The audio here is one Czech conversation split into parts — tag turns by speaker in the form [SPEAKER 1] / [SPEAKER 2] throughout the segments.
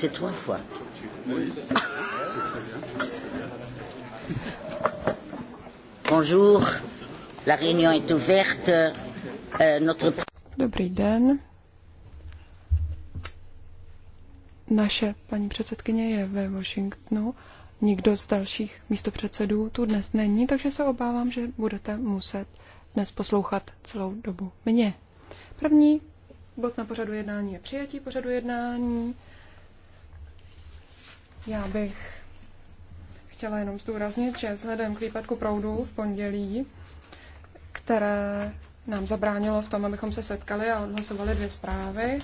[SPEAKER 1] C'est trois fois. Bonjour, la réunion est ouverte. Euh, notre...
[SPEAKER 2] Dobrý den. Naše paní předsedkyně je ve Washingtonu. Nikdo z dalších místopředsedů tu dnes není, takže se obávám, že budete muset dnes poslouchat celou dobu mě. První bod na pořadu jednání je přijetí pořadu jednání. Já bych chtěla jenom zdůraznit, že vzhledem k výpadku proudu v pondělí, které nám zabránilo v tom, abychom se setkali a odhlasovali dvě zprávy,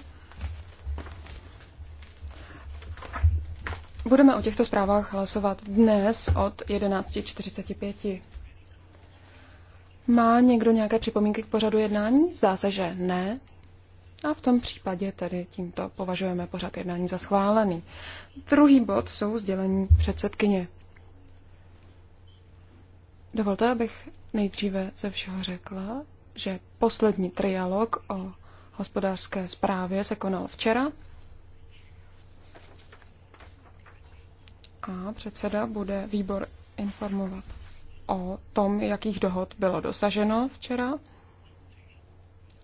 [SPEAKER 2] Budeme o těchto zprávách hlasovat dnes od 11.45. Má někdo nějaké připomínky k pořadu jednání? Zdá se, že ne. A v tom případě tedy tímto považujeme pořad jednání za schválený. Druhý bod jsou sdělení předsedkyně. Dovolte, abych nejdříve ze všeho řekla, že poslední trialog o hospodářské zprávě se konal včera. A předseda bude výbor informovat o tom, jakých dohod bylo dosaženo včera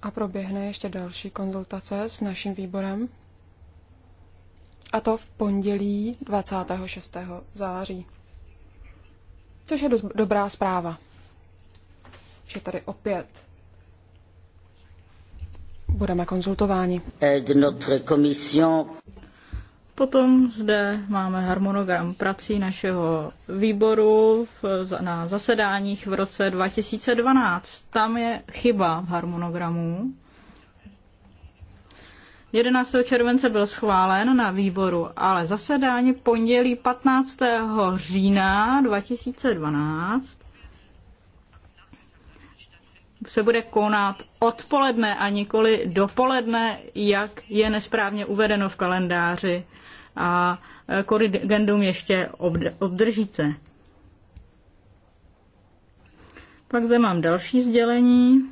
[SPEAKER 2] a proběhne ještě další konzultace s naším výborem. A to v pondělí 26. září. Což je do, dobrá zpráva, že tady opět budeme konzultováni.
[SPEAKER 3] Potom zde máme harmonogram prací našeho výboru na zasedáních v roce 2012. Tam je chyba v harmonogramu. 11. července byl schválen na výboru, ale zasedání pondělí 15. října 2012 se bude konat odpoledne a nikoli dopoledne, jak je nesprávně uvedeno v kalendáři a e, korrigendum ještě obdržíte. Pak zde mám další sdělení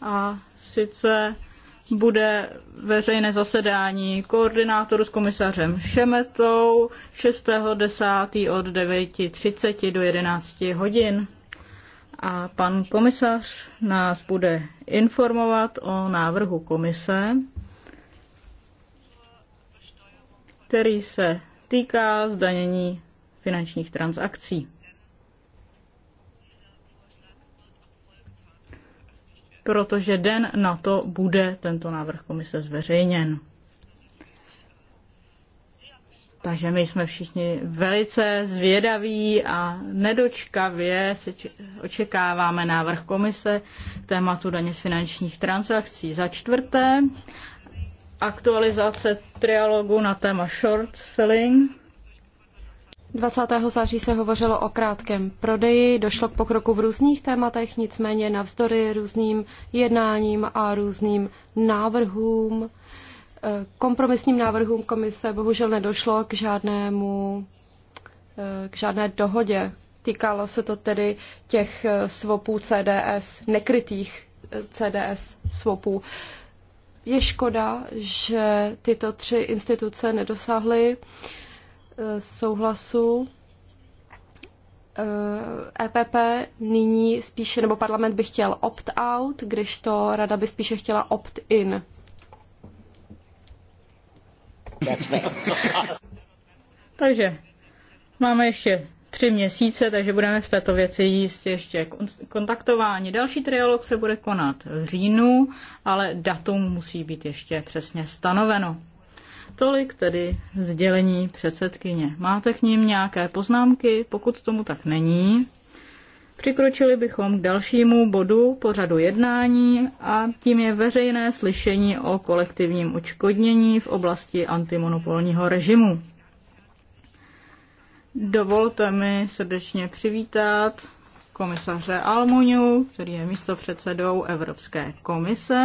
[SPEAKER 3] a sice bude veřejné zasedání koordinátoru s komisařem Šemetou 6.10. od 9.30 do 11 hodin. A pan komisař nás bude informovat o návrhu komise který se týká zdanění finančních transakcí. Protože den na to bude tento návrh komise zveřejněn. Takže my jsme všichni velice zvědaví a nedočkavě se očekáváme návrh komise k tématu daně z finančních transakcí. Za čtvrté, aktualizace trialogu na téma short selling. 20. září
[SPEAKER 4] se hovořilo o krátkém prodeji, došlo k pokroku v různých tématech, nicméně navzdory různým jednáním a různým návrhům, eh, kompromisním návrhům komise bohužel nedošlo k žádnému, eh, k žádné dohodě. Týkalo se to tedy těch eh, svopů CDS, nekrytých CDS svopů. Je škoda, že tyto tři instituce nedosáhly eh, souhlasu. EPP eh, e nyní spíše, nebo parlament by chtěl opt-out, když to rada by spíše chtěla opt-in.
[SPEAKER 3] Takže máme ještě tři měsíce, takže budeme v této věci jistě ještě kontaktováni. Další trialog se bude konat v říjnu, ale datum musí být ještě přesně stanoveno. Tolik tedy sdělení předsedkyně. Máte k ním nějaké poznámky? Pokud tomu tak není, Přikročili bychom k dalšímu bodu pořadu jednání a tím je veřejné slyšení o kolektivním očkodnění v oblasti antimonopolního režimu. Dovolte mi srdečně přivítat komisaře Almuňu, který je místopředsedou Evropské komise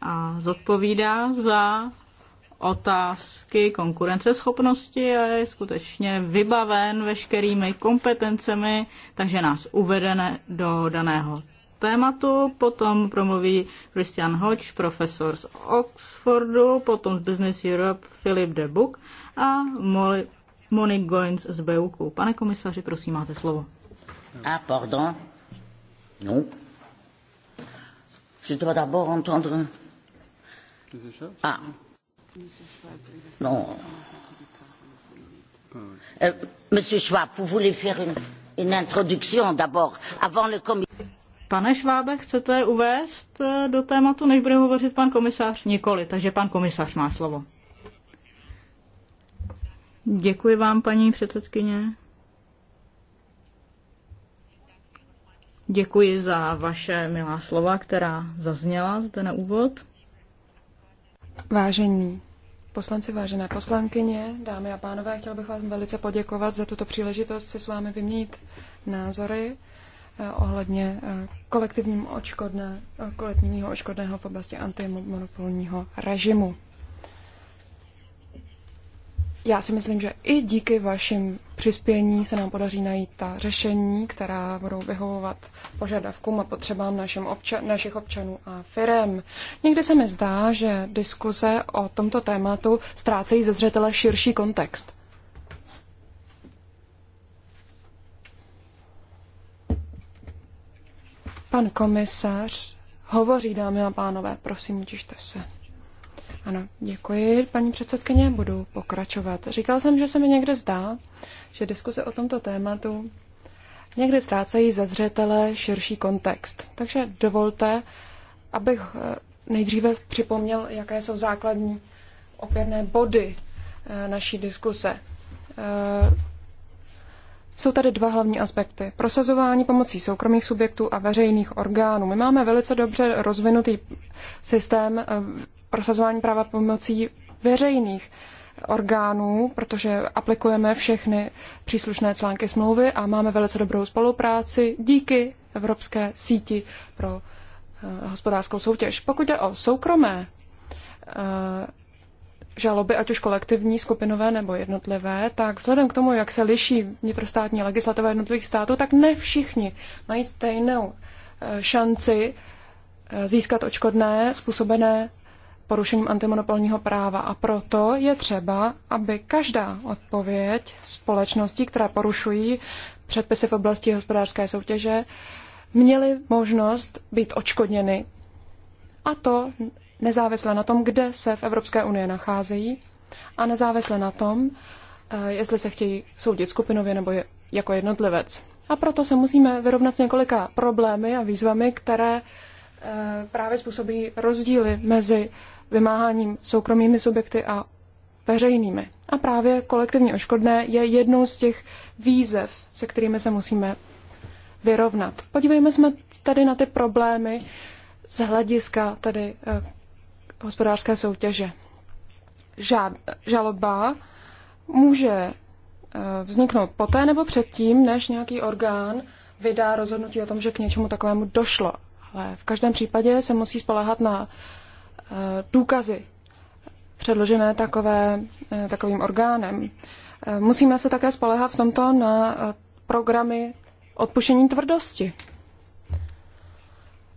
[SPEAKER 3] a zodpovídá za otázky konkurenceschopnosti a je skutečně vybaven veškerými kompetencemi, takže nás uvedene do daného tématu, potom promluví Christian Hodge, profesor z Oxfordu, potom z Business Europe Philip de Book a Molly Monique Goins z Beuku. Pane komisaři, prosím, máte slovo.
[SPEAKER 1] Ah, pardon.
[SPEAKER 3] No. Je dois d'abord entendre...
[SPEAKER 1] Ah. No. Euh, Monsieur
[SPEAKER 3] Schwab, vous voulez faire une, une introduction d'abord, avant le comité Pane Švábe, chcete uvést eh, do tématu, než bude hovořit pan komisář? Nikoli, takže pan komisář má slovo. Děkuji vám, paní předsedkyně. Děkuji za vaše milá slova, která zazněla zde na úvod. Vážení
[SPEAKER 2] poslanci, vážené poslankyně, dámy a pánové, chtěl bych vám velice poděkovat za tuto příležitost si s vámi vyměnit názory eh, ohledně eh, kolektivního očkodné, eh, kolektivního očkodného v oblasti antimonopolního režimu já si myslím, že i díky vašim přispění se nám podaří najít ta řešení, která budou vyhovovat požadavkům a potřebám našim obča- našich občanů a firem. Někdy se mi zdá, že diskuze o tomto tématu ztrácejí ze zřetele širší kontext. Pan komisař hovoří, dámy a pánové, prosím, utište se. Ano, děkuji, paní předsedkyně, budu pokračovat. Říkal jsem, že se mi někde zdá, že diskuse o tomto tématu někdy ztrácejí ze zřetele širší kontext. Takže dovolte, abych eh, nejdříve připomněl, jaké jsou základní opěrné body eh, naší diskuse. Eh, jsou tady dva hlavní aspekty. Prosazování pomocí soukromých subjektů a veřejných orgánů. My máme velice dobře rozvinutý systém prosazování práva pomocí veřejných orgánů, protože aplikujeme všechny příslušné články smlouvy a máme velice dobrou spolupráci díky Evropské síti pro eh, hospodářskou soutěž. Pokud jde o soukromé eh, žaloby, ať už kolektivní, skupinové nebo jednotlivé, tak vzhledem k tomu, jak se liší vnitrostátní legislativa jednotlivých států, tak ne všichni mají stejnou eh, šanci získat očkodné způsobené porušením antimonopolního práva a proto je třeba, aby každá odpověď společností, která porušují předpisy v oblasti hospodářské soutěže, měly možnost být očkodněny. A to nezávisle na tom, kde se v Evropské unii nacházejí a nezávisle na tom, eh, jestli se chtějí soudit skupinově nebo jako jednotlivec. A proto se musíme vyrovnat s několika problémy a výzvami, které eh, právě způsobí rozdíly mezi vymáháním soukromými subjekty a veřejnými. A právě kolektivní oškodné je jednou z těch výzev, se kterými se musíme vyrovnat. Podívejme se tady na ty problémy z hlediska tady eh, hospodářské soutěže. Žád, žaloba může eh, vzniknout poté nebo předtím, než nějaký orgán vydá rozhodnutí o tom, že k něčemu takovému došlo. Ale v každém případě se musí spolehat na Eh, důkazy předložené takové, eh, takovým orgánem. Eh, musíme se také spolehat v tomto na programy odpuštění tvrdosti.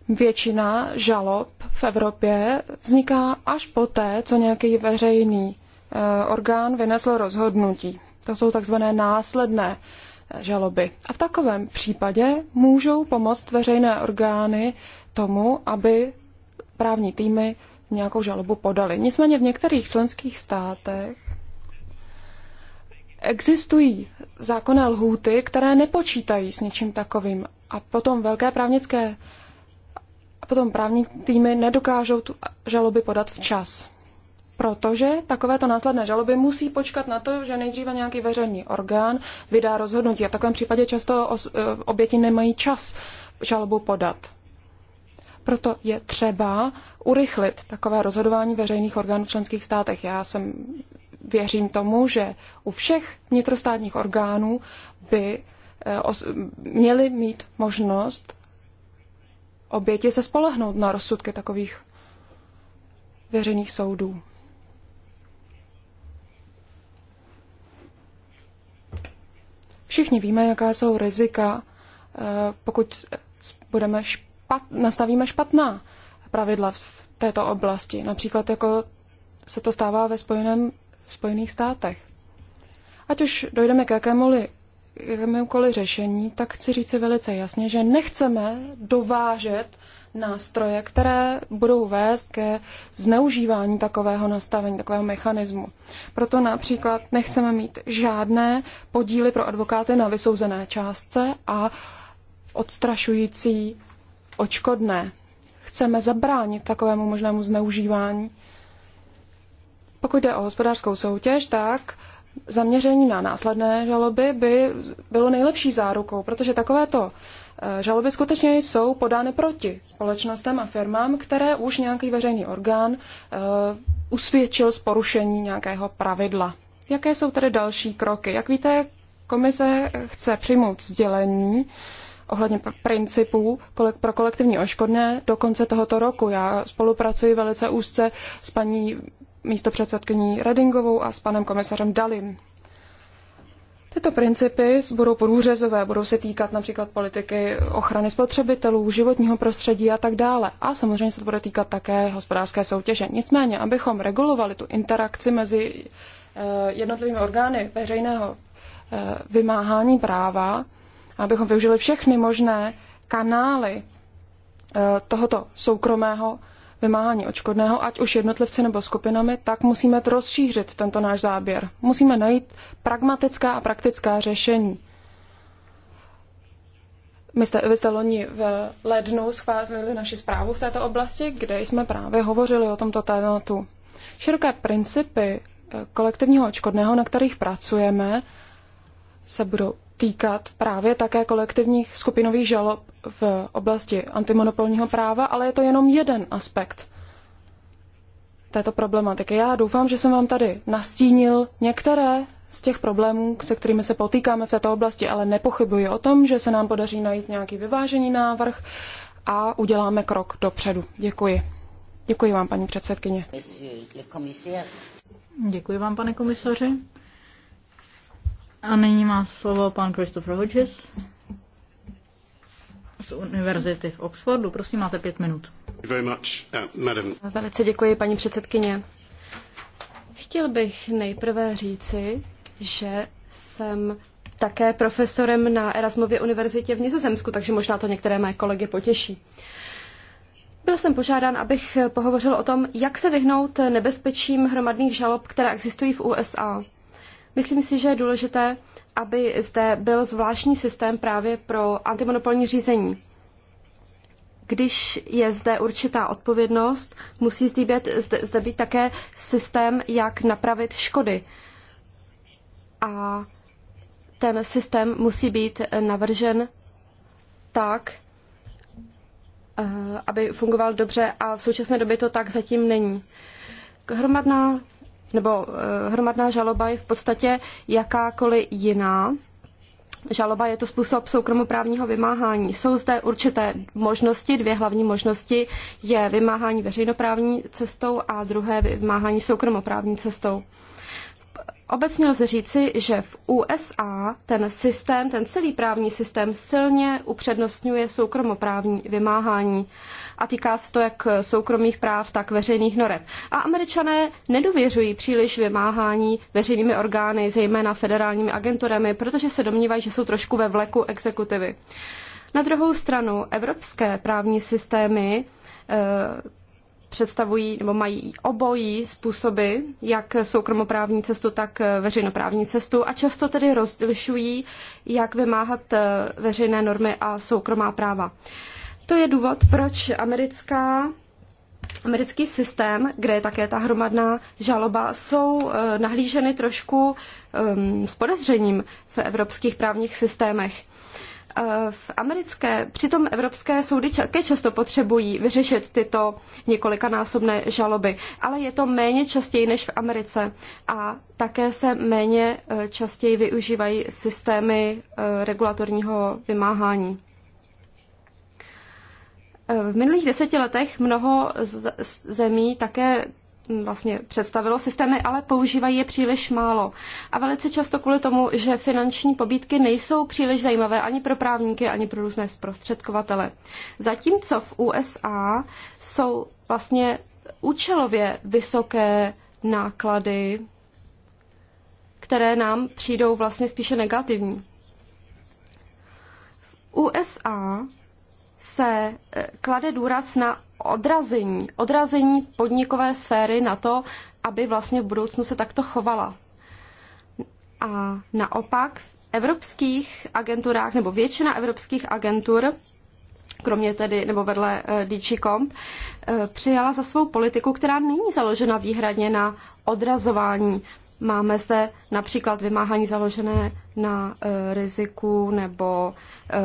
[SPEAKER 2] Většina žalob v Evropě vzniká až poté, co nějaký veřejný orgán vynesl rozhodnutí. To jsou takzvané následné žaloby. A v takovém případě můžou pomoct veřejné orgány tomu, aby právní týmy nějakou žalobu podali. Nicméně v některých členských státech existují zákonné lhůty, které nepočítají s ničím takovým a potom velké právnické a potom právní týmy nedokážou tu žaloby podat včas. Protože takovéto následné žaloby musí počkat na to, že nejdříve nějaký veřejný orgán vydá rozhodnutí. A v takovém případě často e, oběti nemají čas žalobu podat. Proto je třeba urychlit takové rozhodování veřejných orgánů v členských státech. Já jsem věřím tomu, že u všech vnitrostátních orgánů by eh, měli mít možnost oběti se spolehnout na rozsudky takových veřejných soudů. Všichni víme, jaká jsou rizika, eh, pokud budeme špat, nastavíme špatná pravidla v této oblasti, například jako se to stává ve spojeném, Spojených státech. Ať už dojdeme k jakémukoliv, jakémukoliv řešení, tak chci říci velice jasně, že nechceme dovážet nástroje, které budou vést ke zneužívání takového nastavení, takového mechanismu. Proto například nechceme mít žádné podíly pro advokáty na vysouzené částce a odstrašující očkodné. Chceme zabránit takovému možnému zneužívání. Pokud jde o hospodářskou soutěž, tak zaměření na následné žaloby by bylo nejlepší zárukou, protože takovéto e, žaloby skutečně jsou podány proti společnostem a firmám, které už nějaký veřejný orgán e, usvědčil z porušení nějakého pravidla. Jaké jsou tedy další kroky? Jak víte, komise chce přijmout sdělení, ohledně principů pro kolektivní oškodné do konce tohoto roku. Já spolupracuji velice úzce s paní místopředsedkyní Redingovou a s panem komisařem Dalim. Tyto principy budou průřezové, budou se týkat například politiky ochrany spotřebitelů, životního prostředí a tak dále. A samozřejmě se to bude týkat také hospodářské soutěže. Nicméně, abychom regulovali tu interakci mezi eh, jednotlivými orgány veřejného eh, vymáhání práva, abychom využili všechny možné kanály eh, tohoto soukromého vymáhání očkodného, ať už jednotlivci nebo skupinami, tak musíme to rozšířit tento náš záběr. Musíme najít pragmatická a praktická řešení. My jste, vy jste loni v lednu schválili naši zprávu v této oblasti, kde jsme právě hovořili o tomto tématu. Široké principy eh, kolektivního očkodného, na kterých pracujeme, se budou týkat právě také kolektivních skupinových žalob v oblasti antimonopolního práva, ale je to jenom jeden aspekt této problematiky. Já doufám, že jsem vám tady nastínil některé z těch problémů, se kterými se potýkáme v této oblasti, ale nepochybuji o tom, že se nám podaří najít nějaký vyvážený návrh a uděláme krok dopředu. Děkuji. Děkuji vám, paní předsedkyně.
[SPEAKER 3] Děkuji vám, pane komisaři. A nyní má slovo pan Christopher Hodges z Univerzity v Oxfordu. Prosím, máte pět minut.
[SPEAKER 2] much, uh,
[SPEAKER 3] Velice děkuji, paní předsedkyně.
[SPEAKER 4] Chtěl bych nejprve říci, že jsem také profesorem na Erasmově univerzitě v Nizozemsku, takže možná to některé mé kolegy potěší. Byl jsem požádán, abych pohovořil o tom, jak se vyhnout nebezpečím hromadných žalob, které existují v USA. Myslím si, že je důležité, aby zde byl zvláštní systém právě pro antimonopolní řízení. Když je zde určitá odpovědnost, musí zde být, zde, zde být také systém, jak napravit škody. A ten systém musí být navržen tak, eh, aby fungoval dobře a v současné době to tak zatím není. Hromadná nebo eh, hromadná žaloba je v podstatě jakákoliv jiná. Žaloba je to způsob soukromoprávního vymáhání. Jsou zde určité možnosti, dvě hlavní možnosti je vymáhání veřejnoprávní cestou a druhé vymáhání soukromoprávní cestou. Obecně lze říci, že v USA ten systém, ten celý právní systém silně upřednostňuje soukromoprávní vymáhání a týká se to jak soukromých práv, tak veřejných noreb. A američané nedověřují příliš vymáhání veřejnými orgány, zejména federálními agenturami, protože se domnívají, že jsou trošku ve vleku exekutivy. Na druhou stranu evropské právní systémy eh, představují nebo mají obojí způsoby, jak soukromoprávní cestu, tak eh, veřejnoprávní cestu a často tedy rozlišují, jak vymáhat eh, veřejné normy a soukromá práva. To je důvod, proč americká americký systém, kde je také ta hromadná žaloba, jsou eh, nahlíženy trošku um, s podezřením v evropských právních systémech. Eh, v americké, přitom evropské soudy také často potřebují vyřešit tyto několikanásobné žaloby, ale je to méně častěji než v Americe a také se méně eh, častěji využívají systémy eh, regulatorního vymáhání. V minulých deseti letech mnoho zemí také vlastně představilo systémy, ale používají je příliš málo. A velice často kvůli tomu, že finanční pobídky nejsou příliš zajímavé ani pro právníky, ani pro různé zprostředkovatele. Zatímco v USA jsou vlastně účelově vysoké náklady, které nám přijdou vlastně spíše negativní. V USA se eh, klade důraz na odrazení, odrazení podnikové sféry na to, aby vlastně v budoucnu se takto chovala. A naopak v evropských agenturách, nebo většina evropských agentur, kromě tedy, nebo vedle eh, DG Comp, eh, přijala za svou politiku, která není založena výhradně na odrazování. Máme zde například vymáhání založené na eh, riziku nebo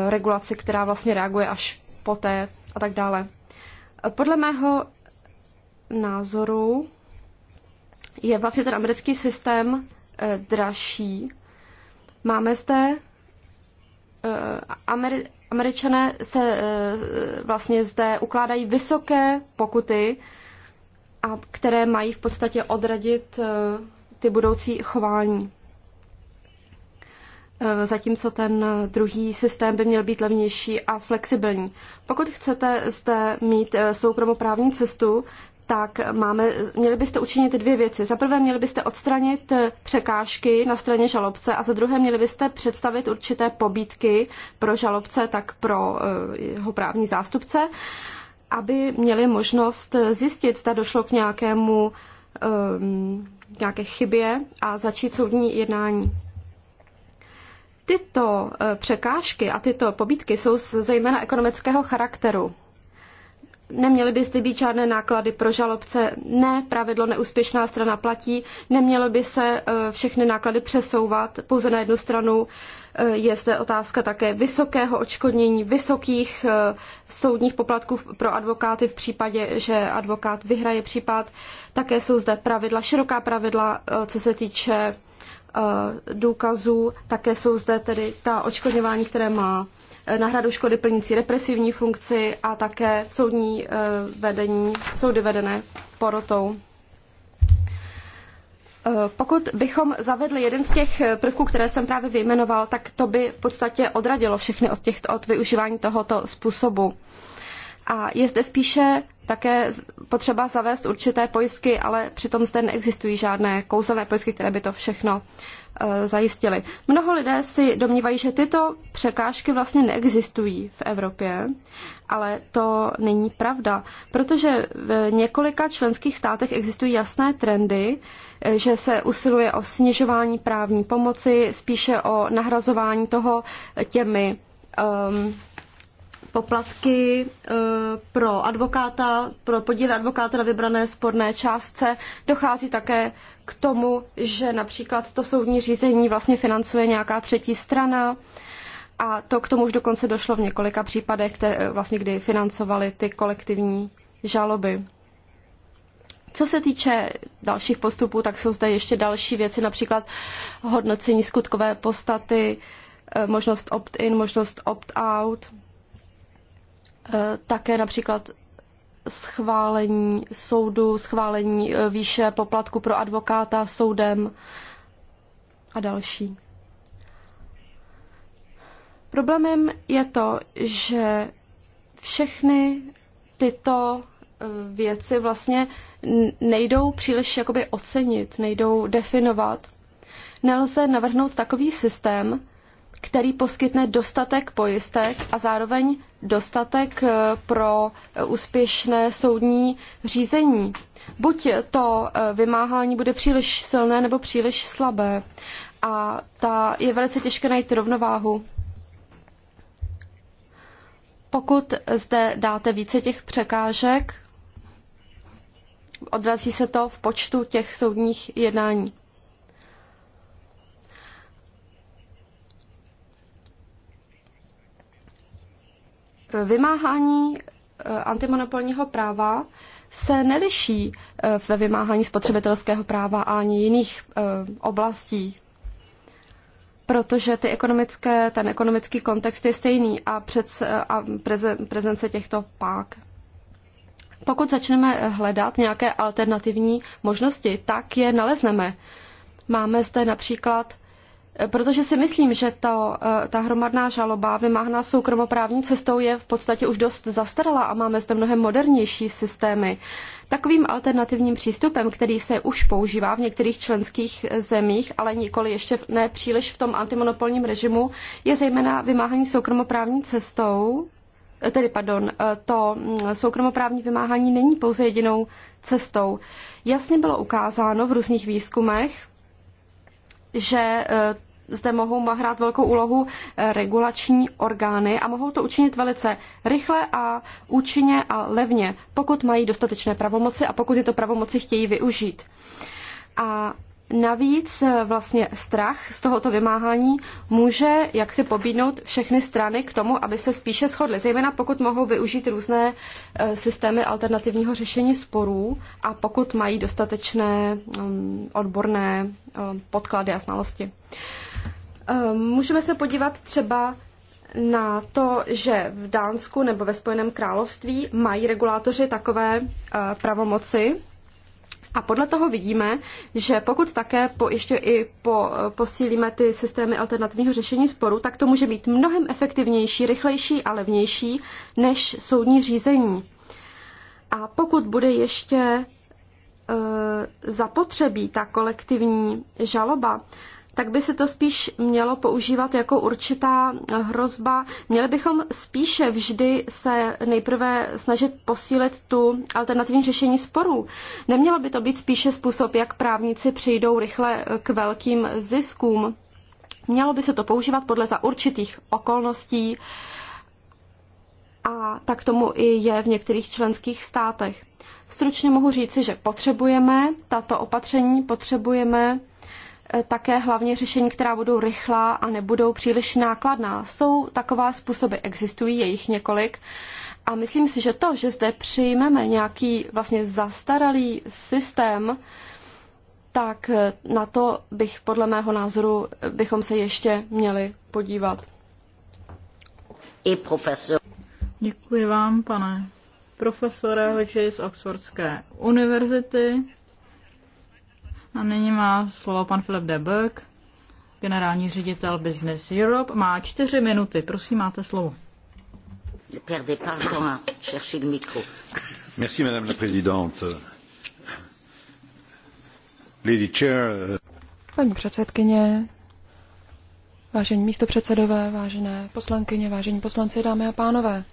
[SPEAKER 4] regulaci, která vlastně reaguje až poté a tak dále. Podle mého názoru je vlastně ten americký systém eh, dražší. Máme zde eh, Ameri- Američané se eh, vlastně zde ukládají vysoké pokuty, a které mají v podstatě odradit ty budoucí chování. Eh, zatímco ten druhý systém by měl být levnější a flexibilní. Pokud chcete zde mít eh, soukromoprávní cestu, tak máme, měli byste učinit dvě věci. Za prvé měli byste odstranit eh, překážky na straně žalobce a za druhé měli byste představit určité pobídky pro žalobce, tak pro jeho právní zástupce, aby měli možnost zjistit, zda došlo k nějakému ehm, nějaké chybě a začít soudní jednání. Tyto eh, překážky a tyto pobídky jsou zejména ekonomického charakteru. Neměly by zde být žádné náklady pro žalobce, ne, pravidlo neúspěšná strana platí, nemělo by se eh, všechny náklady přesouvat pouze na jednu stranu. Eh, je zde otázka také vysokého odškodnění, vysokých soudních poplatků pro advokáty v případě, že advokát vyhraje případ. Také jsou zde pravidla, široká pravidla, co se týče Eh, důkazů. Také jsou zde tedy ta očkodňování, které má eh, náhradu škody plnící represivní funkci a také soudní eh, vedení, soudy vedené porotou. Pokud bychom zavedli jeden z těch prvků, které jsem právě vyjmenoval, tak to by v podstatě odradilo všechny od, těch, od využívání tohoto způsobu. A je zde spíše také potřeba zavést určité pojistky, ale přitom zde neexistují žádné kouzelné pojistky, které by to všechno eh, zajistily. Mnoho lidé si domnívají, že tyto překážky vlastně neexistují v Evropě, ale to není pravda, protože v několika členských státech existují jasné trendy, eh, že se usiluje o snižování právní pomoci, spíše o nahrazování toho těmi um, poplatky eh, pro advokáta, pro podíl advokáta na vybrané sporné částce. Dochází také k tomu, že například to soudní řízení vlastně financuje nějaká třetí strana a to k tomu už dokonce došlo v několika případech, které, vlastně, kdy financovali ty kolektivní žaloby. Co se týče dalších postupů, tak jsou zde ještě další věci, například hodnocení skutkové postaty, eh, možnost opt-in, možnost opt-out. Eh, také například schválení soudu, schválení eh, výše poplatku pro advokáta soudem a další. Problémem je to, že všechny tyto eh, věci vlastně nejdou příliš jakoby ocenit, nejdou definovat. Nelze navrhnout takový systém, který poskytne dostatek pojistek a zároveň dostatek eh, pro eh, úspěšné soudní řízení. Buď to eh, vymáhání bude příliš silné nebo příliš slabé a ta je velice těžké najít rovnováhu. Pokud zde dáte více těch překážek, odrazí se to v počtu těch soudních jednání. vymáhání eh, antimonopolního práva se neliší eh, ve vymáhání spotřebitelského práva ani jiných eh, oblastí, protože ty ekonomické, ten ekonomický kontext je stejný a, před, a preze, prezence těchto pák. Pokud začneme hledat nějaké alternativní možnosti, tak je nalezneme. Máme zde například protože si myslím, že to, eh, ta hromadná žaloba vymáhná soukromoprávní cestou je v podstatě už dost zastarala a máme zde mnohem modernější systémy. Takovým alternativním přístupem, který se už používá v některých členských eh, zemích, ale nikoli ještě ne příliš v tom antimonopolním režimu, je zejména vymáhání soukromoprávní cestou, eh, tedy pardon, to mm, soukromoprávní vymáhání není pouze jedinou cestou. Jasně bylo ukázáno v různých výzkumech, že e, zde mohou hrát velkou úlohu e, regulační orgány a mohou to učinit velice rychle a účinně a levně, pokud mají dostatečné pravomoci a pokud tyto pravomoci chtějí využít. A Navíc eh, vlastně strach z tohoto vymáhání může jak si pobídnout všechny strany k tomu, aby se spíše shodly, zejména pokud mohou využít různé eh, systémy alternativního řešení sporů a pokud mají dostatečné mm, odborné eh, podklady a znalosti. Můžeme se podívat třeba na to, že v Dánsku nebo ve Spojeném království mají regulátoři takové pravomoci a podle toho vidíme, že pokud také po, ještě i po, posílíme ty systémy alternativního řešení sporu, tak to může být mnohem efektivnější, rychlejší a levnější než soudní řízení. A pokud bude ještě e, zapotřebí ta kolektivní žaloba, tak by se to spíš mělo používat jako určitá hrozba. Měli bychom spíše vždy se nejprve snažit posílit tu alternativní řešení sporů. Nemělo by to být spíše způsob, jak právníci přijdou rychle k velkým ziskům. Mělo by se to používat podle za určitých okolností a tak tomu i je v některých členských státech. Stručně mohu říci, že potřebujeme tato opatření, potřebujeme také hlavně řešení, která budou rychlá a nebudou příliš nákladná. Jsou taková způsoby, existují jejich několik. A myslím si, že to, že zde přijmeme nějaký vlastně zastaralý systém, tak na to bych podle mého názoru bychom se ještě měli podívat.
[SPEAKER 3] I profesor. Děkuji vám, pane profesore Leči z Oxfordské univerzity. A nyní má slovo pan Filip Debek, generální ředitel Business Europe. Má čtyři minuty. Prosím, máte slovo.
[SPEAKER 2] Merci, madame la présidente. Lady chair. Euh, Paní předsedkyně, vážení místopředsedové, vážené poslankyně, vážení poslanci, dámy a pánové.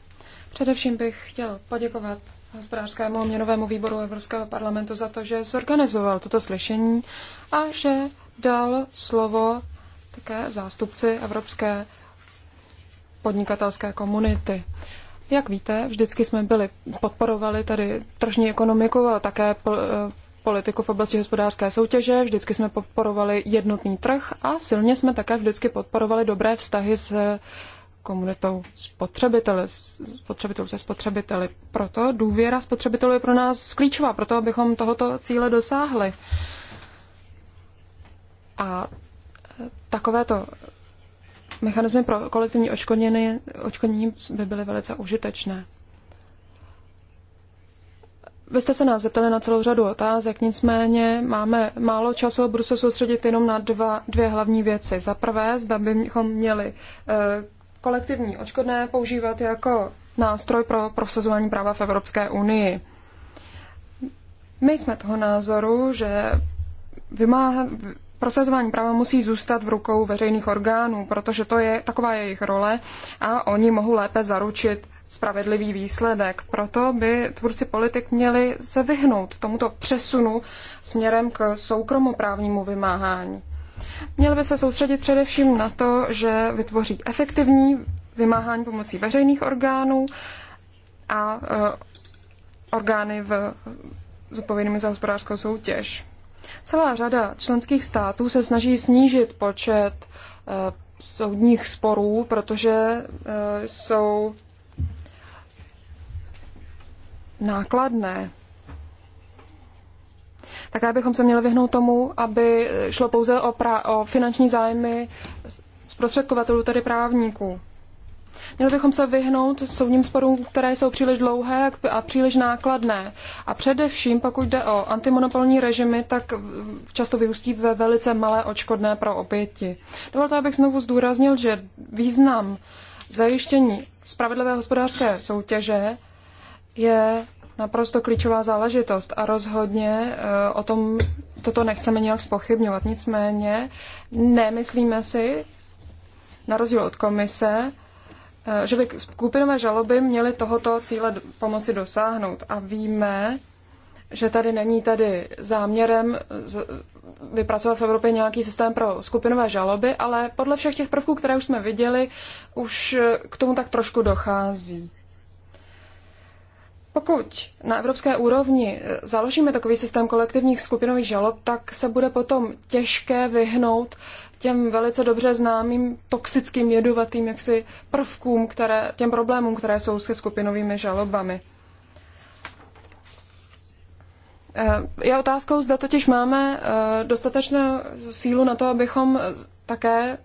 [SPEAKER 2] Především bych chtěl poděkovat hospodářskému a měnovému výboru Evropského parlamentu za to, že zorganizoval toto slyšení a že dal slovo také zástupci Evropské podnikatelské komunity. Jak víte, vždycky jsme byli, podporovali tady tržní ekonomiku a také eh, politiku v oblasti hospodářské soutěže, vždycky jsme podporovali jednotný trh a silně jsme také vždycky podporovali dobré vztahy s komunitou spotřebiteli, spotřebitelů se spotřebiteli. Proto důvěra spotřebitelů je pro nás klíčová, proto abychom tohoto cíle dosáhli. A e, takovéto mechanismy pro kolektivní očkodnění, očkodnění by byly velice užitečné. Vy jste se nás zeptali na celou řadu otázek, nicméně máme málo času a budu se soustředit jenom na dva, dvě hlavní věci. Za prvé, zda bychom měli e, kolektivní očkodné používat jako nástroj pro prosazování práva v Evropské unii. My jsme toho názoru, že vymáha, prosazování práva musí zůstat v rukou veřejných orgánů, protože to je taková je jejich role a oni mohou lépe zaručit spravedlivý výsledek. Proto by tvůrci politik měli se vyhnout tomuto přesunu směrem k soukromoprávnímu vymáhání. Měl by se soustředit především na to, že vytvoří efektivní vymáhání pomocí veřejných orgánů a e, orgány v zodpovědnými za hospodářskou soutěž. Celá řada členských států se snaží snížit počet e, soudních sporů, protože e, jsou nákladné. Také bychom se měli vyhnout tomu, aby šlo pouze o, pra- o finanční zájmy zprostředkovatelů, tedy právníků. Měli bychom se vyhnout soudním sporům, které jsou příliš dlouhé a příliš nákladné. A především, pokud jde o antimonopolní režimy, tak často vyústí ve velice malé očkodné pro oběti. Dovolte, abych znovu zdůraznil, že význam zajištění spravedlivé hospodářské soutěže je naprosto klíčová záležitost a rozhodně e, o tom toto nechceme nějak spochybňovat. Nicméně nemyslíme si, na rozdíl od komise, e, že by skupinové žaloby měly tohoto cíle pomoci dosáhnout. A víme, že tady není tady záměrem vypracovat v Evropě nějaký systém pro skupinové žaloby, ale podle všech těch prvků, které už jsme viděli, už e, k tomu tak trošku dochází. Pokud na evropské úrovni eh, založíme takový systém kolektivních skupinových žalob, tak se bude potom těžké vyhnout těm velice dobře známým toxickým jedovatým jaksi prvkům, které, těm problémům, které jsou se skupinovými žalobami. Eh, je otázkou, zda totiž máme eh, dostatečnou sílu na to, abychom také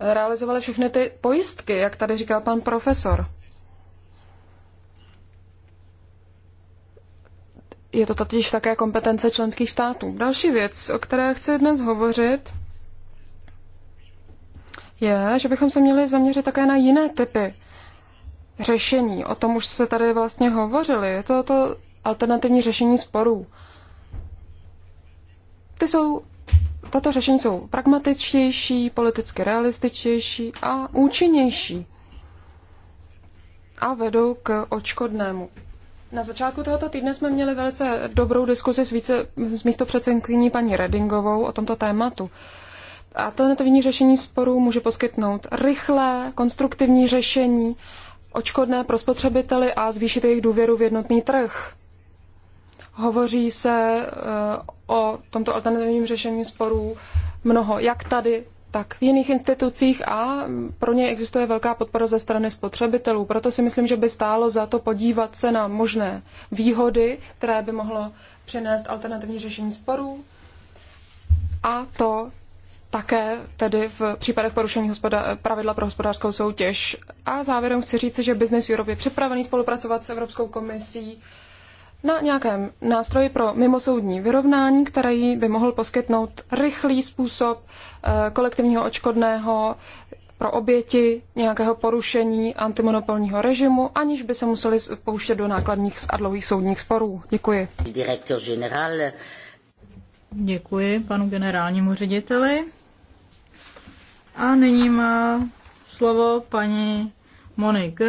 [SPEAKER 2] realizovali všechny ty pojistky, jak tady říkal pan profesor. Je to totiž také kompetence členských států. Další věc, o které chci dnes hovořit, je, že bychom se měli zaměřit také na jiné typy řešení. O tom už se tady vlastně hovořili. Je to to alternativní řešení sporů. Ty jsou, tato řešení jsou pragmatičtější, politicky realističtější a účinnější a vedou k očkodnému na začátku tohoto týdne jsme měli velice dobrou diskusi s, více, s místopředsedkyní paní Redingovou o tomto tématu. Alternativní řešení sporů může poskytnout rychlé, konstruktivní řešení, očkodné pro spotřebiteli a zvýšit jejich důvěru v jednotný trh. Hovoří se eh, o tomto alternativním řešení sporů mnoho, jak tady, tak v jiných institucích a pro ně existuje velká podpora ze strany spotřebitelů. Proto si myslím, že by stálo za to podívat se na možné výhody, které by mohlo přinést alternativní řešení sporů a to také tedy v případech porušení pravidla pro hospodářskou soutěž. A závěrem chci říct, že Business Europe je připravený spolupracovat s Evropskou komisí na nějakém nástroji pro mimosoudní vyrovnání, který by mohl poskytnout rychlý způsob eh, kolektivního očkodného pro oběti nějakého porušení antimonopolního režimu, aniž by se museli pouštět do nákladních a dlouhých soudních sporů. Děkuji.
[SPEAKER 3] Děkuji panu generálnímu řediteli. A nyní má slovo paní Monique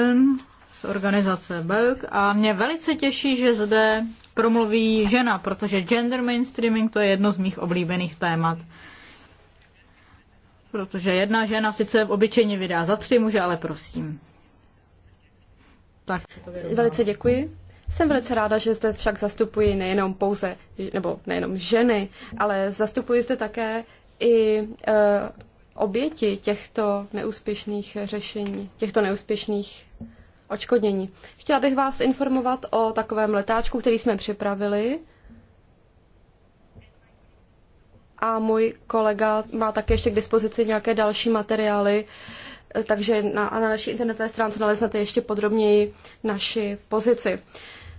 [SPEAKER 3] z organizace Belk a mě velice těší, že zde promluví žena, protože gender mainstreaming to je jedno z mých oblíbených témat. Protože jedna žena sice obyčejně vydá za tři muže, ale prosím. Tak. Velice
[SPEAKER 4] děkuji. Jsem velice ráda, že zde však zastupuji nejenom pouze, nebo nejenom ženy, ale zastupuji zde také i uh, oběti těchto neúspěšných řešení, těchto neúspěšných odškodnění. Chtěla bych vás informovat o takovém letáčku, který jsme připravili. A můj kolega má také ještě k dispozici nějaké další materiály, takže na, na naší internetové stránce naleznete ještě podrobněji naši pozici.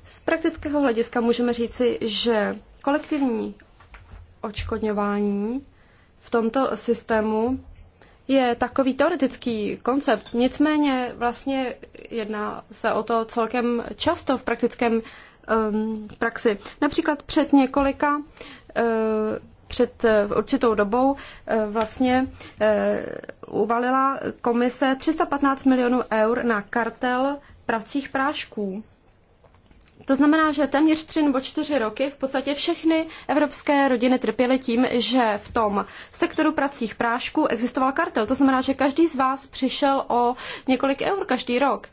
[SPEAKER 4] Z praktického hlediska můžeme říci, že kolektivní odškodňování v tomto systému je takový teoretický koncept, nicméně vlastně jedná se o to celkem často v praktickém um, praxi. Například před několika, uh, před eh, určitou dobou uh, vlastně uh, uvalila komise 315 milionů eur na kartel pracích prášků. To znamená, že téměř tři nebo čtyři roky v podstatě všechny evropské rodiny trpěly tím, že v tom sektoru pracích prášků existoval kartel. To znamená, že každý z vás přišel o několik eur každý rok.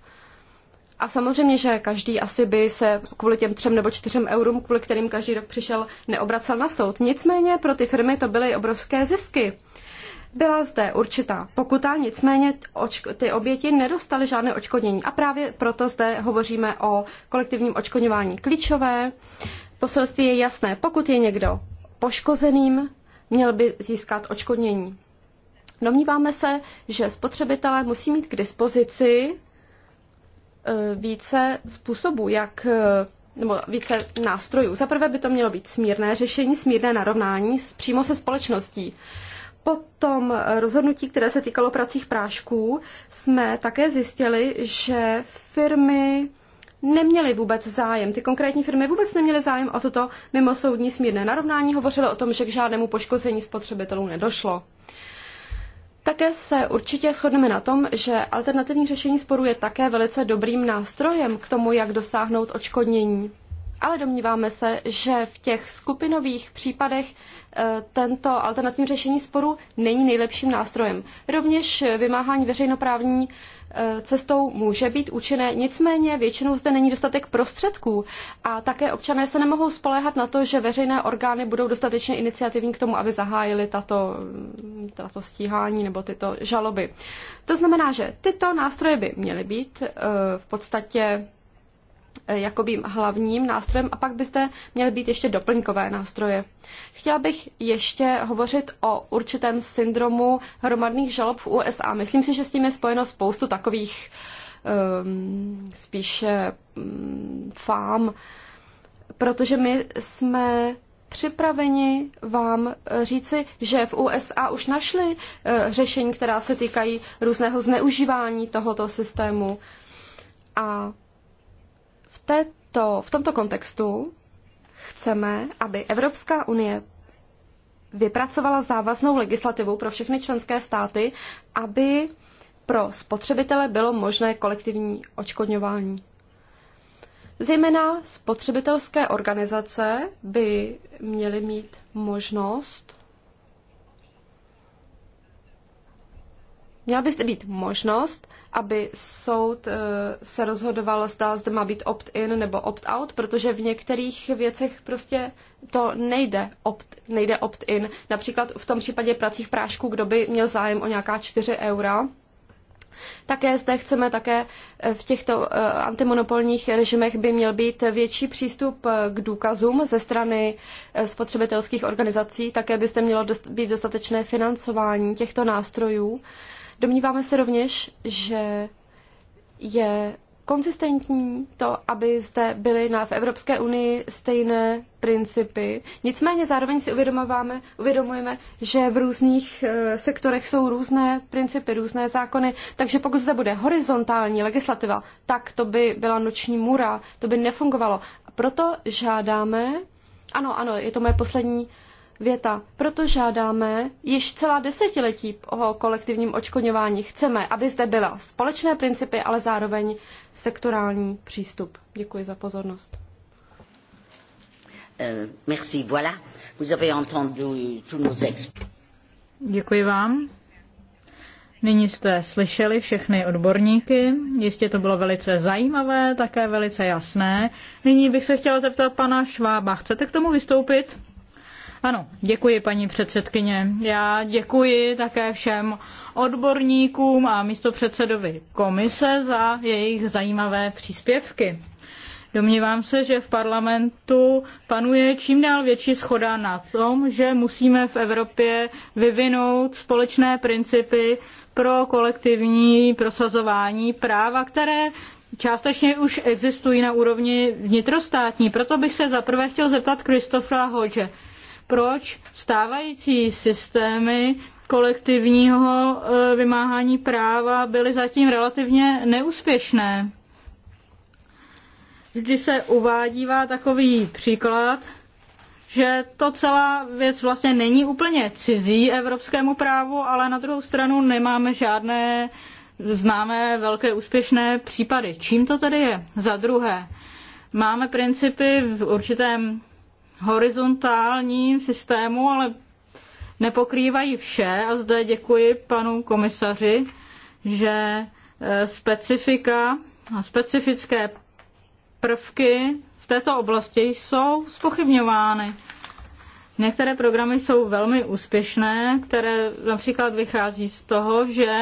[SPEAKER 4] A samozřejmě, že každý asi by se kvůli těm třem nebo čtyřem eurům, kvůli kterým každý rok přišel, neobracel na soud. Nicméně pro ty firmy to byly obrovské zisky. Byla zde určitá pokuta, nicméně ty oběti nedostaly žádné očkodnění a právě proto zde hovoříme o kolektivním očkodňování. Klíčové poselství je jasné, pokud je někdo poškozeným, měl by získat očkodnění. Domníváme se, že spotřebitelé musí mít k dispozici e, více způsobů, jak e, nebo více nástrojů. Za prvé by to mělo být smírné řešení, smírné narovnání přímo se společností. Po tom rozhodnutí, které se týkalo pracích prášků, jsme také zjistili, že firmy neměly vůbec zájem, ty konkrétní firmy vůbec neměly zájem o toto mimosoudní smírné narovnání, hovořily o tom, že k žádnému poškození spotřebitelů nedošlo. Také se určitě shodneme na tom, že alternativní řešení sporu je také velice dobrým nástrojem k tomu, jak dosáhnout odškodnění ale domníváme se, že v těch skupinových případech e, tento alternativní řešení sporu není nejlepším nástrojem. Rovněž vymáhání veřejnoprávní e, cestou může být účinné, nicméně většinou zde není dostatek prostředků a také občané se nemohou spoléhat na to, že veřejné orgány budou dostatečně iniciativní k tomu, aby zahájili tato, tato stíhání nebo tyto žaloby. To znamená, že tyto nástroje by měly být e, v podstatě Eh, jakoby hlavním nástrojem a pak by zde měly být ještě doplňkové nástroje. Chtěla bych ještě hovořit o určitém syndromu hromadných žalob v USA. Myslím si, že s tím je spojeno spoustu takových um, spíše um, fám, protože my jsme připraveni vám eh, říci, že v USA už našli eh, řešení, která se týkají různého zneužívání tohoto systému. A v, této, v tomto kontextu chceme, aby Evropská unie vypracovala závaznou legislativu pro všechny členské státy, aby pro spotřebitele bylo možné kolektivní očkodňování. Zejména spotřebitelské organizace by měly mít možnost měla by být možnost aby soud eh, se rozhodoval, zda zde má být opt-in nebo opt-out, protože v některých věcech prostě to nejde opt, nejde opt-in. Například v tom případě pracích prášků, kdo by měl zájem o nějaká 4 eura, také zde chceme také eh, v těchto eh, antimonopolních režimech by měl být větší přístup k důkazům ze strany spotřebitelských organizací, také by zde mělo být dostatečné financování těchto nástrojů Domníváme se rovněž, že je konsistentní to, aby zde byly na, v Evropské unii stejné principy. Nicméně zároveň si uvědomováme, uvědomujeme, že v různých e, sektorech jsou různé principy, různé zákony, takže pokud zde bude horizontální legislativa, tak to by byla noční mura, to by nefungovalo. Proto žádáme, ano, ano, je to moje poslední věta. Proto žádáme již celá desetiletí o kolektivním očkodňování. Chceme, aby zde byla společné principy, ale zároveň sektorální přístup. Děkuji za pozornost.
[SPEAKER 1] Eh, merci, voilà. Vous avez entendu tous nos
[SPEAKER 3] Děkuji vám. Nyní jste slyšeli všechny odborníky, jistě to bylo velice zajímavé, také velice jasné. Nyní bych se chtěla zeptat pana Švába, chcete k tomu vystoupit? Ano, děkuji paní předsedkyně. Já děkuji také všem odborníkům a místopředsedovi komise za jejich zajímavé příspěvky. Domnívám se, že v parlamentu panuje čím dál větší schoda na tom, že musíme v Evropě vyvinout společné principy pro kolektivní prosazování práva, které částečně už existují na úrovni vnitrostátní. Proto bych se zaprvé chtěl zeptat Kristofra Hodže proč stávající systémy kolektivního e, vymáhání práva byly zatím relativně neúspěšné. Vždy se uvádívá takový příklad, že to celá věc vlastně není úplně cizí evropskému právu, ale na druhou stranu nemáme žádné známé velké úspěšné případy. Čím to tedy je? Za druhé, máme principy v určitém horizontálním systému, ale nepokrývají vše. A zde děkuji panu komisaři, že eh, specifika a specifické prvky v této oblasti jsou spochybňovány. Některé programy jsou velmi úspěšné, které například vychází z toho, že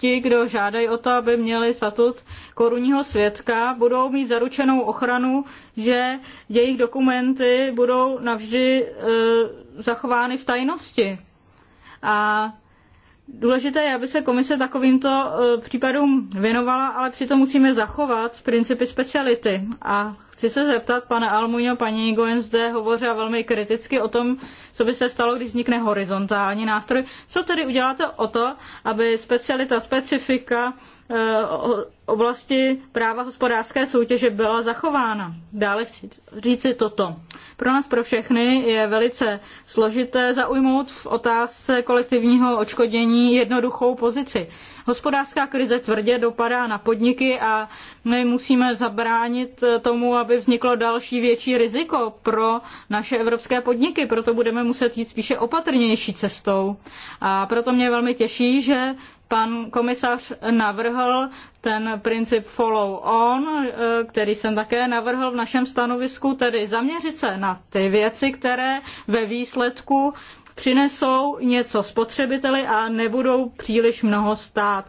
[SPEAKER 3] ti, kdo žádají o to, aby měli statut korunního svědka, budou mít zaručenou ochranu, že jejich dokumenty budou navždy e, zachovány v tajnosti. A Důležité je, aby se komise takovýmto eh, případům věnovala, ale přitom musíme zachovat principy speciality. A chci se zeptat, pane Almuňo, paní Goen zde hovořila velmi kriticky o tom, co by se stalo, když vznikne horizontální nástroj. Co tedy uděláte o to, aby specialita, specifika Eh, oblasti práva hospodářské soutěže byla zachována. Dále chci říci toto. Pro nás, pro všechny, je velice složité zaujmout v otázce kolektivního očkodění jednoduchou pozici. Hospodářská krize tvrdě dopadá na podniky a my musíme zabránit eh, tomu, aby vzniklo další větší riziko pro naše evropské podniky, proto budeme muset jít spíše opatrnější cestou. A proto mě velmi těší, že pan komisař navrhl ten princip follow on, eh, který jsem také navrhl v našem stanovisku, tedy zaměřit se na ty věci, které ve výsledku přinesou něco spotřebiteli a nebudou příliš mnoho stát.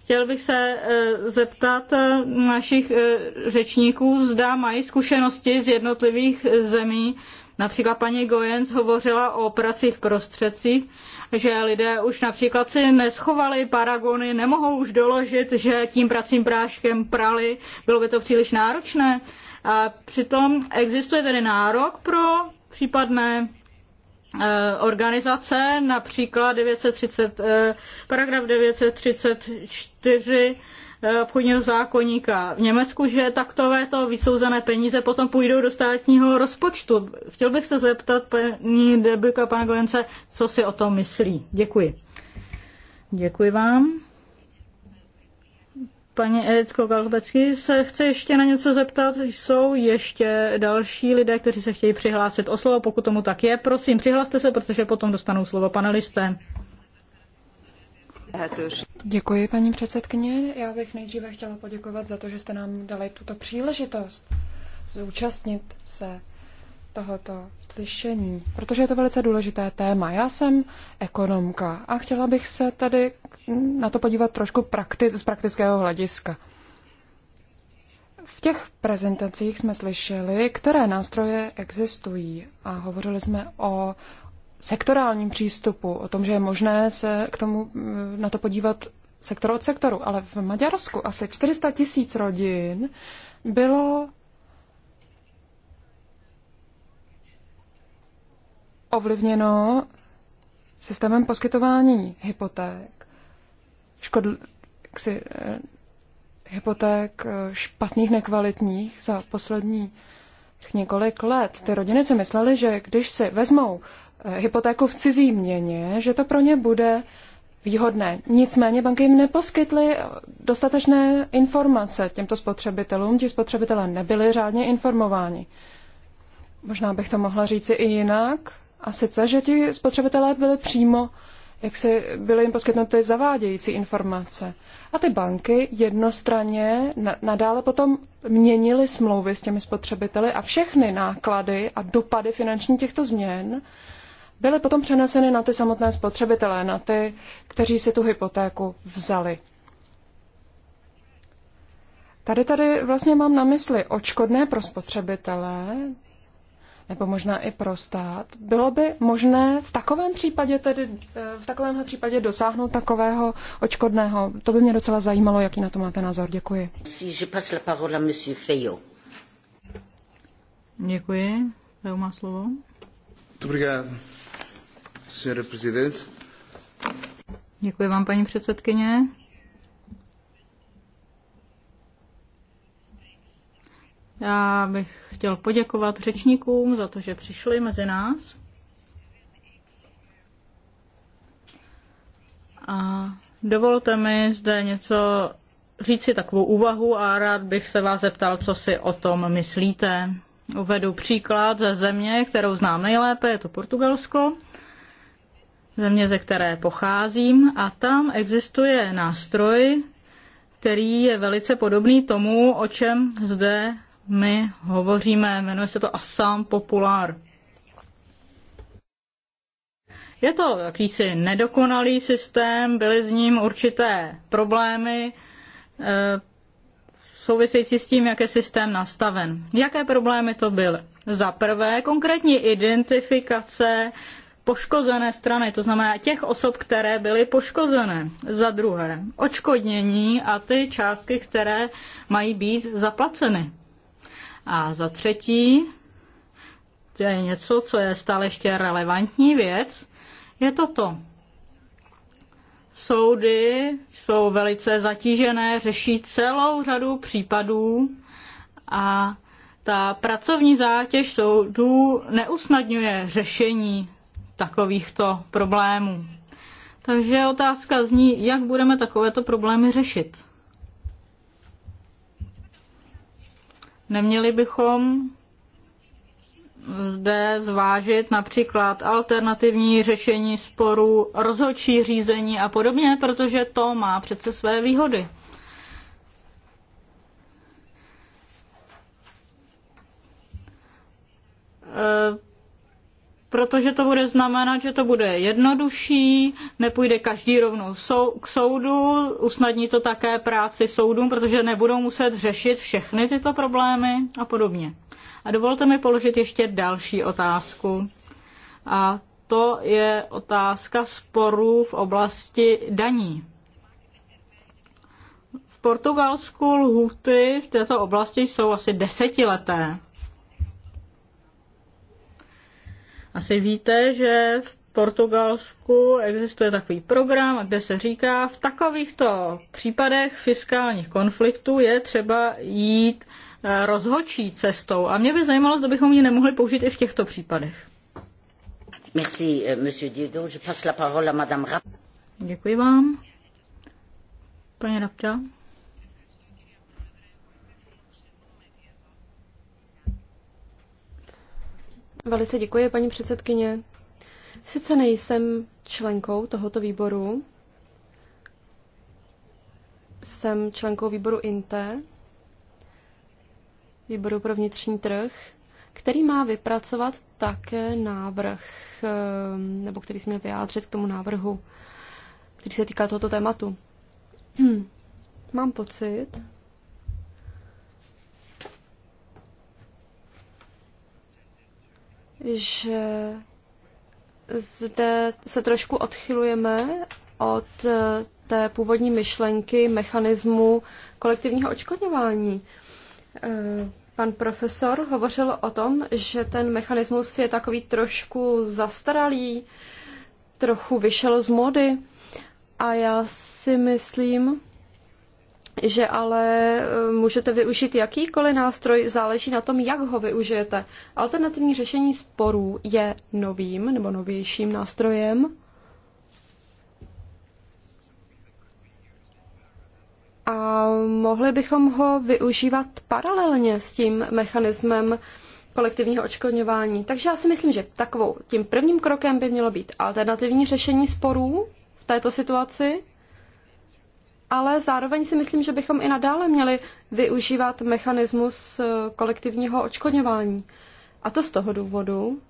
[SPEAKER 3] Chtěl bych se eh, zeptat eh, našich eh, řečníků, zda mají zkušenosti z jednotlivých zemí. Například paní Gojens hovořila o pracích prostředcích, že lidé už například si neschovali paragony, nemohou už doložit, že tím pracím práškem prali, bylo by to příliš náročné. A přitom existuje tedy nárok pro případné Eh, organizace, například 930, eh, paragraf 934 eh, obchodního zákonníka v Německu, že takovéto vysouzené peníze potom půjdou do státního rozpočtu. Chtěl bych se zeptat paní Debika, pana Golence, co si o tom myslí. Děkuji. Děkuji vám. Paní Editko Galbecky se chce ještě na něco zeptat. Jsou ještě další lidé, kteří se chtějí přihlásit o slovo, pokud tomu tak je. Prosím, přihlaste se, protože potom dostanou slovo panelisté.
[SPEAKER 2] Děkuji, paní předsedkyně. Já bych nejdříve chtěla poděkovat za to, že jste nám dali tuto příležitost zúčastnit se tohoto slyšení, protože je to velice důležité téma. Já jsem ekonomka a chtěla bych se tady na to podívat trošku prakti- z praktického hlediska. V těch prezentacích jsme slyšeli, které nástroje existují a hovořili jsme o sektorálním přístupu, o tom, že je možné se k tomu eh, na to podívat sektor od sektoru, ale v Maďarsku asi 400 tisíc rodin bylo ovlivněno systémem poskytování hypoték, škod, eh, hypoték eh, špatných, nekvalitních za poslední několik let. Ty rodiny si myslely, že když si vezmou eh, hypotéku v cizí měně, že to pro ně bude výhodné. Nicméně banky jim neposkytly dostatečné informace těmto spotřebitelům, ti spotřebitelé nebyli řádně informováni. Možná bych to mohla říci i jinak. A sice, že ti spotřebitelé byli přímo, jak si byly jim poskytnuty zavádějící informace. A ty banky jednostranně nadále potom měnily smlouvy s těmi spotřebiteli a všechny náklady a dopady finanční těchto změn byly potom přeneseny na ty samotné spotřebitelé, na ty, kteří si tu hypotéku vzali. Tady tady vlastně mám na mysli očkodné pro spotřebitele, nebo možná i pro stát. Bylo by možné v takovém případě tedy, eh, v takovémhle případě dosáhnout takového očkodného? To by mě docela zajímalo, jaký na to máte
[SPEAKER 3] názor. Děkuji. Děkuji. Leo má slovo. Děkuji vám, paní předsedkyně. Já bych chtěl poděkovat řečníkům za to, že přišli mezi nás. A dovolte mi zde něco říci takovou úvahu a rád bych se vás zeptal, co si o tom myslíte. Uvedu příklad ze země, kterou znám nejlépe, je to Portugalsko, země, ze které pocházím, a tam existuje nástroj, který je velice podobný tomu, o čem zde my hovoříme, jmenuje se to Assam Popular. Je to jakýsi nedokonalý systém, byly s ním určité problémy e, související s tím, jak je systém nastaven. Jaké problémy to byly? Za prvé, konkrétní identifikace poškozené strany, to znamená těch osob, které byly poškozené. Za druhé, očkodnění a ty částky, které mají být zaplaceny. A za třetí, to je něco, co je stále ještě relevantní věc, je toto. Soudy jsou velice zatížené, řeší celou řadu případů a ta pracovní zátěž soudů neusnadňuje řešení takovýchto problémů. Takže otázka zní, jak budeme takovéto problémy řešit. Neměli bychom zde zvážit například alternativní řešení sporů, rozhodčí řízení a podobně, protože to má přece své výhody. E, protože to bude znamenat, že to bude jednodušší, nepůjde každý rovnou sou, k soudu, usnadní to také práci soudům, protože nebudou muset řešit všechny tyto problémy a podobně. A dovolte mi položit ještě další otázku. A to je otázka sporů v oblasti daní. V Portugalsku lhuty v této oblasti jsou asi desetileté. Asi víte, že v Portugalsku existuje takový program, kde se říká, v takovýchto případech fiskálních konfliktů je třeba jít eh, rozhodčí cestou. A mě by zajímalo, zda bychom ji nemohli použít i v těchto případech.
[SPEAKER 1] Merci, eh, monsieur Diego. Je passe la parole à madame Rapp.
[SPEAKER 3] Děkuji vám. Paní Rapta.
[SPEAKER 4] Velice děkuji, paní předsedkyně. Sice nejsem členkou tohoto výboru, jsem členkou výboru INTE, výboru pro vnitřní trh, který má vypracovat také návrh, ehm, nebo který si měl vyjádřit k tomu návrhu, který se týká tohoto tématu. Mám pocit, že zde se trošku odchylujeme od eh, té původní myšlenky mechanismu kolektivního očkodňování. Eh, pan profesor hovořil o tom, že ten mechanismus je takový trošku zastaralý, trochu vyšel z mody. A já si myslím, že ale eh, můžete využít jakýkoliv nástroj, záleží na tom, jak ho využijete. Alternativní řešení sporů je novým nebo novějším nástrojem. A mohli bychom ho využívat paralelně s tím mechanismem kolektivního očkodňování. Takže já si myslím, že takovou tím prvním krokem by mělo být alternativní řešení sporů v této situaci, ale zároveň si myslím, že bychom i nadále měli využívat mechanismus eh, kolektivního očkodňování. A to z toho důvodu,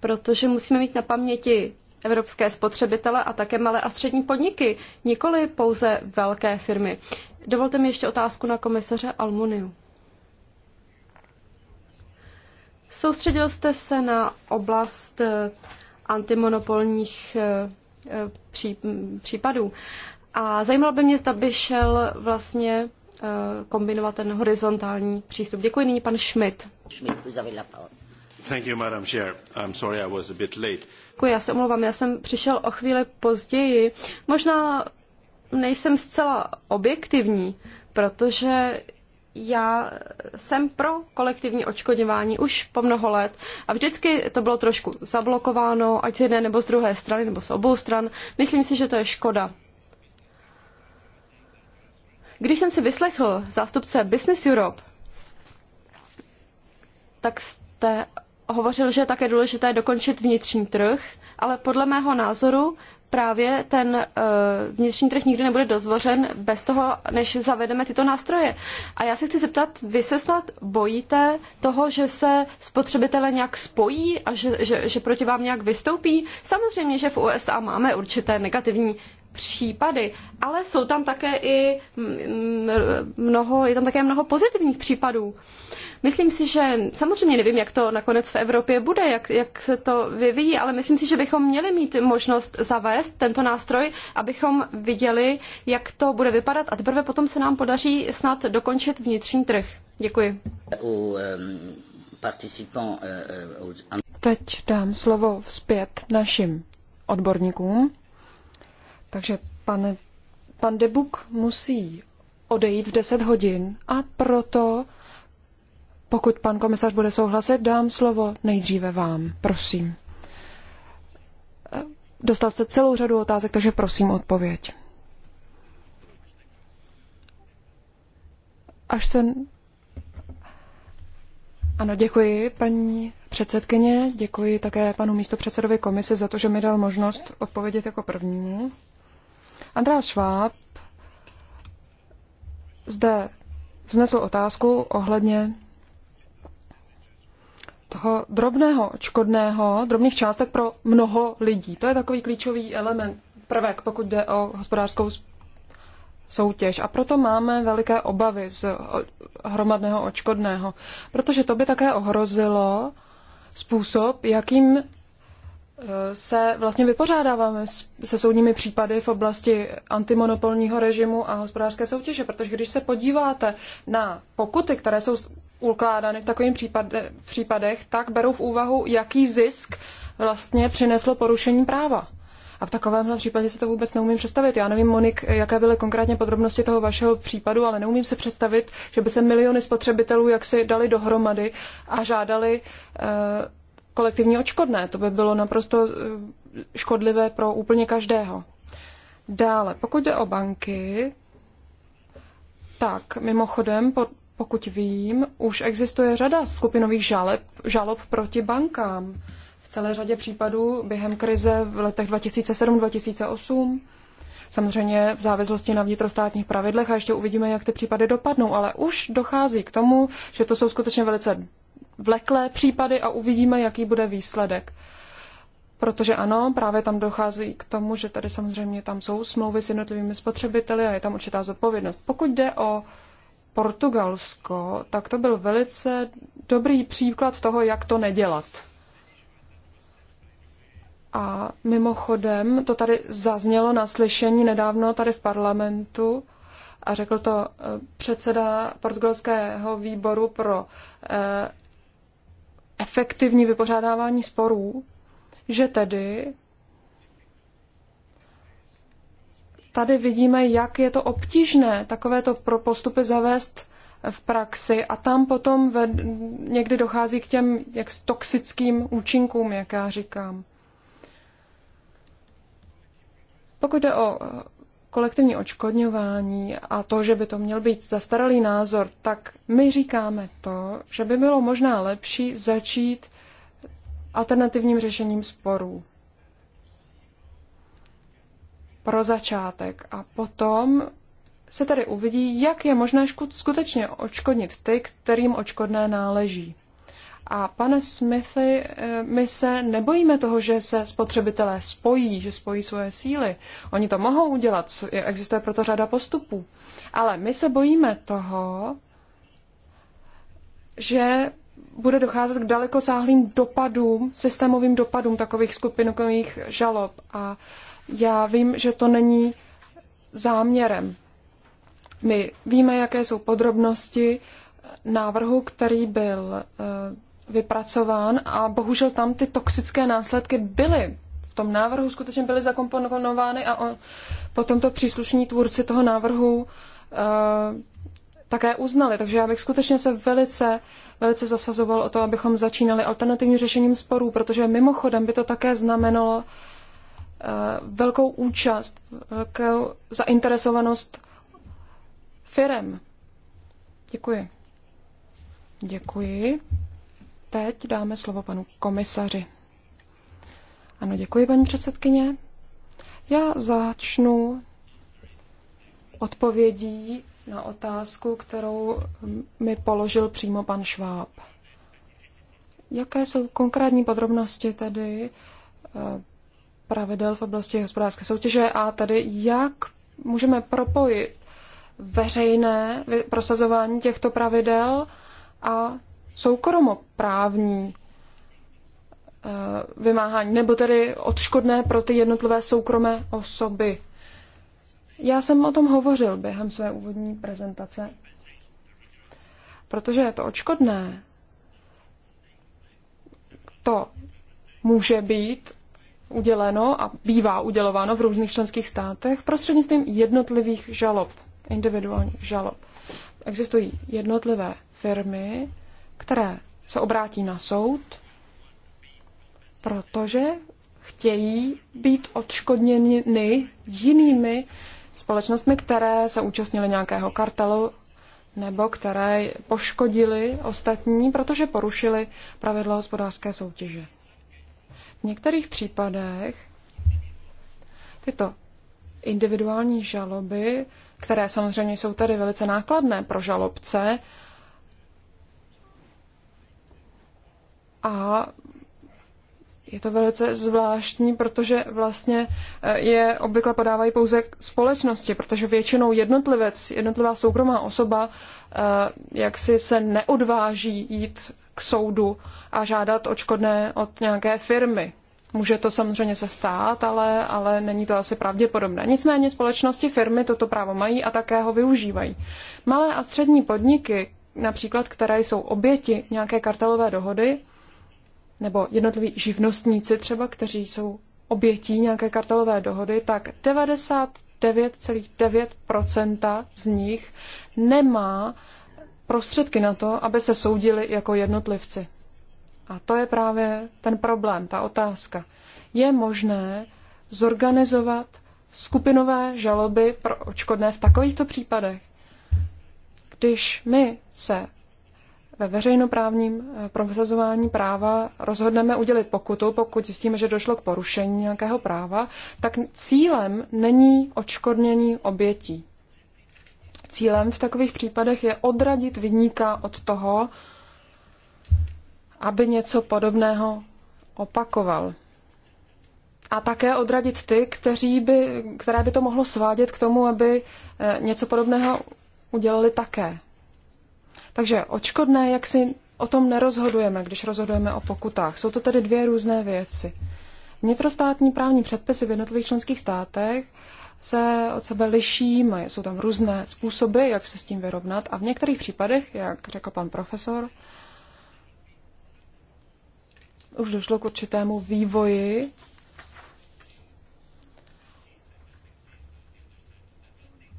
[SPEAKER 4] protože musíme mít na paměti evropské spotřebitele a také malé a střední podniky, nikoli pouze velké firmy. Dovolte mi ještě otázku na komisaře Almuniu. Soustředil jste se na oblast eh, antimonopolních eh, případů. A zajímalo by mě, zda by šel vlastně eh, kombinovat ten horizontální přístup. Děkuji nyní pan Schmidt.
[SPEAKER 1] Schmidt,
[SPEAKER 2] Thank you, Madam Chair. I'm sorry I was a bit late.
[SPEAKER 4] Děkuji, já se omlouvám, já jsem přišel o chvíli později. Možná nejsem zcela objektivní, protože já jsem pro kolektivní očkodňování už po mnoho let a vždycky to bylo trošku zablokováno, ať z jedné nebo z druhé strany, nebo z obou stran. Myslím si, že to je škoda. Když jsem si vyslechl zástupce Business Europe, tak jste hovořil, že je také důležité dokončit vnitřní trh, ale podle mého názoru právě ten eh, vnitřní trh nikdy nebude dozvořen bez toho, než zavedeme tyto nástroje. A já se chci zeptat, vy se snad bojíte toho, že se spotřebitele nějak spojí a že, že, že proti vám nějak vystoupí? Samozřejmě, že v USA máme určité negativní případy, ale jsou tam také i mnoho, je tam také mnoho pozitivních případů. Myslím si, že samozřejmě nevím, jak to nakonec v Evropě bude, jak, jak se to vyvíjí, ale myslím si, že bychom měli mít možnost zavést tento nástroj, abychom viděli, jak to bude vypadat a teprve potom se nám podaří
[SPEAKER 2] snad dokončit vnitřní trh. Děkuji.
[SPEAKER 1] Um, uh, uh,
[SPEAKER 2] Teď dám slovo zpět našim odborníkům. Takže pan, pan Debuk musí odejít v 10 hodin a proto, pokud pan komisař bude souhlasit, dám slovo nejdříve vám. Prosím. Dostal jste celou řadu otázek, takže prosím odpověď. Až se... Ano, děkuji, paní předsedkyně. Děkuji také panu místopředsedovi komise za to, že mi dal možnost odpovědět jako prvnímu. Andreas Schwab zde vznesl otázku ohledně toho drobného škodného, drobných částek pro mnoho lidí. To je takový klíčový element, prvek, pokud jde o hospodářskou soutěž. A proto máme veliké obavy z hromadného očkodného, protože to by také ohrozilo způsob, jakým se vlastně vypořádáváme se soudními případy v oblasti antimonopolního režimu a hospodářské soutěže, protože když se podíváte na pokuty, které jsou ukládány v takových případe, případech, tak berou v úvahu, jaký zisk vlastně přineslo porušení práva. A v takovémhle případě se to vůbec neumím představit. Já nevím, Monik, jaké byly konkrétně podrobnosti toho vašeho případu, ale neumím se představit, že by se miliony spotřebitelů jaksi dali dohromady a žádali uh, kolektivní očkodné. To by bylo naprosto eh, škodlivé pro úplně každého. Dále, pokud jde o banky, tak mimochodem, pokud vím, už existuje řada skupinových žalob, žalob proti bankám. V celé řadě případů během krize v letech 2007-2008. Samozřejmě v závislosti na vnitrostátních pravidlech a ještě uvidíme, jak ty případy dopadnou, ale už dochází k tomu, že to jsou skutečně velice vleklé případy a uvidíme, jaký bude výsledek. Protože ano, právě tam dochází k tomu, že tady samozřejmě tam jsou smlouvy s jednotlivými spotřebiteli a je tam určitá zodpovědnost. Pokud jde o Portugalsko, tak to byl velice dobrý příklad toho, jak to nedělat. A mimochodem, to tady zaznělo na slyšení nedávno tady v parlamentu a řekl to eh, předseda portugalského výboru pro eh, efektivní vypořádávání sporů, že tedy tady vidíme, jak je to obtížné takovéto pro postupy zavést v praxi a tam potom ve, někdy dochází k těm jak toxickým účinkům, jak já říkám. Pokud jde o kolektivní očkodňování a to, že by to měl být zastaralý názor, tak my říkáme to, že by bylo možná lepší začít alternativním řešením sporů. Pro začátek. A potom se tady uvidí, jak je možné skutečně očkodnit ty, kterým očkodné náleží. A pane Smithy, eh, my se nebojíme toho, že se spotřebitelé spojí, že spojí svoje síly. Oni to mohou udělat, existuje proto řada postupů. Ale my se bojíme toho, že bude docházet k dalekosáhlým dopadům, systémovým dopadům takových skupinových žalob. A já vím, že to není záměrem. My víme, jaké jsou podrobnosti návrhu, který byl eh, vypracován a bohužel tam ty toxické následky byly. V tom návrhu skutečně byly zakomponovány a on, potom to příslušní tvůrci toho návrhu uh, také uznali. Takže já bych skutečně se velice, velice zasazoval o to, abychom začínali alternativním řešením sporů, protože mimochodem by to také znamenalo eh, velkou účast, velkou zainteresovanost firem. Děkuji. Děkuji teď dáme slovo panu komisaři. Ano, děkuji, paní předsedkyně. Já začnu odpovědí na otázku, kterou mi položil přímo pan Šváb. Jaké jsou konkrétní podrobnosti tedy eh, pravidel v oblasti hospodářské soutěže a tedy jak můžeme propojit veřejné prosazování těchto pravidel a soukromoprávní eh, vymáhání, nebo tedy odškodné pro ty jednotlivé soukromé osoby. Já jsem o tom hovořil během své úvodní prezentace, protože je to odškodné, to může být uděleno a bývá udělováno v různých členských státech prostřednictvím jednotlivých žalob, individuálních žalob. Existují jednotlivé firmy, které se obrátí na soud, protože chtějí být odškodněny jinými společnostmi, které se účastnily nějakého kartelu nebo které poškodili ostatní, protože porušili pravidla hospodářské soutěže. V některých případech tyto individuální žaloby, které samozřejmě jsou tady velice nákladné pro žalobce, A je to velice zvláštní, protože vlastně e, je obvykle podávají pouze společnosti, protože většinou jednotlivec, jednotlivá soukromá osoba, e, jak si se neodváží jít k soudu a žádat očkodné od nějaké firmy. Může to samozřejmě se stát, ale, ale není to asi pravděpodobné. Nicméně společnosti, firmy toto právo mají a také ho využívají. Malé a střední podniky, například které jsou oběti nějaké kartelové dohody, nebo jednotliví živnostníci třeba, kteří jsou obětí nějaké kartelové dohody, tak 99,9% z nich nemá prostředky na to, aby se soudili jako jednotlivci. A to je právě ten problém, ta otázka. Je možné zorganizovat skupinové žaloby pro očkodné v takovýchto případech? Když my se ve veřejnoprávním eh, prosazování práva rozhodneme udělit pokutu, pokud zjistíme, že došlo k porušení nějakého práva, tak cílem není odškodnění obětí. Cílem v takových případech je odradit vyníka od toho, aby něco podobného opakoval. A také odradit ty, kteří by, které by to mohlo svádět k tomu, aby eh, něco podobného udělali také. Takže očkodné, jak si o tom nerozhodujeme, když rozhodujeme o pokutách. Jsou to tedy dvě různé věci. Vnitrostátní právní předpisy v jednotlivých členských státech se od sebe liší, mají, jsou tam různé způsoby, jak se s tím vyrovnat a v některých případech, jak řekl pan profesor, už došlo k určitému vývoji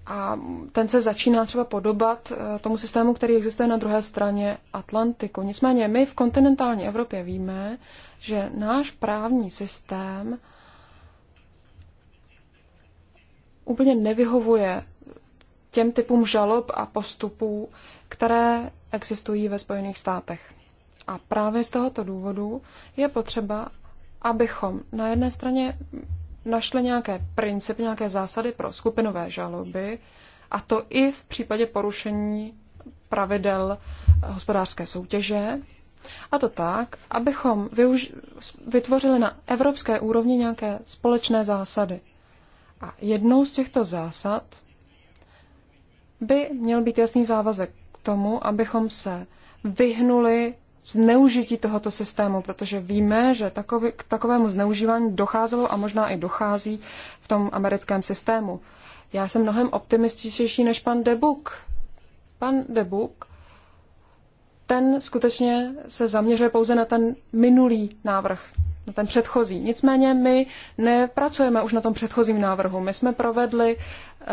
[SPEAKER 2] a ten se začíná třeba podobat eh, tomu systému, který existuje na druhé straně Atlantiku. Nicméně my v kontinentální Evropě víme, že náš právní systém úplně nevyhovuje těm typům žalob a postupů, které existují ve Spojených státech. A právě z tohoto důvodu je potřeba, abychom na jedné straně našli nějaké principy, nějaké zásady pro skupinové žaloby, a to i v případě porušení pravidel hospodářské soutěže, a to tak, abychom využ- vytvořili na evropské úrovni nějaké společné zásady. A jednou z těchto zásad by měl být jasný závazek k tomu, abychom se vyhnuli zneužití tohoto systému, protože víme, že takový, k takovému zneužívání docházelo a možná i dochází v tom americkém systému. Já jsem mnohem optimističtější než pan Debuk. Pan Debuk, ten skutečně se zaměřuje pouze na ten minulý návrh, na ten předchozí. Nicméně my nepracujeme už na tom předchozím návrhu. My jsme provedli uh,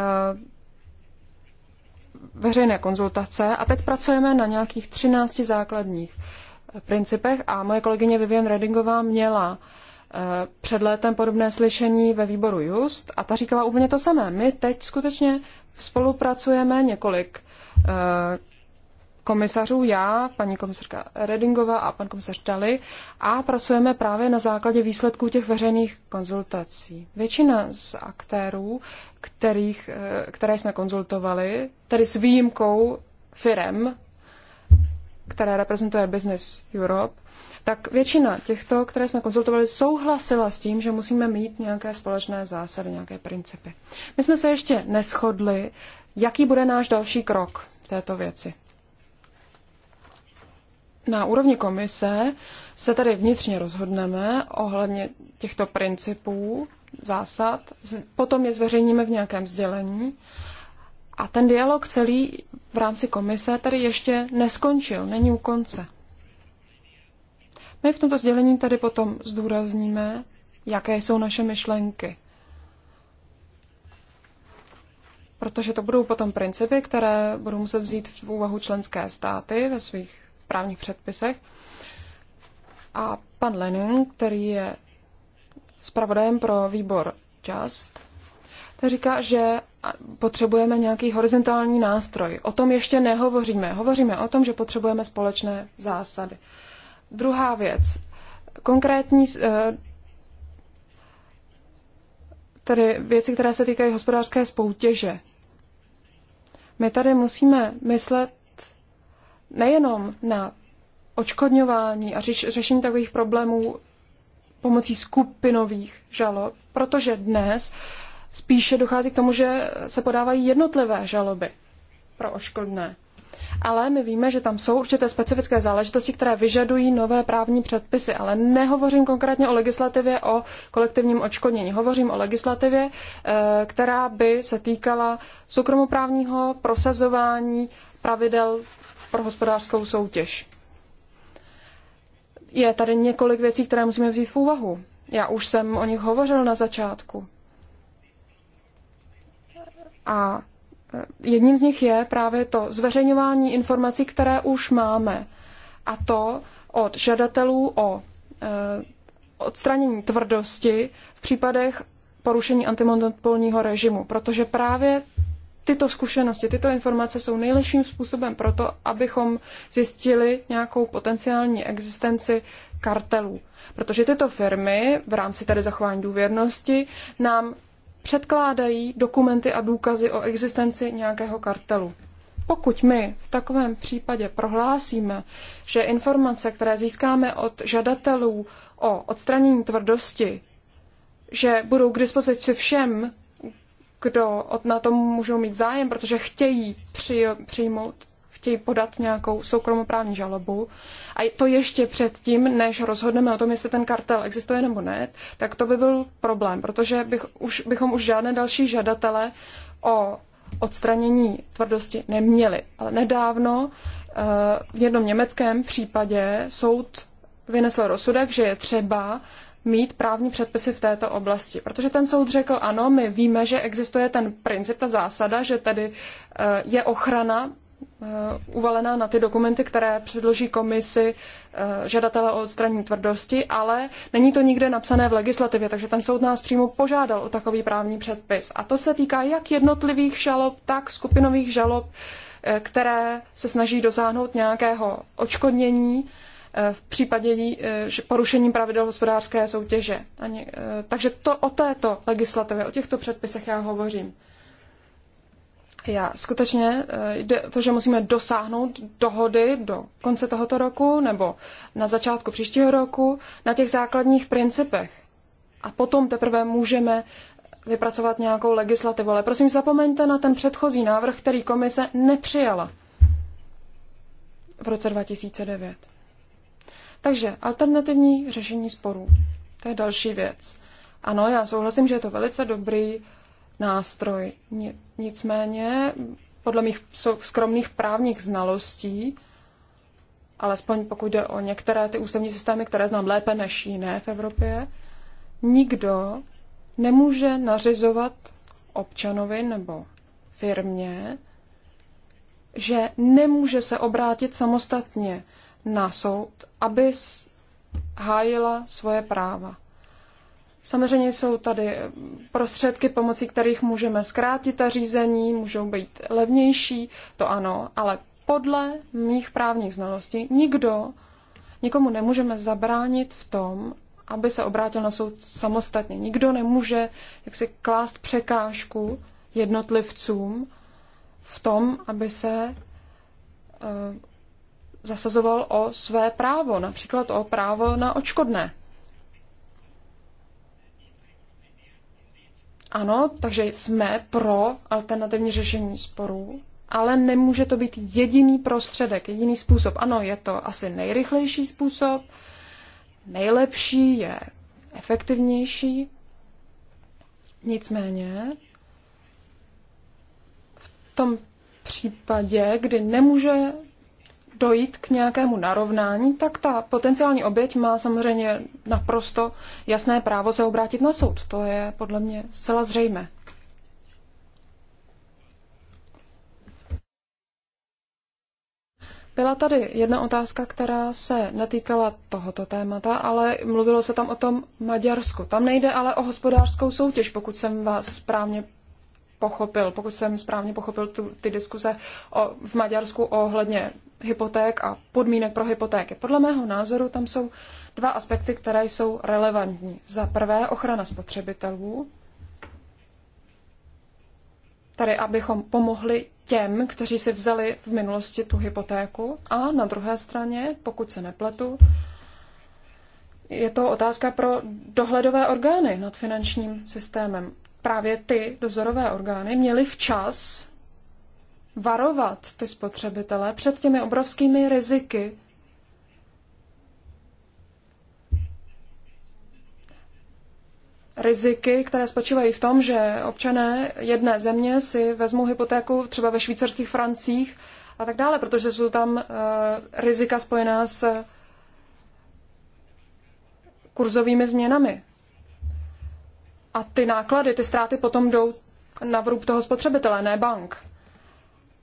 [SPEAKER 2] veřejné konzultace a teď pracujeme na nějakých 13 základních eh, principech a moje kolegyně Vivian Redingová měla eh, před létem podobné slyšení ve výboru Just a ta říkala úplně to samé. My teď skutečně spolupracujeme několik eh, komisařů, já, paní komisařka Redingová a pan komisař Dali, a pracujeme právě na základě výsledků těch veřejných konzultací. Většina z aktérů, kterých, eh, které jsme konzultovali, tedy s výjimkou firem, které reprezentuje Business Europe, tak většina těchto, které jsme konzultovali, souhlasila s tím, že musíme mít nějaké společné zásady, nějaké principy. My jsme se ještě neschodli, jaký bude náš další krok této věci na úrovni komise se tady vnitřně rozhodneme ohledně těchto principů, zásad, potom je zveřejníme v nějakém sdělení a ten dialog celý v rámci komise tady ještě neskončil, není u konce. My v tomto sdělení tady potom zdůrazníme, jaké jsou naše myšlenky. Protože to budou potom principy, které budou muset vzít v úvahu členské státy ve svých právních předpisech. A pan Lenin, který je zpravodajem pro výbor Just, ten říká, že potřebujeme nějaký horizontální nástroj. O tom ještě nehovoříme. Hovoříme o tom, že potřebujeme společné zásady. Druhá věc. Konkrétní eh, tedy věci, které se týkají hospodářské spoutěže. My tady musíme myslet nejenom na očkodňování a řeš, řešení takových problémů pomocí skupinových žalob, protože dnes spíše dochází k tomu, že se podávají jednotlivé žaloby pro oškodné. Ale my víme, že tam jsou určité specifické záležitosti, které vyžadují nové právní předpisy, ale nehovořím konkrétně o legislativě o kolektivním očkodnění. Hovořím o legislativě, eh, která by se týkala soukromoprávního prosazování pravidel pro hospodářskou soutěž. Je tady několik věcí, které musíme vzít v úvahu. Já už jsem o nich hovořil na začátku. A e, jedním z nich je právě to zveřejňování informací, které už máme. A to od žadatelů o e, odstranění tvrdosti v případech porušení antimonopolního režimu, protože právě tyto zkušenosti, tyto informace jsou nejlepším způsobem pro to, abychom zjistili nějakou potenciální existenci kartelů. Protože tyto firmy v rámci tady zachování důvěrnosti nám předkládají dokumenty a důkazy o existenci nějakého kartelu. Pokud my v takovém případě prohlásíme, že informace, které získáme od žadatelů o odstranění tvrdosti, že budou k dispozici všem kdo na tom můžou mít zájem, protože chtějí při, přijmout, chtějí podat nějakou soukromoprávní žalobu. A to ještě předtím, než rozhodneme o tom, jestli ten kartel existuje nebo ne, tak to by byl problém, protože bych, už, bychom už žádné další žadatele o odstranění tvrdosti neměli. Ale nedávno eh, v jednom německém případě soud vynesl rozsudek, že je třeba mít právní předpisy v této oblasti. Protože ten soud řekl, ano, my víme, že existuje ten princip, ta zásada, že tedy eh, je ochrana eh, uvalená na ty dokumenty, které předloží komisi eh, žadatele o odstranění tvrdosti, ale není to nikde napsané v legislativě, takže ten soud nás přímo požádal o takový právní předpis. A to se týká jak jednotlivých žalob, tak skupinových žalob, které se snaží dosáhnout nějakého očkodnění Eh, v případě eh, porušení pravidel hospodářské soutěže. Eh, takže to o této legislativě, o těchto předpisech já hovořím. Já skutečně jde to, že musíme dosáhnout dohody do konce tohoto roku nebo na začátku příštího roku na těch základních principech. A potom teprve můžeme vypracovat nějakou legislativu. Ale prosím, zapomeňte na ten předchozí návrh, který komise nepřijala v roce 2009. Takže alternativní řešení sporů. To je další věc. Ano, já souhlasím, že je to velice dobrý nástroj. Nicméně, podle mých skromných právních znalostí, alespoň pokud jde o některé ty ústavní systémy, které znám lépe než jiné v Evropě, nikdo nemůže nařizovat občanovi nebo firmě, že nemůže se obrátit samostatně na soud, aby hájila svoje práva. Samozřejmě jsou tady prostředky, pomocí kterých můžeme zkrátit ta řízení, můžou být levnější, to ano, ale podle mých právních znalostí nikdo, nikomu nemůžeme zabránit v tom, aby se obrátil na soud samostatně. Nikdo nemůže jak si klást překážku jednotlivcům v tom, aby se eh, zasazoval o své právo, například o právo na očkodné. Ano, takže jsme pro alternativní řešení sporů, ale nemůže to být jediný prostředek, jediný způsob. Ano, je to asi nejrychlejší způsob, nejlepší, je efektivnější. Nicméně v tom případě, kdy nemůže dojít k nějakému narovnání, tak ta potenciální oběť má samozřejmě naprosto jasné právo se obrátit na soud. To je podle mě zcela zřejmé. Byla tady jedna otázka, která se netýkala tohoto témata, ale mluvilo se tam o tom Maďarsku. Tam nejde ale o hospodářskou soutěž, pokud jsem vás správně pochopil, pokud jsem správně pochopil tu, ty diskuze o, v Maďarsku ohledně hypoték a podmínek pro hypotéky. Podle mého názoru tam jsou dva aspekty, které jsou relevantní. Za prvé ochrana spotřebitelů, tady abychom pomohli těm, kteří si vzali v minulosti tu hypotéku. A na druhé straně, pokud se nepletu, je to otázka pro dohledové orgány nad finančním systémem právě ty dozorové orgány měly včas varovat ty spotřebitele před těmi obrovskými riziky. Riziky, které spočívají v tom, že občané jedné země si vezmou hypotéku třeba ve švýcarských francích a tak dále, protože jsou tam uh, rizika spojená s kurzovými změnami a ty náklady, ty ztráty potom jdou na vrub toho spotřebitele, ne bank.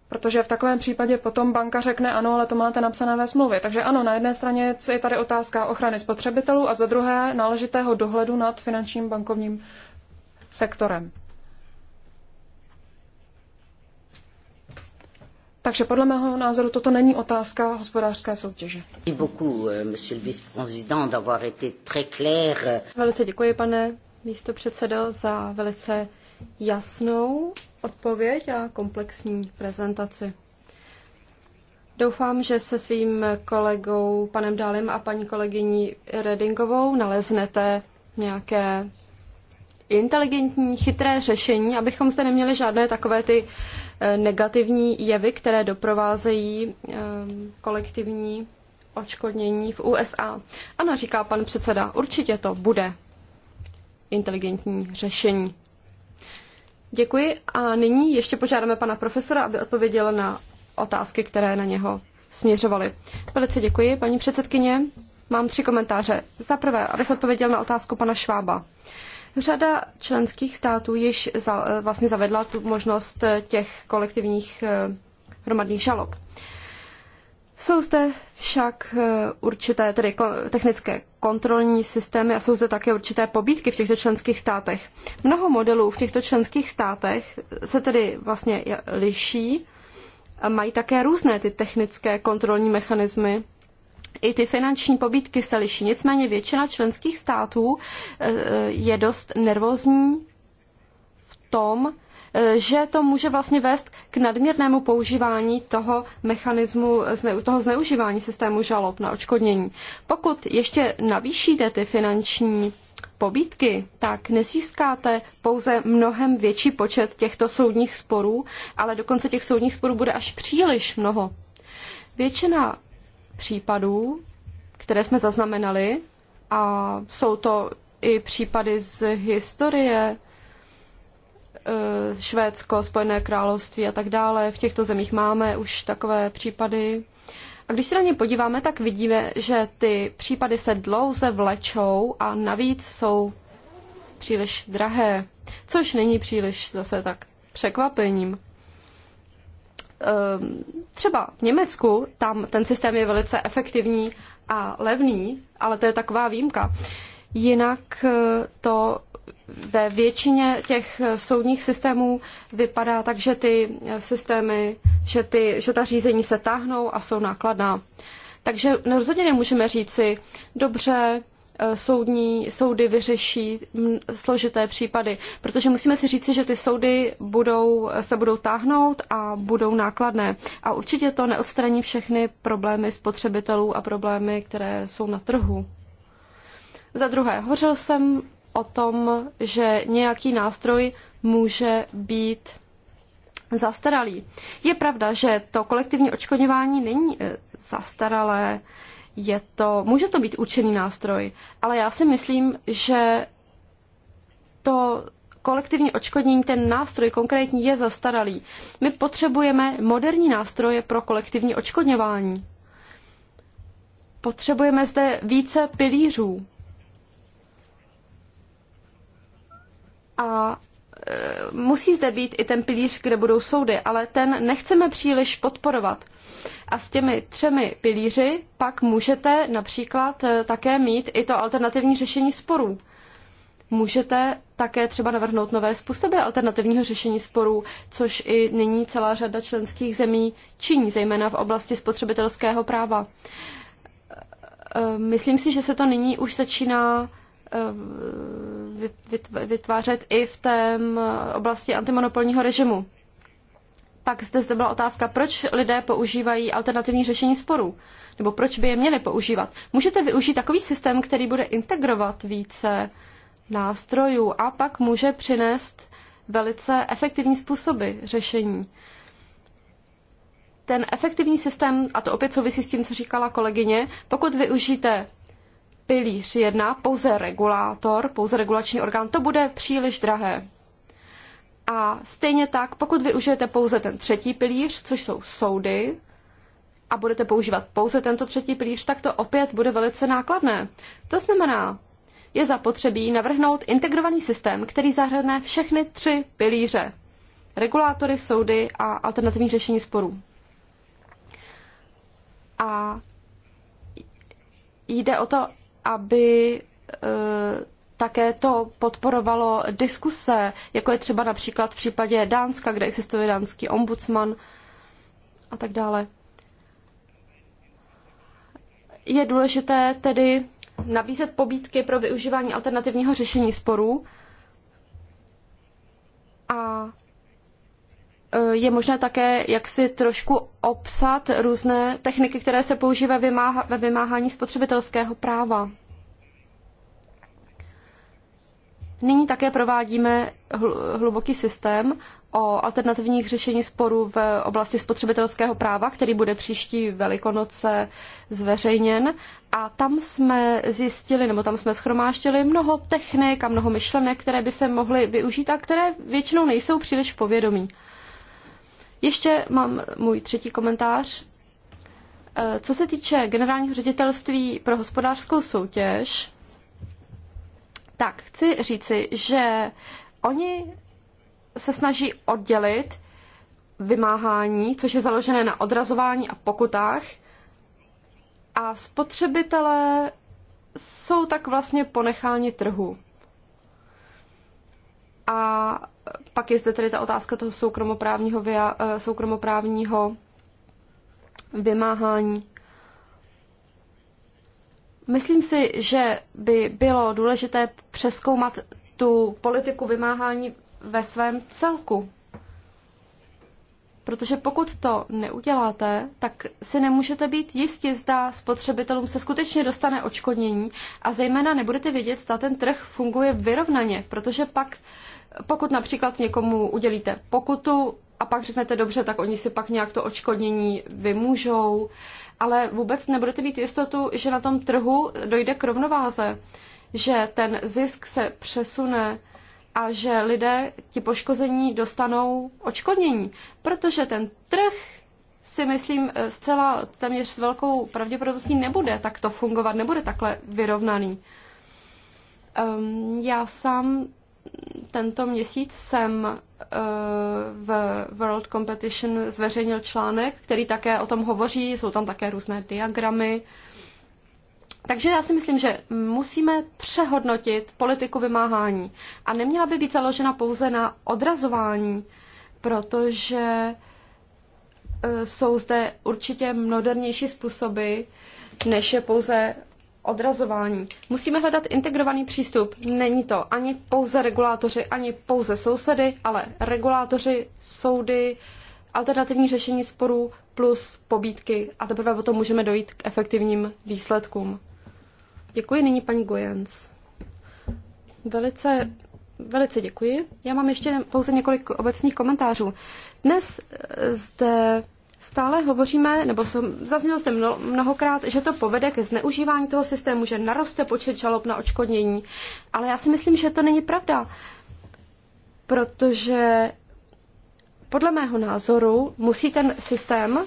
[SPEAKER 2] Protože v takovém případě potom banka řekne, ano, ale to máte napsané ve smlouvě. Takže ano, na jedné straně je tady otázka ochrany spotřebitelů a za druhé náležitého dohledu nad finančním bankovním sektorem. Takže podle mého názoru toto není otázka hospodářské soutěže.
[SPEAKER 1] Euh,
[SPEAKER 4] Velice děkuji, pane místo předsedo, za velice jasnou odpověď a komplexní prezentaci. Doufám, že se svým kolegou panem Dálem a paní kolegyní Redingovou naleznete nějaké inteligentní, chytré řešení, abychom zde neměli žádné takové ty eh, negativní jevy, které doprovázejí eh, kolektivní očkodnění v USA. Ano, říká pan předseda, určitě to bude inteligentní řešení. Děkuji a nyní ještě požádáme pana profesora, aby odpověděl na otázky, které na něho směřovaly. Velice děkuji, paní předsedkyně. Mám tři komentáře. Za prvé, abych odpověděl na otázku pana Švába. Řada členských států již za, eh, vlastně zavedla tu možnost eh, těch kolektivních eh, hromadných žalob. Jsou zde však eh, určité tedy technické kontrolní systémy a jsou zde také určité pobídky v těchto členských státech. Mnoho modelů v těchto členských státech se tedy vlastně liší a mají také různé ty technické kontrolní mechanismy. I ty finanční pobídky se liší, nicméně většina členských států eh, je dost nervózní v tom, Eh, že to může vlastně vést k nadměrnému používání toho mechanismu, toho zneužívání systému žalob na očkodnění. Pokud ještě navýšíte ty finanční pobítky, tak nezískáte pouze mnohem větší počet těchto soudních sporů, ale dokonce těch soudních sporů bude až příliš mnoho. Většina případů, které jsme zaznamenali, a jsou to i případy z historie, Eh, Švédsko, Spojené království a tak dále. V těchto zemích máme už takové případy. A když se na ně podíváme, tak vidíme, že ty případy se dlouze vlečou a navíc jsou příliš drahé, což není příliš zase tak překvapením. Ehm, třeba v Německu, tam ten systém je velice efektivní a levný, ale to je taková výjimka. Jinak eh, to ve většině těch soudních systémů vypadá tak, že ty systémy, že, ty, že ta řízení se táhnou a jsou nákladná. Takže rozhodně nemůžeme říci, dobře, eh, soudní, soudy vyřeší složité případy, protože musíme si říci, že ty soudy budou, eh, se budou táhnout a budou nákladné. A určitě to neodstraní všechny problémy spotřebitelů a problémy, které jsou na trhu. Za druhé, hovořil jsem o tom, že nějaký nástroj může být zastaralý. Je pravda, že to kolektivní očkodňování není e, zastaralé, je to, může to být účinný nástroj, ale já si myslím, že to kolektivní očkodnění, ten nástroj konkrétní je zastaralý. My potřebujeme moderní nástroje pro kolektivní očkodňování. Potřebujeme zde více pilířů. a e, musí zde být i ten pilíř, kde budou soudy, ale ten nechceme příliš podporovat. A s těmi třemi pilíři pak můžete například e, také mít i to alternativní řešení sporů. Můžete také třeba navrhnout nové způsoby alternativního řešení sporů, což i nyní celá řada členských zemí činí, zejména v oblasti spotřebitelského práva. E, myslím si, že se to nyní už začíná Eh, vytvářet i v té mm, oblasti antimonopolního režimu. Pak zde, zde byla otázka, proč lidé používají alternativní řešení sporů, nebo proč by je měli používat. Můžete využít takový systém, který bude integrovat více nástrojů a pak může přinést velice efektivní způsoby řešení. Ten efektivní systém, a to opět souvisí s tím, co říkala kolegyně, pokud využijete pilíř 1 pouze regulátor, pouze regulační orgán, to bude příliš drahé. A stejně tak, pokud využijete pouze ten třetí pilíř, což jsou soudy, a budete používat pouze tento třetí pilíř, tak to opět bude velice nákladné. To znamená, je zapotřebí navrhnout integrovaný systém, který zahrne všechny tři pilíře. Regulátory, soudy a alternativní řešení sporů. A jde o to, aby eh, také to podporovalo diskuse, jako je třeba například v případě Dánska, kde existuje dánský ombudsman a tak dále. Je důležité tedy nabízet pobídky pro využívání alternativního řešení sporů a Eh, je možné také jaksi trošku obsat různé techniky, které se používají ve, vymáhání spotřebitelského práva. Nyní také provádíme hluboký systém o alternativních řešení sporů v oblasti spotřebitelského práva, který bude příští velikonoce zveřejněn. A tam jsme zjistili, nebo tam jsme schromáštili mnoho technik a mnoho myšlenek, které by se mohly využít a které většinou nejsou příliš povědomí. Ještě mám můj třetí komentář. Eh, co se týče generálního ředitelství pro hospodářskou soutěž, tak chci říci, že oni se snaží oddělit vymáhání, což je založené na odrazování a pokutách, a spotřebitelé jsou tak vlastně ponecháni trhu. A pak je zde tedy ta otázka toho soukromoprávního, via, eh, soukromoprávního vymáhání. Myslím si, že by bylo důležité přeskoumat tu politiku vymáhání ve svém celku. Protože pokud to neuděláte, tak si nemůžete být jistí, zda spotřebitelům se skutečně dostane očkodnění a zejména nebudete vědět, zda ten trh funguje vyrovnaně, protože pak uh, pokud například někomu udělíte pokutu a pak řeknete dobře, tak oni si pak nějak to odškodnění vymůžou, ale vůbec nebudete mít jistotu, že na tom trhu dojde k rovnováze, že ten zisk se přesune a že lidé ti poškození dostanou odškodnění, protože ten trh si myslím zcela téměř s velkou pravděpodobností nebude takto fungovat, nebude takhle vyrovnaný. Um, já sám tento měsíc jsem eh, v World Competition zveřejnil článek, který také o tom hovoří, jsou tam také různé diagramy. Takže já si myslím, že musíme přehodnotit politiku vymáhání a neměla by být založena pouze na odrazování, protože eh, jsou zde určitě modernější způsoby, než je pouze odrazování. Musíme hledat integrovaný přístup. Není to ani pouze regulátoři, ani pouze sousedy, ale regulátoři, soudy, alternativní řešení sporů plus pobídky a teprve potom můžeme dojít k efektivním výsledkům. Děkuji nyní paní Gojens. Velice, velice děkuji. Já mám ještě pouze několik obecných komentářů. Dnes eh, zde Stále hovoříme, nebo zaznělo zde mnohokrát, že to povede ke zneužívání toho systému, že naroste počet žalob na očkodnění. Ale já si myslím, že to není pravda, protože podle mého názoru musí ten systém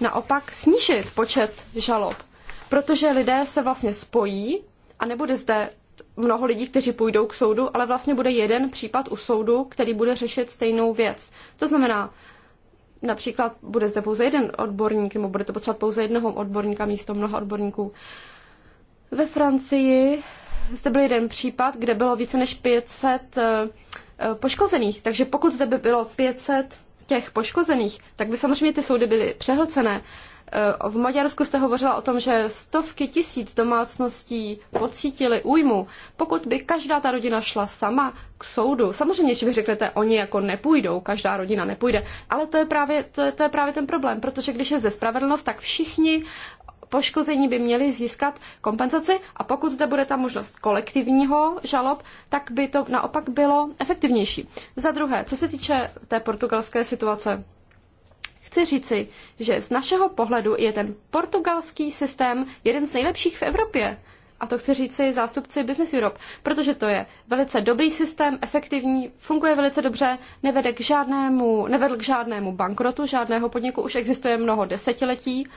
[SPEAKER 4] naopak snížit počet žalob, protože lidé se vlastně spojí a nebude zde mnoho lidí, kteří půjdou k soudu, ale vlastně bude jeden případ u soudu, který bude řešit stejnou věc. To znamená, například bude zde pouze jeden odborník, nebo budete potřebovat pouze jednoho odborníka místo mnoha odborníků. Ve Francii zde byl jeden případ, kde bylo více než 500 eh, eh, poškozených. Takže pokud zde by bylo 500 těch poškozených, tak by samozřejmě ty soudy byly přehlcené. Eh, v Maďarsku jste hovořila o tom, že stovky tisíc domácností pocítili újmu. Pokud by každá ta rodina šla sama k soudu, samozřejmě, že vy řeknete, oni jako nepůjdou, každá rodina nepůjde, ale to je právě, to je, to je právě ten problém, protože když je zde spravedlnost, tak všichni poškození by měli získat kompenzaci a pokud zde bude ta možnost kolektivního žalob, tak by to naopak bylo efektivnější. Za druhé, co se týče té portugalské situace, chci říci, že z našeho pohledu je ten portugalský systém jeden z nejlepších v Evropě. A to chci říci zástupci Business Europe, protože to je velice dobrý systém, efektivní, funguje velice dobře, nevede k žádnému, nevedl k žádnému bankrotu žádného podniku, už existuje mnoho desetiletí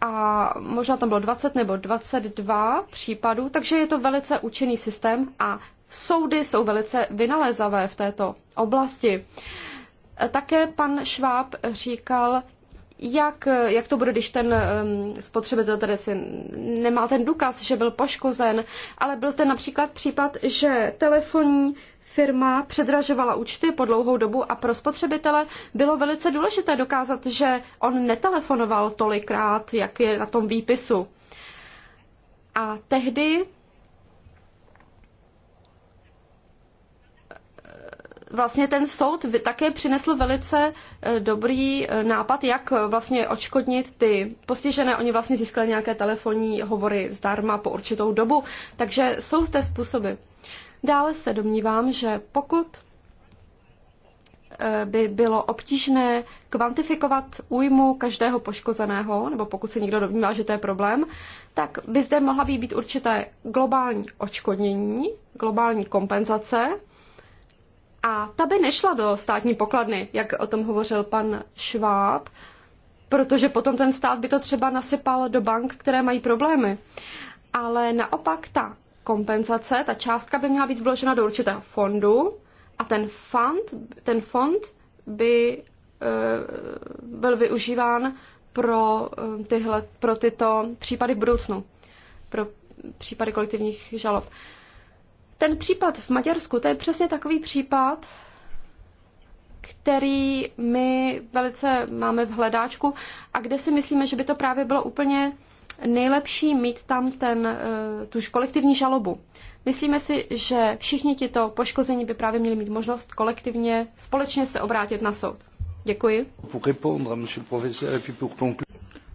[SPEAKER 4] a možná tam bylo 20 nebo 22 případů, takže je to velice účinný systém a soudy jsou velice vynalézavé v této oblasti. Uh, také pan Šváb říkal, jak, jak to bude, když ten um, spotřebitel tedy si nemá ten důkaz, že byl poškozen, ale byl ten například případ, že telefonní firma předražovala účty po dlouhou dobu a pro spotřebitele bylo velice důležité dokázat, že on netelefonoval tolikrát, jak je na tom výpisu. A tehdy vlastně ten soud také přinesl velice e, dobrý e, nápad, jak e, vlastně odškodnit ty postižené. Oni vlastně získali nějaké telefonní hovory zdarma po určitou dobu, takže jsou zde způsoby. Dále se domnívám, že pokud by bylo obtížné kvantifikovat újmu každého poškozeného, nebo pokud se někdo domnívá, že to je problém, tak by zde mohla být určité globální očkodnění, globální kompenzace, a ta by nešla do státní pokladny, jak o tom hovořil pan Šváb, protože potom ten stát by to třeba nasypal do bank, které mají problémy. Ale naopak ta kompenzace, ta částka by měla být vložena do určitého fondu a ten fond, ten fond by eh, byl využíván pro, eh, tyhle, pro tyto případy v budoucnu, pro případy kolektivních žalob. Ten případ v Maďarsku, to je přesně takový případ, který my velice máme v hledáčku a kde si myslíme, že by to právě bylo úplně nejlepší mít tam ten, eh, tu kolektivní žalobu. Myslíme si, že všichni tito poškození by právě měli mít možnost kolektivně,
[SPEAKER 3] společně se obrátit na soud. Děkuji.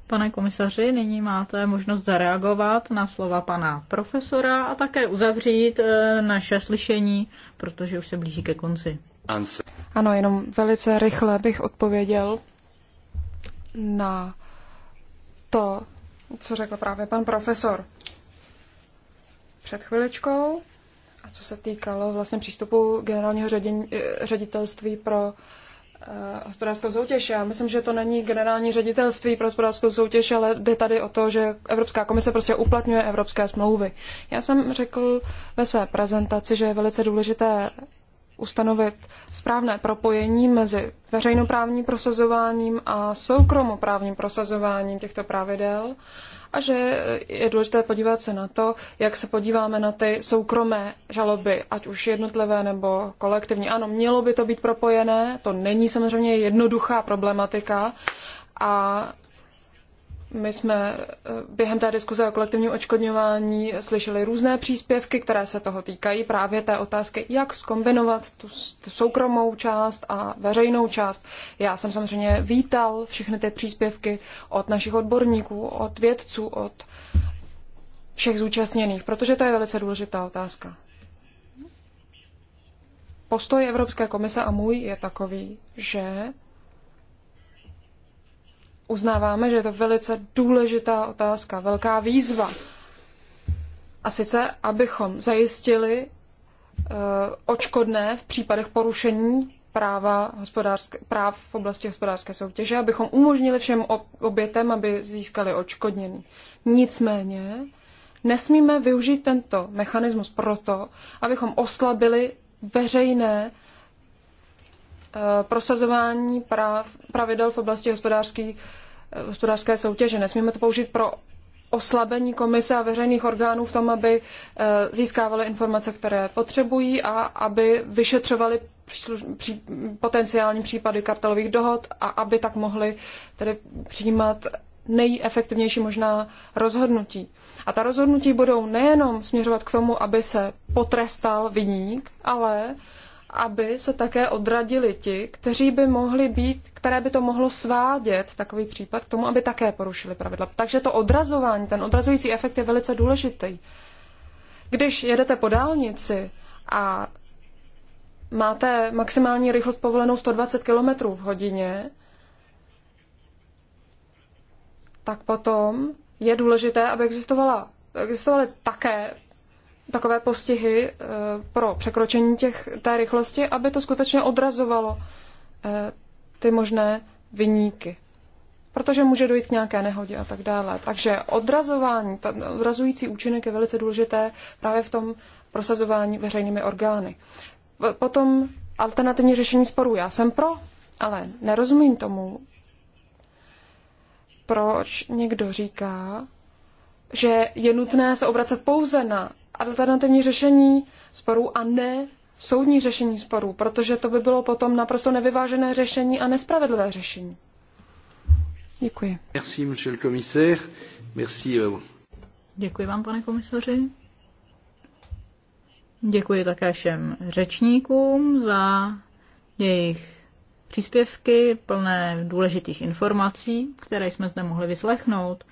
[SPEAKER 3] Pane komisaři, nyní máte možnost zareagovat na slova pana profesora a také uzavřít e, naše slyšení, protože už se blíží ke konci.
[SPEAKER 2] Ano, jenom velice rychle bych odpověděl na to, co řekl právě pan profesor před chviličkou a co se týkalo vlastně přístupu generálního ředin, e, ředitelství pro Eh, hospodářskou soutěž. Já myslím, že to není generální ředitelství pro hospodářskou soutěž, ale jde tady o to, že Evropská komise prostě uplatňuje evropské smlouvy. Já jsem řekl ve své prezentaci, že je velice důležité ustanovit správné propojení mezi veřejnoprávním prosazováním a soukromoprávním prosazováním těchto pravidel a že je důležité podívat se na to, jak se podíváme na ty soukromé žaloby, ať už jednotlivé nebo kolektivní. Ano, mělo by to být propojené, to není samozřejmě jednoduchá problematika a my jsme eh, během té diskuze o kolektivním očkodňování slyšeli různé příspěvky, které se toho týkají, právě té otázky, jak skombinovat tu, tu soukromou část a veřejnou část. Já jsem samozřejmě vítal všechny ty příspěvky od našich odborníků, od vědců, od všech zúčastněných, protože to je velice důležitá otázka. Postoj Evropské komise a můj je takový, že uznáváme, že je to velice důležitá otázka, velká výzva. A sice, abychom zajistili eh, očkodné v případech porušení práva hospodářské, práv v oblasti hospodářské soutěže, abychom umožnili všem obětem, aby získali odškodnění. Nicméně nesmíme využít tento mechanismus proto, abychom oslabili veřejné Eh, prosazování práv, pravidel v oblasti hospodářské, eh, hospodářské soutěže. Nesmíme to použít pro oslabení komise a veřejných orgánů v tom, aby eh, získávali informace, které potřebují a aby vyšetřovali potenciální případy kartelových dohod a aby tak mohli tedy přijímat nejefektivnější možná rozhodnutí. A ta rozhodnutí budou nejenom směřovat k tomu, aby se potrestal viník, ale aby se také odradili ti, kteří by mohli být, které by to mohlo svádět, takový případ, k tomu, aby také porušili pravidla. Takže to odrazování, ten odrazující efekt je velice důležitý. Když jedete po dálnici a máte maximální rychlost povolenou 120 km v hodině, tak potom je důležité, aby existovala, existovaly také takové postihy eh, pro překročení těch, té rychlosti, aby to skutečně odrazovalo eh, ty možné vyníky. Protože může dojít k nějaké nehodě a tak dále. Takže odrazování, odrazující účinek je velice důležité právě v tom prosazování veřejnými orgány. Potom alternativní řešení sporů. Já jsem pro, ale nerozumím tomu, proč někdo říká, že je nutné se obracet pouze na alternativní řešení sporů a ne soudní řešení sporů, protože to by bylo potom naprosto nevyvážené řešení a nespravedlivé řešení. Děkuji.
[SPEAKER 3] Merci, monsieur le commissaire. Merci. Euh, Děkuji vám, pane komisaři. Děkuji také všem řečníkům za jejich příspěvky plné důležitých informací, které jsme zde mohli vyslechnout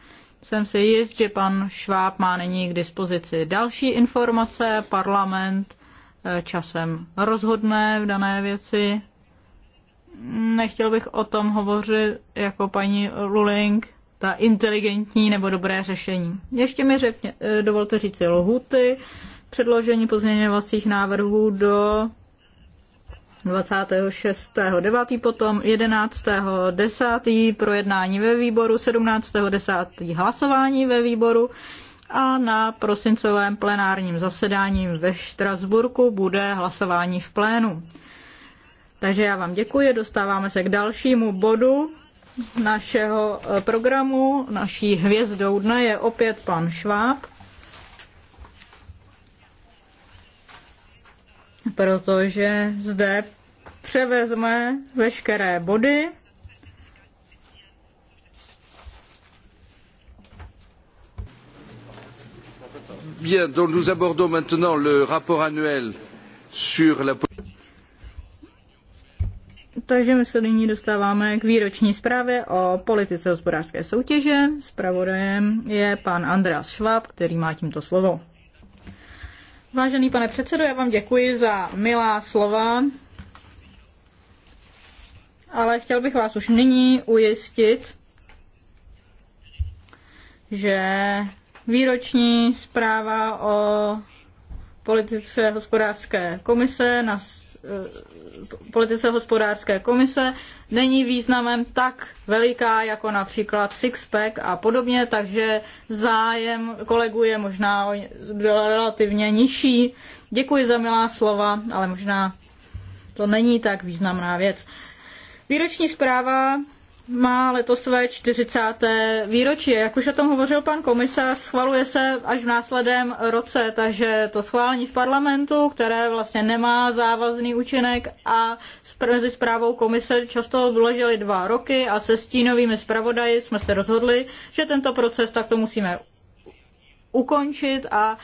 [SPEAKER 3] jsem si jist, že pan Šváb má nyní k dispozici další informace. Parlament eh, časem rozhodne v dané věci. Nechtěl bych o tom hovořit jako paní Luling, ta inteligentní nebo dobré řešení. Ještě mi řekně, eh, dovolte říci lhuty, předložení pozměňovacích návrhů do 26. 9. potom 11. 10. projednání ve výboru, 17. 10. hlasování ve výboru a na prosincovém plenárním zasedání ve Štrasburku bude hlasování v plénu. Takže já vám děkuji, dostáváme se k dalšímu bodu našeho programu. Naší hvězdou dne je opět pan Šváb. protože zde převezme veškeré body
[SPEAKER 1] Bien, donc nous abordons
[SPEAKER 3] maintenant le rapport annuel sur la Takže my se nyní dostáváme k výroční zprávě o politice hospodářské soutěže. Spravodajem je pan Andreas Schwab, který má tímto slovo. Vážený pane předsedo, já vám děkuji za milá slova, ale chtěl bych vás už nyní ujistit, že výroční zpráva o politice hospodářské komise na Eh, politice hospodářské komise není významem tak veliká jako například Sixpack a podobně, takže zájem kolegů je možná byl relativně nižší. Děkuji za milá slova, ale možná to není tak významná věc. Výroční zpráva má letos své 40. výročí. Jak už o tom hovořil pan komisař, schvaluje se až v následném roce, takže to schválení v parlamentu, které vlastně nemá závazný účinek a mezi zprávou komise často vložili dva roky a se stínovými zpravodaji jsme se rozhodli, že tento proces takto musíme ukončit a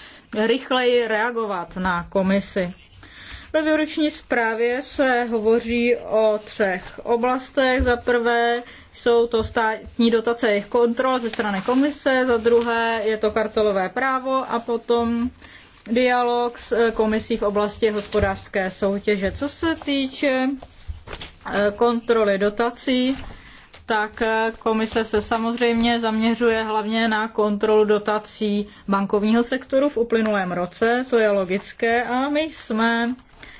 [SPEAKER 3] rychleji reagovat na komisi. Ve výroční zprávě se hovoří o třech oblastech. Za prvé jsou to státní dotace jejich kontrol ze strany komise, za druhé je to kartelové právo a potom dialog s eh, komisí v oblasti hospodářské soutěže. Co se týče eh, kontroly dotací, tak eh, komise se samozřejmě zaměřuje hlavně na kontrolu dotací bankovního sektoru v uplynulém roce, to je logické, a my jsme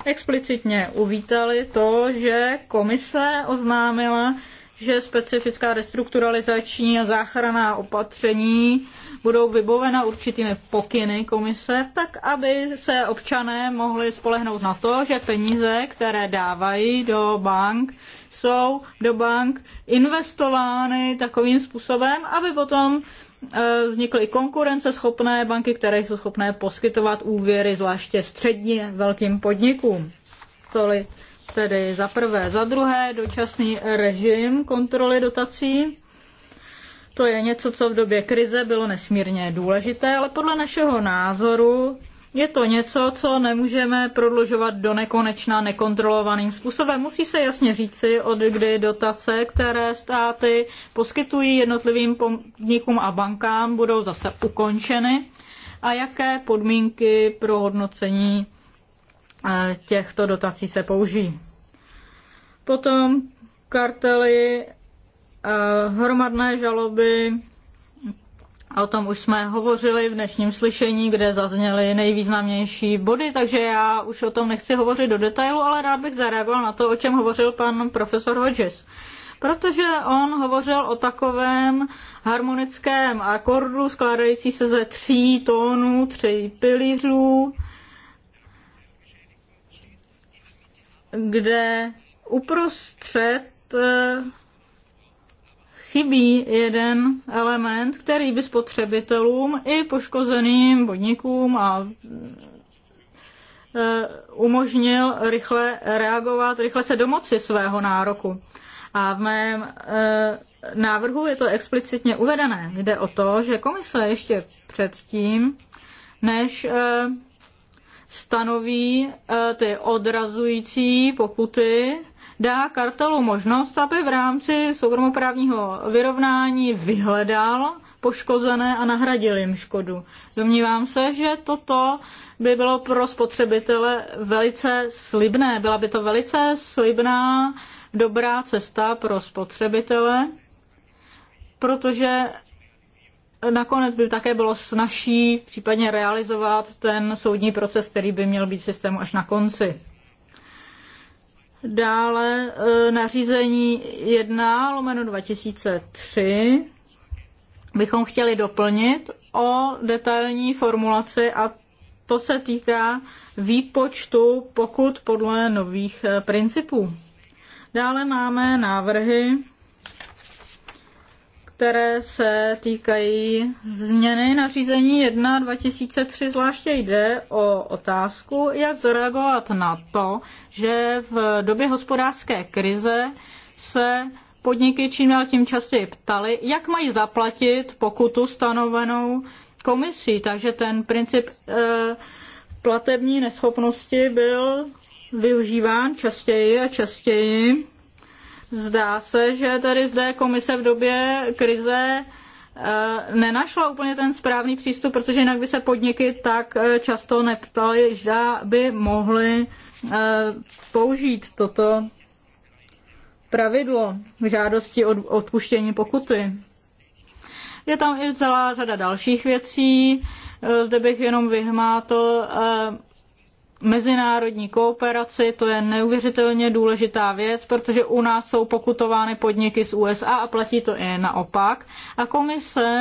[SPEAKER 3] explicitně uvítali to, že komise oznámila, že specifická restrukturalizační a záchranná opatření budou vybavena určitými pokyny komise, tak aby se občané mohli spolehnout na to, že peníze, které dávají do bank, jsou do bank investovány takovým způsobem, aby potom E, vznikly konkurenceschopné banky, které jsou schopné poskytovat úvěry zvláště středně velkým podnikům. Toli tedy za prvé. Za druhé dočasný režim kontroly dotací. To je něco, co v době krize bylo nesmírně důležité, ale podle našeho názoru je to něco, co nemůžeme prodlužovat do nekonečna nekontrolovaným způsobem. Musí se jasně říci, od kdy dotace, které státy poskytují jednotlivým podnikům a bankám, budou zase ukončeny a jaké podmínky pro hodnocení eh, těchto dotací se použijí. Potom kartely, eh, hromadné žaloby, O tom už jsme hovořili v dnešním slyšení, kde zazněly nejvýznamnější body, takže já už o tom nechci hovořit do detailu, ale rád bych zareagoval na to, o čem hovořil pan profesor Hodges. Protože on hovořil o takovém harmonickém akordu skládající se ze tří tónů, tří pilířů, kde uprostřed eh, chybí jeden element, který by spotřebitelům i poškozeným podnikům a e, umožnil rychle reagovat, rychle se domoci svého nároku. A v mém e, návrhu je to explicitně uvedené. Jde o to, že komise ještě předtím, než e, stanoví ty odrazující pokuty, dá kartelu možnost, aby v rámci soukromoprávního vyrovnání vyhledal poškozené a nahradil jim škodu. Domnívám se, že toto by bylo pro spotřebitele velice slibné. Byla by to velice slibná, dobrá cesta pro spotřebitele, protože nakonec by také bylo snažší případně realizovat ten soudní proces, který by měl být v systému až na konci. Dále eh, nařízení 1 lomeno 2003 bychom chtěli doplnit o detailní formulaci a to se týká výpočtu pokud podle nových eh, principů. Dále máme návrhy které se týkají změny nařízení 1 2003. Zvláště jde o otázku, jak zareagovat na to, že v době hospodářské krize se podniky čím dál tím častěji ptali, jak mají zaplatit pokutu stanovenou komisí. Takže ten princip eh, platební neschopnosti byl využíván častěji a častěji Zdá se, že tady zde komise v době krize eh, nenašla úplně ten správný přístup, protože jinak by se podniky tak eh, často neptaly, zda by mohly eh, použít toto pravidlo v žádosti od odpuštění pokuty. Je tam i celá řada dalších věcí. Zde bych jenom vyhmátl mezinárodní kooperaci, to je neuvěřitelně důležitá věc, protože u nás jsou pokutovány podniky z USA a platí to i naopak. A komise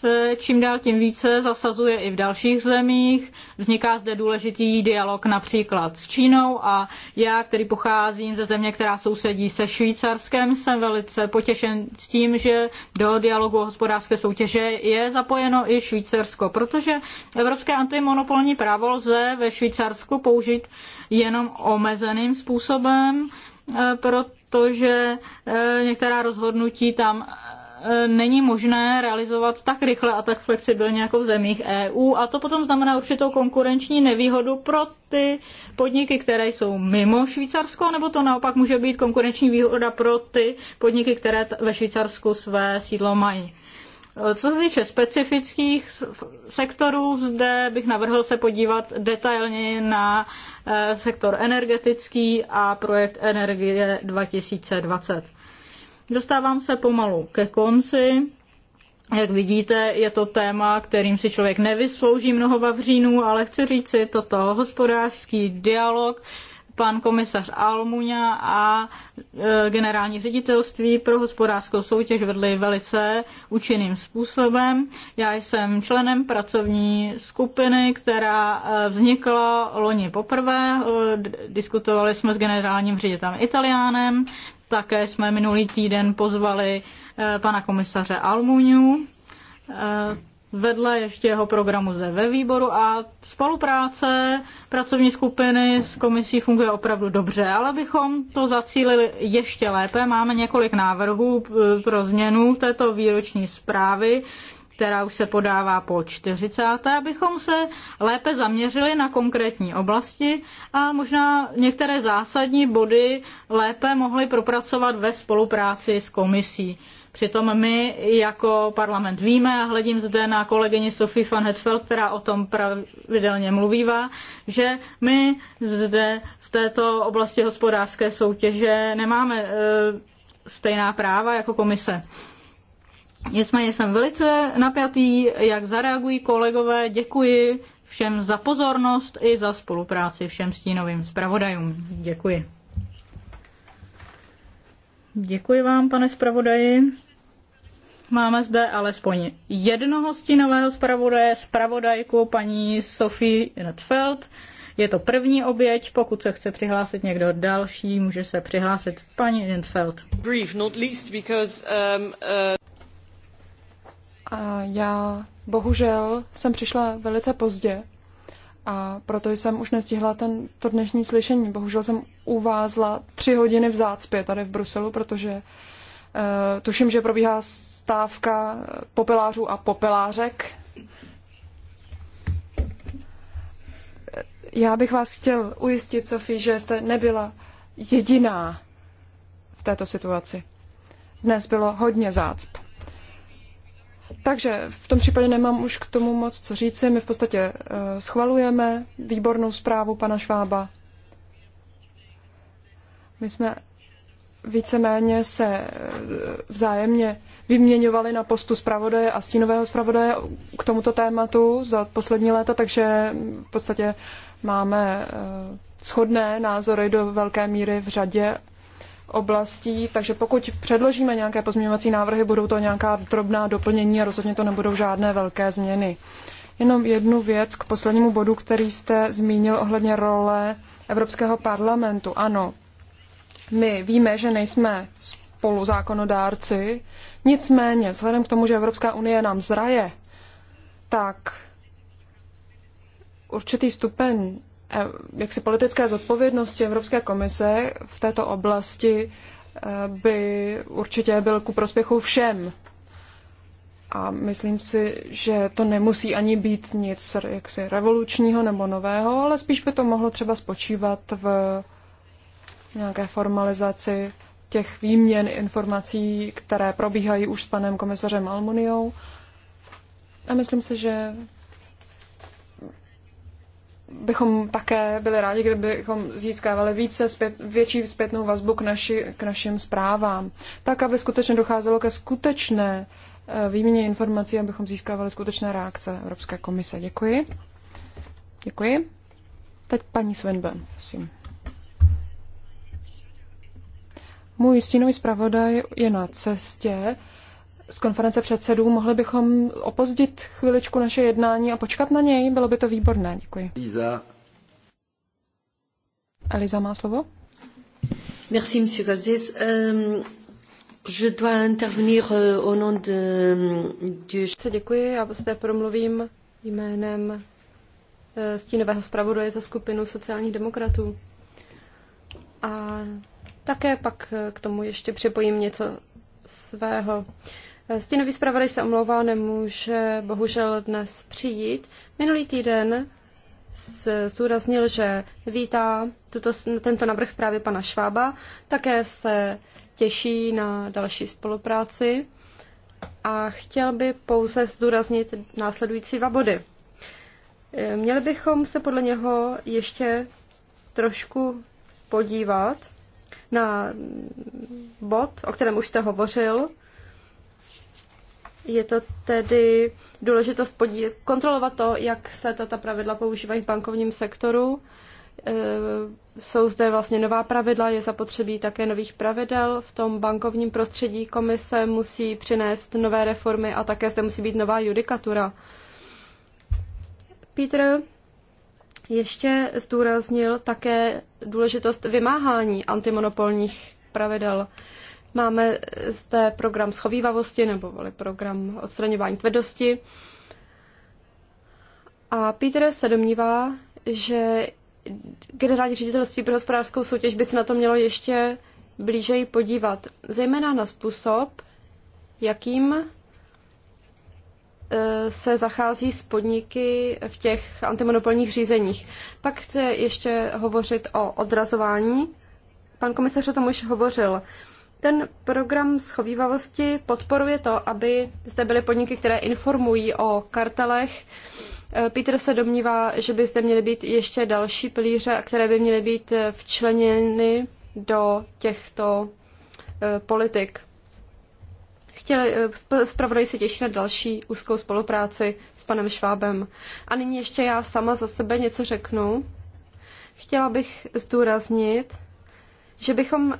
[SPEAKER 3] se čím dál tím více zasazuje i v dalších zemích. Vzniká zde důležitý dialog například s Čínou a já, který pocházím ze země, která sousedí se Švýcarskem, jsem velice potěšen s tím, že do dialogu o hospodářské soutěže je zapojeno i Švýcarsko, protože evropské antimonopolní právo lze ve Švýcarsku použít jenom omezeným způsobem, eh, protože eh, některá rozhodnutí tam E, není možné realizovat tak rychle a tak flexibilně jako v zemích EU a to potom znamená určitou konkurenční nevýhodu pro ty podniky, které jsou mimo Švýcarsko, nebo to naopak může být konkurenční výhoda pro ty podniky, které ve Švýcarsku své sídlo mají. E, co se týče specifických sektorů, zde bych navrhl se podívat detailně na e, sektor energetický a projekt Energie 2020. Dostávám se pomalu ke konci. Jak vidíte, je to téma, kterým si člověk nevyslouží mnoho vavřínů, ale chci říct si toto hospodářský dialog, pan komisař Almuňa a e, generální ředitelství pro hospodářskou soutěž vedli velice účinným způsobem. Já jsem členem pracovní skupiny, která e, vznikla loni poprvé. E, diskutovali jsme s generálním ředitelem Italiánem. Také jsme minulý týden pozvali eh, pana komisaře Almuňu. Eh, vedle ještě jeho programu zde ve výboru a spolupráce pracovní skupiny s komisí funguje opravdu dobře, ale bychom to zacílili ještě lépe. Máme několik návrhů eh, pro změnu této výroční zprávy která už se podává po 40. abychom se lépe zaměřili na konkrétní oblasti a možná některé zásadní body lépe mohli propracovat ve spolupráci s komisí. Přitom my jako parlament víme, a hledím zde na kolegyni Sophie van Hetfeld, která o tom pravidelně mluvívá, že my zde v této oblasti hospodářské soutěže nemáme e, stejná práva jako komise. Nicméně jsem velice napjatý, jak zareagují kolegové. Děkuji všem za pozornost i za spolupráci všem stínovým zpravodajům. Děkuji. Děkuji vám, pane zpravodaji. Máme zde alespoň jednoho stínového zpravodaje, zpravodajku paní Sophie Netfeld. Je to první oběť, pokud se chce přihlásit někdo další, může se přihlásit paní Netfeld. Brief, not least because, um, uh...
[SPEAKER 2] A já bohužel jsem přišla velice pozdě a proto jsem už nestihla ten, to dnešní slyšení. Bohužel jsem uvázla tři hodiny v zácpě tady v Bruselu, protože uh, tuším, že probíhá stávka popelářů a popelářek. Já bych vás chtěl ujistit, Sofie, že jste nebyla jediná v této situaci. Dnes bylo hodně zácp. Takže v tom případě nemám už k tomu moc co říci. My v podstatě eh, schvalujeme výbornou zprávu pana Švába. My jsme víceméně se eh, vzájemně vyměňovali na postu zpravodaje a stínového zpravodaje k tomuto tématu za poslední léta, takže v podstatě máme eh, shodné názory do velké míry v řadě oblastí, takže pokud předložíme nějaké pozměňovací návrhy, budou to nějaká drobná doplnění a rozhodně to nebudou žádné velké změny. Jenom jednu věc k poslednímu bodu, který jste zmínil ohledně role Evropského parlamentu. Ano, my víme, že nejsme spoluzákonodárci, nicméně vzhledem k tomu, že Evropská unie nám zraje, tak určitý stupeň jaksi politické zodpovědnosti Evropské komise v této oblasti eh, by určitě byl ku prospěchu všem. A myslím si, že to nemusí ani být nic jaksi revolučního nebo nového, ale spíš by to mohlo třeba spočívat v nějaké formalizaci těch výměn informací, které probíhají už s panem komisařem Almuniou. A myslím si, že bychom také byli rádi, kdybychom získávali více zpět, větší zpětnou vazbu k, naši, k našim zprávám, tak aby skutečně docházelo ke skutečné eh, výměně informací, abychom získávali skutečné reakce Evropské komise. Děkuji. Děkuji. Teď paní Svenben, prosím. Můj stínový zpravodaj je na cestě z konference předsedů. Mohli bychom opozdit chviličku naše jednání a počkat na něj? Bylo by to výborné. Děkuji. Liza. Eliza má slovo. Merci,
[SPEAKER 4] monsieur Gazis. Um... Euh, je dois intervenir euh, au nom de, du... Děkuji, já zde promluvím jménem eh, stínového zpravodaje za skupinu sociálních demokratů. A také pak eh, k tomu ještě připojím něco svého. Stínový zpravodaj se omlouvá, nemůže bohužel dnes přijít. Minulý týden zdůraznil, že vítá tuto, tento návrh zprávy pana Švába, také se těší na další spolupráci a chtěl by pouze zdůraznit následující dva body. Měli bychom se podle něho ještě trošku podívat na bod, o kterém už jste hovořil, je to tedy důležitost podí- kontrolovat to, jak se tato pravidla používají v bankovním sektoru. E, jsou zde vlastně nová pravidla, je zapotřebí také nových pravidel. V tom bankovním prostředí komise musí přinést nové reformy a také zde musí být nová judikatura. Petr, ještě zdůraznil také důležitost vymáhání antimonopolních pravidel. Máme zde program schovývavosti nebo program odstraňování tvrdosti. A Peter se domnívá, že generální ředitelství pro hospodářskou soutěž by se na to mělo ještě blížeji podívat, zejména na způsob, jakým e, se zachází s podniky v těch antimonopolních řízeních. Pak chce ještě hovořit o odrazování. Pan komisař o tom už hovořil. Ten program schovývavosti podporuje to, aby zde byly podniky, které informují o kartelech. Eh, Peter se domnívá, že by zde měly být ještě další pilíře, které by měly být eh, včleněny do těchto eh, politik. Chtěli, zpravodaj se těší na další úzkou spolupráci s panem Švábem. A nyní ještě já sama za sebe něco řeknu. Chtěla bych zdůraznit, že bychom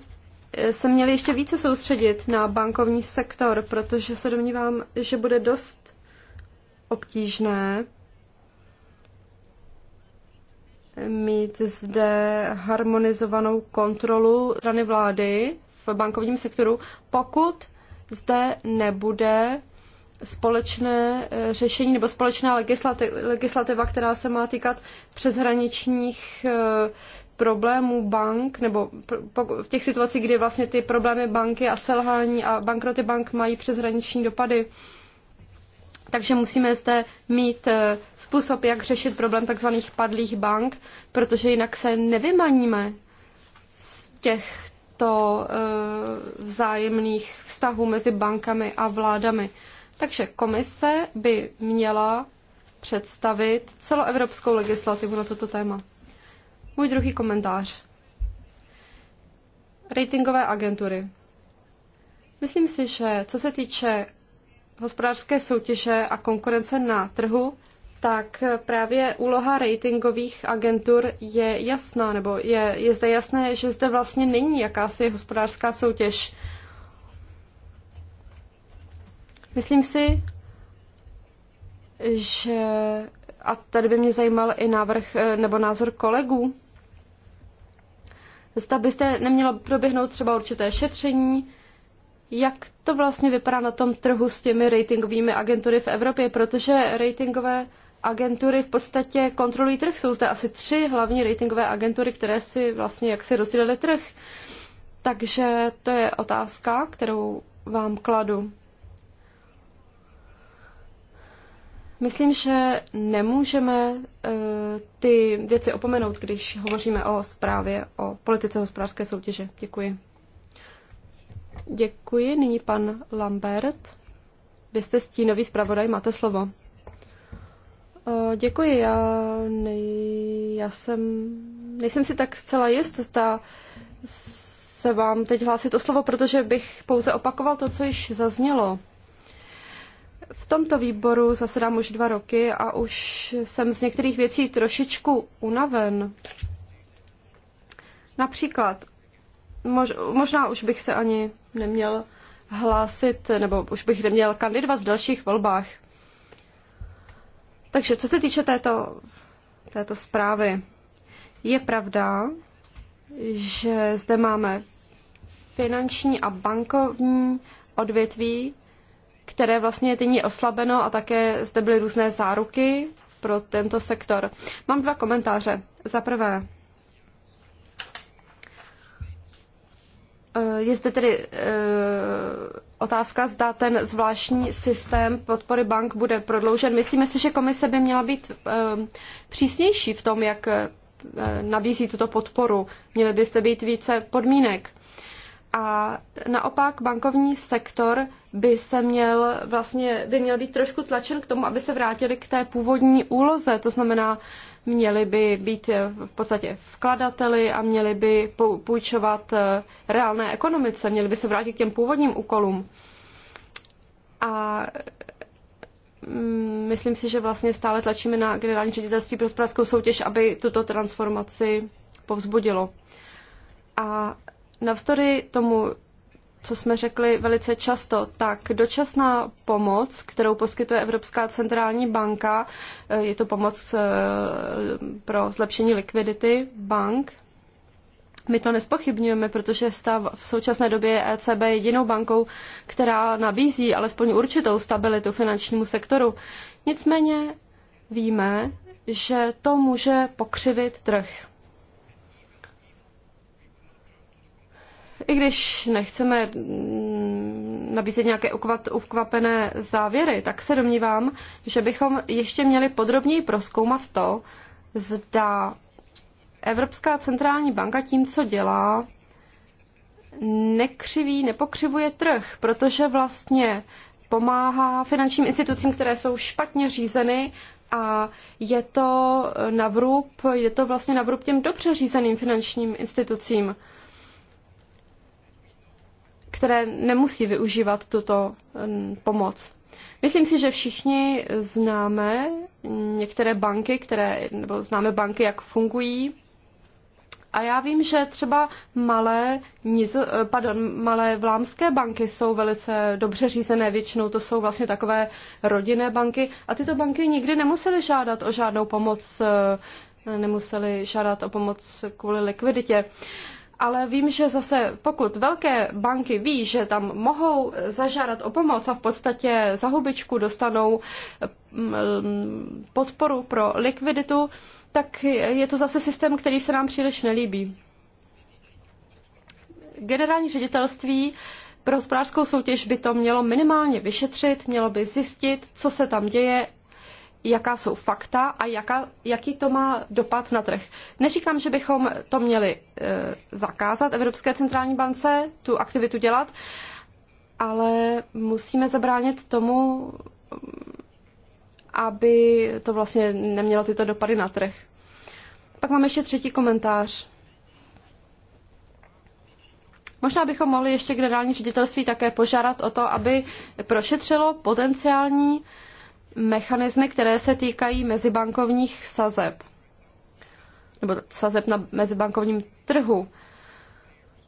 [SPEAKER 4] se měli ještě více soustředit na bankovní sektor, protože se domnívám, že bude dost obtížné mít zde harmonizovanou kontrolu strany vlády v bankovním sektoru, pokud zde nebude společné eh, řešení nebo společná legislativa, která se má týkat přeshraničních eh, problémů bank, nebo v těch situacích, kdy vlastně ty problémy banky a selhání a bankroty bank mají přeshraniční dopady. Takže musíme zde mít eh, způsob, jak řešit problém tzv. padlých bank, protože jinak se nevymaníme z těchto eh, vzájemných vztahů mezi bankami a vládami. Takže komise by měla představit celoevropskou legislativu na toto téma. Můj druhý komentář. Ratingové agentury. Myslím si, že co se týče hospodářské soutěže a konkurence na trhu, tak právě úloha ratingových agentur je jasná, nebo je, je zde jasné, že zde vlastně není jakási hospodářská soutěž. Myslím si, že, a tady by mě zajímal i návrh eh, nebo názor kolegů, Zda byste nemělo proběhnout třeba určité šetření, jak to vlastně vypadá na tom trhu s těmi ratingovými agentury v Evropě, protože ratingové agentury v podstatě kontrolují trh. Jsou zde asi tři hlavní ratingové agentury, které si vlastně jak si rozdělily trh. Takže to je otázka, kterou vám kladu. Myslím, že nemůžeme eh, ty věci opomenout, když hovoříme o zprávě o politice hospodářské soutěže. Děkuji. Děkuji. Nyní pan Lambert. Vy jste stínový zpravodaj, máte slovo. Eh, děkuji. Já, nej, já jsem, nejsem si tak zcela jist, zda se vám teď hlásit o slovo, protože bych pouze opakoval to, co již zaznělo v tomto výboru zasedám už dva roky a už jsem z některých věcí trošičku unaven. Například, mož, možná už bych se ani neměl hlásit, nebo už bych neměl kandidovat v dalších volbách. Takže co se týče této, této zprávy, je pravda, že zde máme finanční a bankovní odvětví, které vlastně teď je oslabeno a také zde byly různé záruky pro tento sektor. Mám dva komentáře. Za prvé, eh, je zde tedy eh, otázka, zda ten zvláštní systém podpory bank bude prodloužen. Myslíme si, že komise by měla být eh, přísnější v tom, jak nabízí tuto podporu. Měly byste být více podmínek. A naopak bankovní sektor by se měl vlastně, by měl být trošku tlačen k tomu, aby se vrátili k té původní úloze, to znamená, měli by být eh, v podstatě vkladateli a měli by půjčovat eh, reálné ekonomice, měli by se vrátit k těm původním úkolům. A mm, myslím si, že vlastně stále tlačíme na generální ředitelství pro hospodářskou soutěž, aby tuto transformaci povzbudilo. A navzdory tomu, co jsme řekli velice často, tak dočasná pomoc, kterou poskytuje Evropská centrální banka, eh, je to pomoc eh, pro zlepšení likvidity bank. My to nespochybňujeme, protože stav v současné době je ECB jedinou bankou, která nabízí alespoň určitou stabilitu finančnímu sektoru. Nicméně víme, že to může pokřivit trh. i když nechceme mm, nabízet nějaké ukvapené závěry, tak se domnívám, že bychom ještě měli podrobněji proskoumat to, zda Evropská centrální banka tím, co dělá, nekřiví, nepokřivuje trh, protože vlastně pomáhá finančním institucím, které jsou špatně řízeny a je to navrub, je to vlastně navrub těm dobře řízeným finančním institucím které nemusí využívat tuto pomoc. Myslím si, že všichni známe některé banky, které, nebo známe banky, jak fungují. A já vím, že třeba malé, eh, pardon, malé vlámské banky jsou velice dobře řízené, většinou to jsou vlastně takové rodinné banky a tyto banky nikdy nemusely žádat o žádnou pomoc, eh, nemusely žádat o pomoc kvůli likviditě. Uh, ale vím, že zase pokud velké banky ví, že tam mohou zažádat o pomoc a v podstatě za hubičku dostanou mm, podporu pro likviditu, tak je to zase systém, který se nám příliš nelíbí. Generální ředitelství pro hospodářskou soutěž by to mělo minimálně vyšetřit, mělo by zjistit, co se tam děje, jaká jsou fakta a jaka, jaký to má dopad na trh. Neříkám, že bychom to měli e, zakázat Evropské centrální bance tu aktivitu dělat, ale musíme zabránit tomu, aby to vlastně nemělo tyto dopady na trh. Pak mám ještě třetí komentář. Možná bychom mohli ještě generální ředitelství také požádat o to, aby prošetřilo potenciální uh, mechanismy, které se týkají mezibankovních sazeb nebo sazeb na mezibankovním trhu.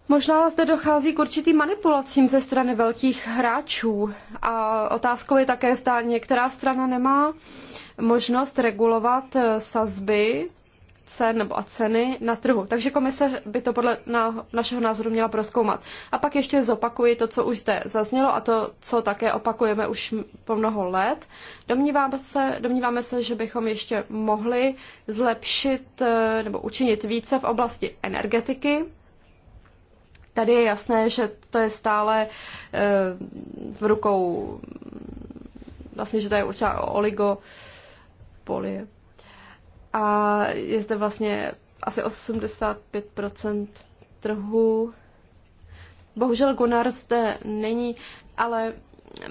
[SPEAKER 4] Možná zde dochází k určitým manipulacím ze strany velkých hráčů a otázkou je také, zda některá strana nemá možnost regulovat eh, sazby cen nebo a ceny na trhu. Takže komise by to podle na, našeho názoru měla proskoumat. A pak ještě zopakuji to, co už zde zaznělo a to, co také opakujeme už po mnoho let. Domníváme se, domníváme se, že bychom ještě mohli zlepšit eh, nebo učinit více v oblasti energetiky, tady je jasné, že to je stále eh, v rukou, mm, vlastně, že to je určitá oligopolie a je zde vlastně asi 85 trhu. Bohužel Gunnar zde není, ale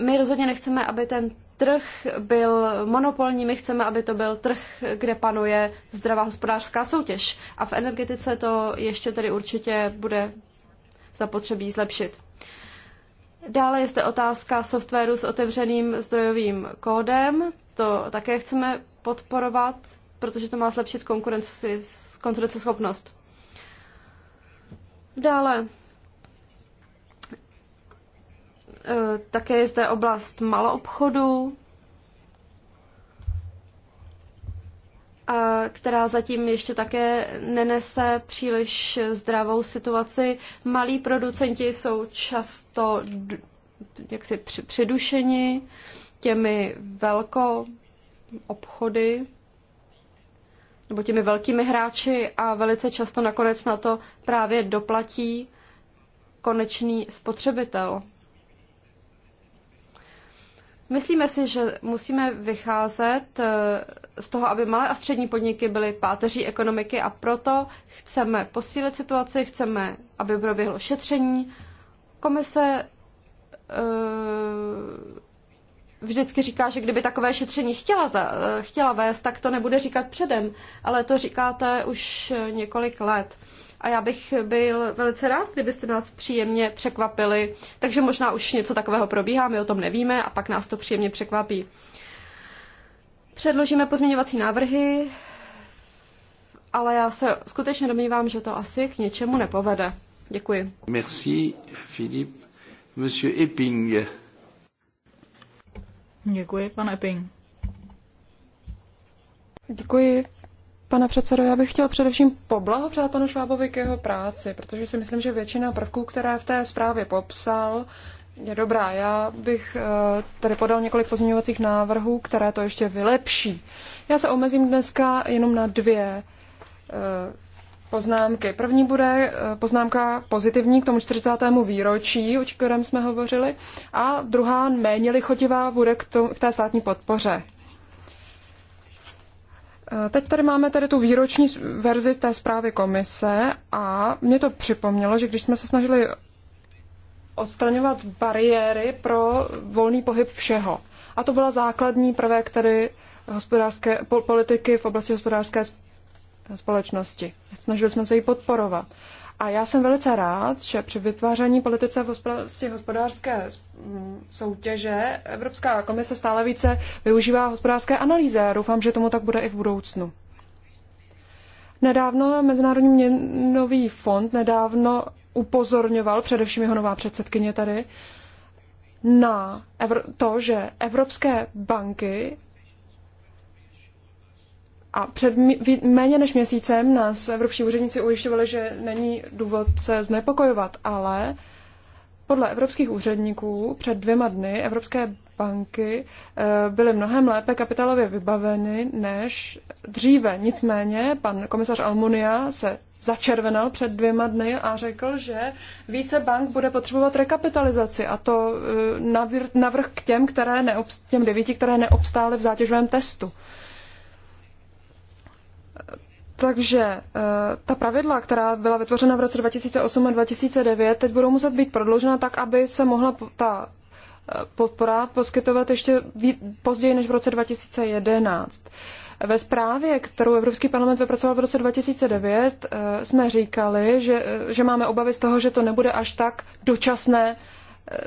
[SPEAKER 4] my rozhodně nechceme, aby ten trh byl monopolní, my chceme, aby to byl trh, kde panuje zdravá hospodářská soutěž. A v energetice to ještě tedy určitě bude zapotřebí zlepšit. Dále je zde otázka softwaru s otevřeným zdrojovým kódem. To také chceme podporovat protože to má zlepšit konkurenci, konkurenceschopnost. Dále e, také je zde oblast maloobchodu, která zatím ještě také nenese příliš zdravou situaci. Malí producenti jsou často jaksi přidušeni těmi velkou obchody nebo těmi velkými hráči a velice často nakonec na to právě doplatí konečný spotřebitel. Myslíme si, že musíme vycházet eh, z toho, aby malé a střední podniky byly páteří ekonomiky a proto chceme posílit situaci, chceme, aby proběhlo šetření. Komise eh, vždycky říká, že kdyby takové šetření chtěla, za, eh, chtěla vést, tak to nebude říkat předem, ale to říkáte už eh, několik let. A já bych byl velice rád, kdybyste nás příjemně překvapili. Takže možná už něco takového probíhá, my o tom nevíme a pak nás to příjemně překvapí. Předložíme pozměňovací návrhy, ale já se skutečně domnívám, že to asi k něčemu nepovede. Děkuji.
[SPEAKER 3] Merci, Filip. Monsieur Epping.
[SPEAKER 2] Děkuji, pane Ping. Děkuji, pane předsedo. Já bych chtěl především poblahopřát panu Švábovi k jeho práci, protože si myslím, že většina prvků, které v té zprávě popsal, je dobrá. Já bych eh, tady podal několik pozměňovacích návrhů, které to ještě vylepší. Já se omezím dneska jenom na dvě eh, poznámky. První bude eh, poznámka pozitivní k tomu 40. výročí, o kterém jsme hovořili, a druhá méně lichotivá bude k, tomu, k té státní podpoře. Eh, teď tady máme tady tu výroční verzi té zprávy komise a mě to připomnělo, že když jsme se snažili odstraňovat bariéry pro volný pohyb všeho. A to byla základní prvé, tedy hospodářské, politiky v oblasti hospodářské společnosti. Snažili jsme se ji podporovat. A já jsem velice rád, že při vytváření politice v hospodářské soutěže Evropská komise stále více využívá hospodářské analýzy. Já doufám, že tomu tak bude i v budoucnu. Nedávno Mezinárodní měnový fond nedávno upozorňoval, především jeho nová předsedkyně tady, na to, že evropské banky a před méně než měsícem nás evropští úředníci ujišťovali, že není důvod se znepokojovat, ale podle evropských úředníků před dvěma dny evropské banky eh, byly mnohem lépe kapitálově vybaveny než dříve. Nicméně pan komisař Almunia se začervenal před dvěma dny a řekl, že více bank bude potřebovat rekapitalizaci a to eh, navrh k těm, které neobst- těm devíti, které neobstály v zátěžovém testu. Takže eh, ta pravidla, která byla vytvořena v roce 2008 a 2009, teď budou muset být prodloužena tak, aby se mohla ta eh, podpora poskytovat ještě později než v roce 2011. Ve zprávě, kterou Evropský parlament vypracoval v roce 2009, eh, jsme říkali, že, že máme obavy z toho, že to nebude až tak dočasné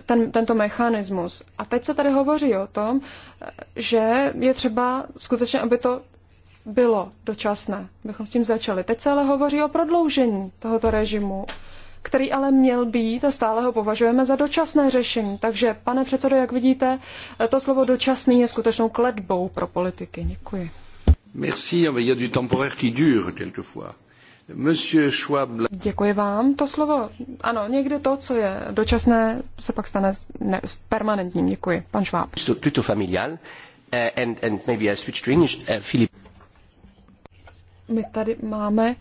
[SPEAKER 2] ten, tento mechanismus. A teď se tady hovoří o tom, že je třeba skutečně, aby to bylo dočasné, bychom s tím začali. Teď se ale hovoří o prodloužení tohoto režimu, který ale měl být a stále ho považujeme za dočasné řešení. Takže, pane předsedo, jak vidíte, to slovo dočasný je skutečnou kletbou pro politiky. Děkuji.
[SPEAKER 3] Merci, mais il y a du temporaire qui dure quelquefois.
[SPEAKER 2] Monsieur Schwab... Děkuji vám. To slovo, ano, někdy to, co je dočasné, se pak stane ne, permanentním. Děkuji. Pan Schwab. Plutôt familial. Euh, and, and maybe I switch to English. Uh, Philippe my tady máme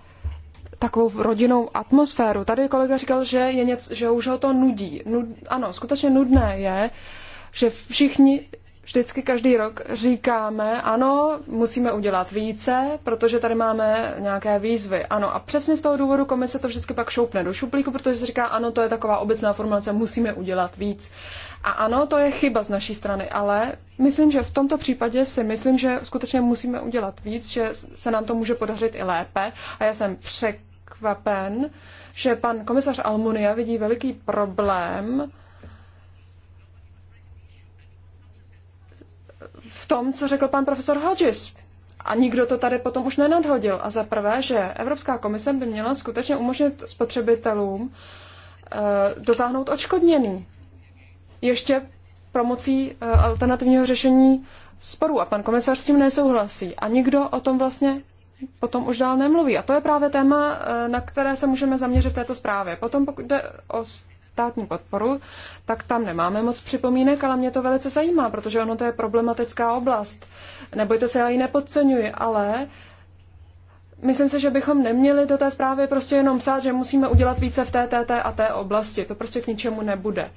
[SPEAKER 2] takovou rodinnou atmosféru. Tady kolega říkal, že, je něco, že už ho to nudí. Nud, ano, skutečně nudné je, že všichni vždycky každý rok říkáme, ano, musíme udělat více, protože tady máme nějaké výzvy. Ano, a přesně z toho důvodu komise to vždycky pak šoupne do šuplíku, protože se říká, ano, to je taková obecná formulace, musíme udělat víc. A ano, to je chyba z naší strany, ale myslím, že v tomto případě si myslím, že skutečně musíme udělat víc, že se nám to může podařit i lépe. A já jsem překvapen, že pan komisař Almunia vidí veliký problém v tom, co řekl pan profesor Hodges. A nikdo to tady potom už nenadhodil. A za prvé, že Evropská komise by měla skutečně umožnit spotřebitelům eh, dosáhnout odškodnění ještě promocí eh, alternativního řešení sporů. A pan komisař s tím nesouhlasí. A nikdo o tom vlastně potom už dál nemluví. A to je právě téma, eh, na které se můžeme zaměřit v této zprávě. Potom pokud jde o státní podporu, tak tam nemáme moc připomínek, ale mě to velice zajímá, protože ono to je problematická oblast. Nebojte se, já ji nepodceňuji, ale myslím si, že bychom neměli do té zprávy prostě jenom psát, že musíme udělat více v té, té, té a té oblasti. To prostě k ničemu nebude.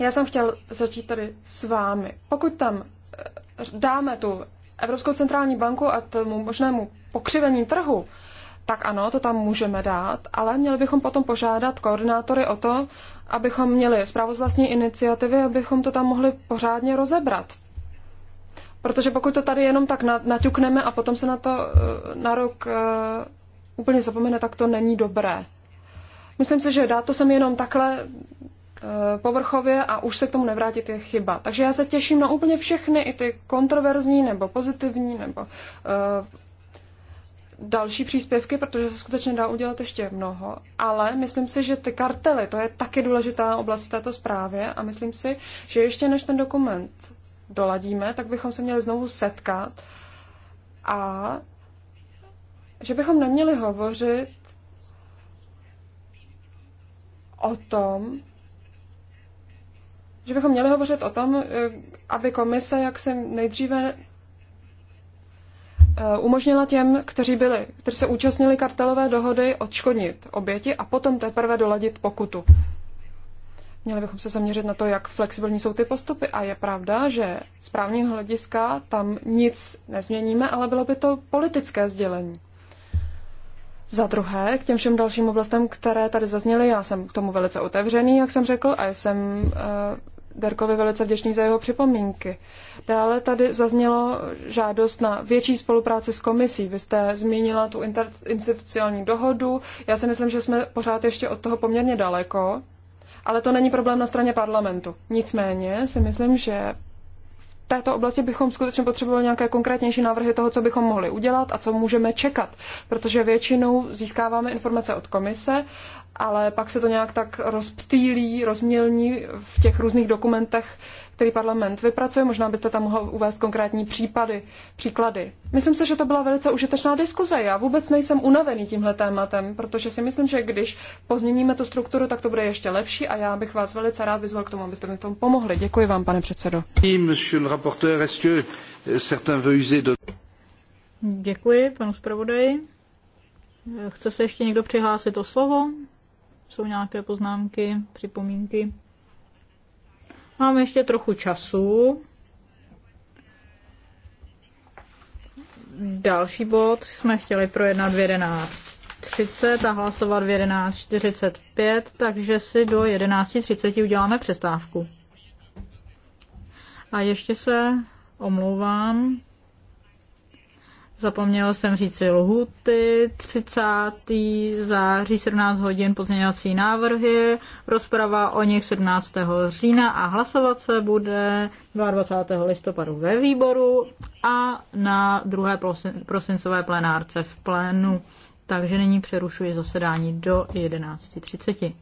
[SPEAKER 2] Já jsem chtěl začít tady s vámi. Pokud tam eh, dáme tu Evropskou centrální banku a tomu možnému pokřivení trhu, tak ano, to tam můžeme dát, ale měli bychom potom požádat koordinátory o to, abychom měli zprávu z vlastní iniciativy, abychom to tam mohli pořádně rozebrat. Protože pokud to tady jenom tak naťukneme a potom se na to eh, na rok eh, úplně zapomene, tak to není dobré. Myslím si, že dát to sem jenom takhle Eh, povrchově a už se k tomu nevrátit je chyba. Takže já se těším na úplně všechny, i ty kontroverzní nebo pozitivní nebo eh, další příspěvky, protože se skutečně dá udělat ještě mnoho. Ale myslím si, že ty kartely, to je taky důležitá oblast v této zprávě a myslím si, že ještě než ten dokument doladíme, tak bychom se měli znovu setkat a že bychom neměli hovořit o tom, že bychom měli hovořit o tom, eh, aby komise, jak jsem nejdříve eh, umožnila těm, kteří, byli, kteří se účastnili kartelové dohody, odškodnit oběti a potom teprve doladit pokutu. Měli bychom se zaměřit na to, jak flexibilní jsou ty postupy. A je pravda, že z právního hlediska tam nic nezměníme, ale bylo by to politické sdělení. Za druhé, k těm všem dalším oblastem, které tady zazněly, já jsem k tomu velice otevřený, jak jsem řekl, a jsem eh, Berkovi velice vděčný za jeho připomínky. Dále tady zaznělo žádost na větší spolupráci s komisí. Vy jste zmínila tu institucionální dohodu. Já si myslím, že jsme pořád ještě od toho poměrně daleko, ale to není problém na straně parlamentu. Nicméně si myslím, že v této oblasti bychom skutečně potřebovali nějaké konkrétnější návrhy toho, co bychom mohli udělat a co můžeme čekat, protože většinou získáváme informace od komise ale pak se to nějak tak rozptýlí, rozmělní v těch různých dokumentech, který parlament vypracuje. Možná byste tam mohl uvést konkrétní případy, příklady. Myslím si, že to byla velice užitečná diskuze. Já vůbec nejsem unavený tímhle tématem, protože si myslím, že když pozměníme tu strukturu, tak to bude ještě lepší a já bych vás velice rád vyzval k tomu, abyste mi tom pomohli. Děkuji vám, pane předsedo.
[SPEAKER 3] Děkuji panu zpravodaji. Chce se ještě někdo přihlásit o slovo? jsou nějaké poznámky, připomínky? Máme ještě trochu času. Další bod jsme chtěli projednat v 11.30 a hlasovat v 11.45, takže si do 11.30 uděláme přestávku. A ještě se omlouvám, Zapomněla jsem říct si lhuty, 30. září 17 hodin pozměňovací návrhy, rozprava o nich 17. října a hlasovat se bude 22. listopadu ve výboru a na druhé prosincové plenárce v plénu. Takže nyní přerušuji zasedání do 11.30.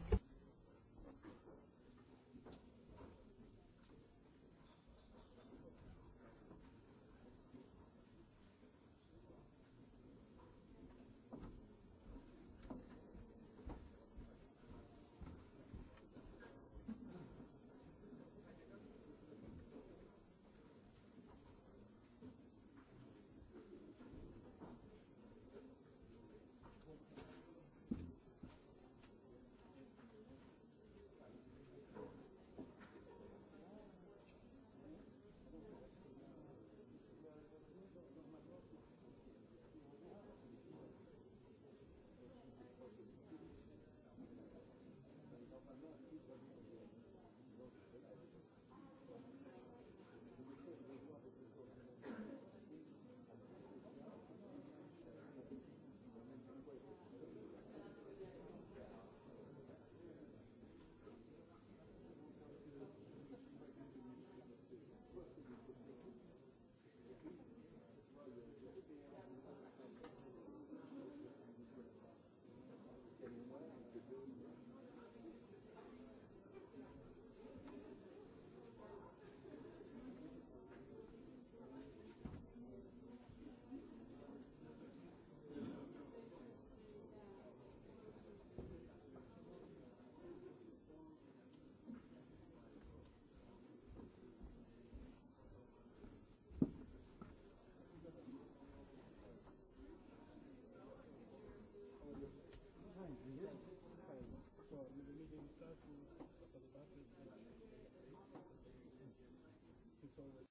[SPEAKER 3] jsou ve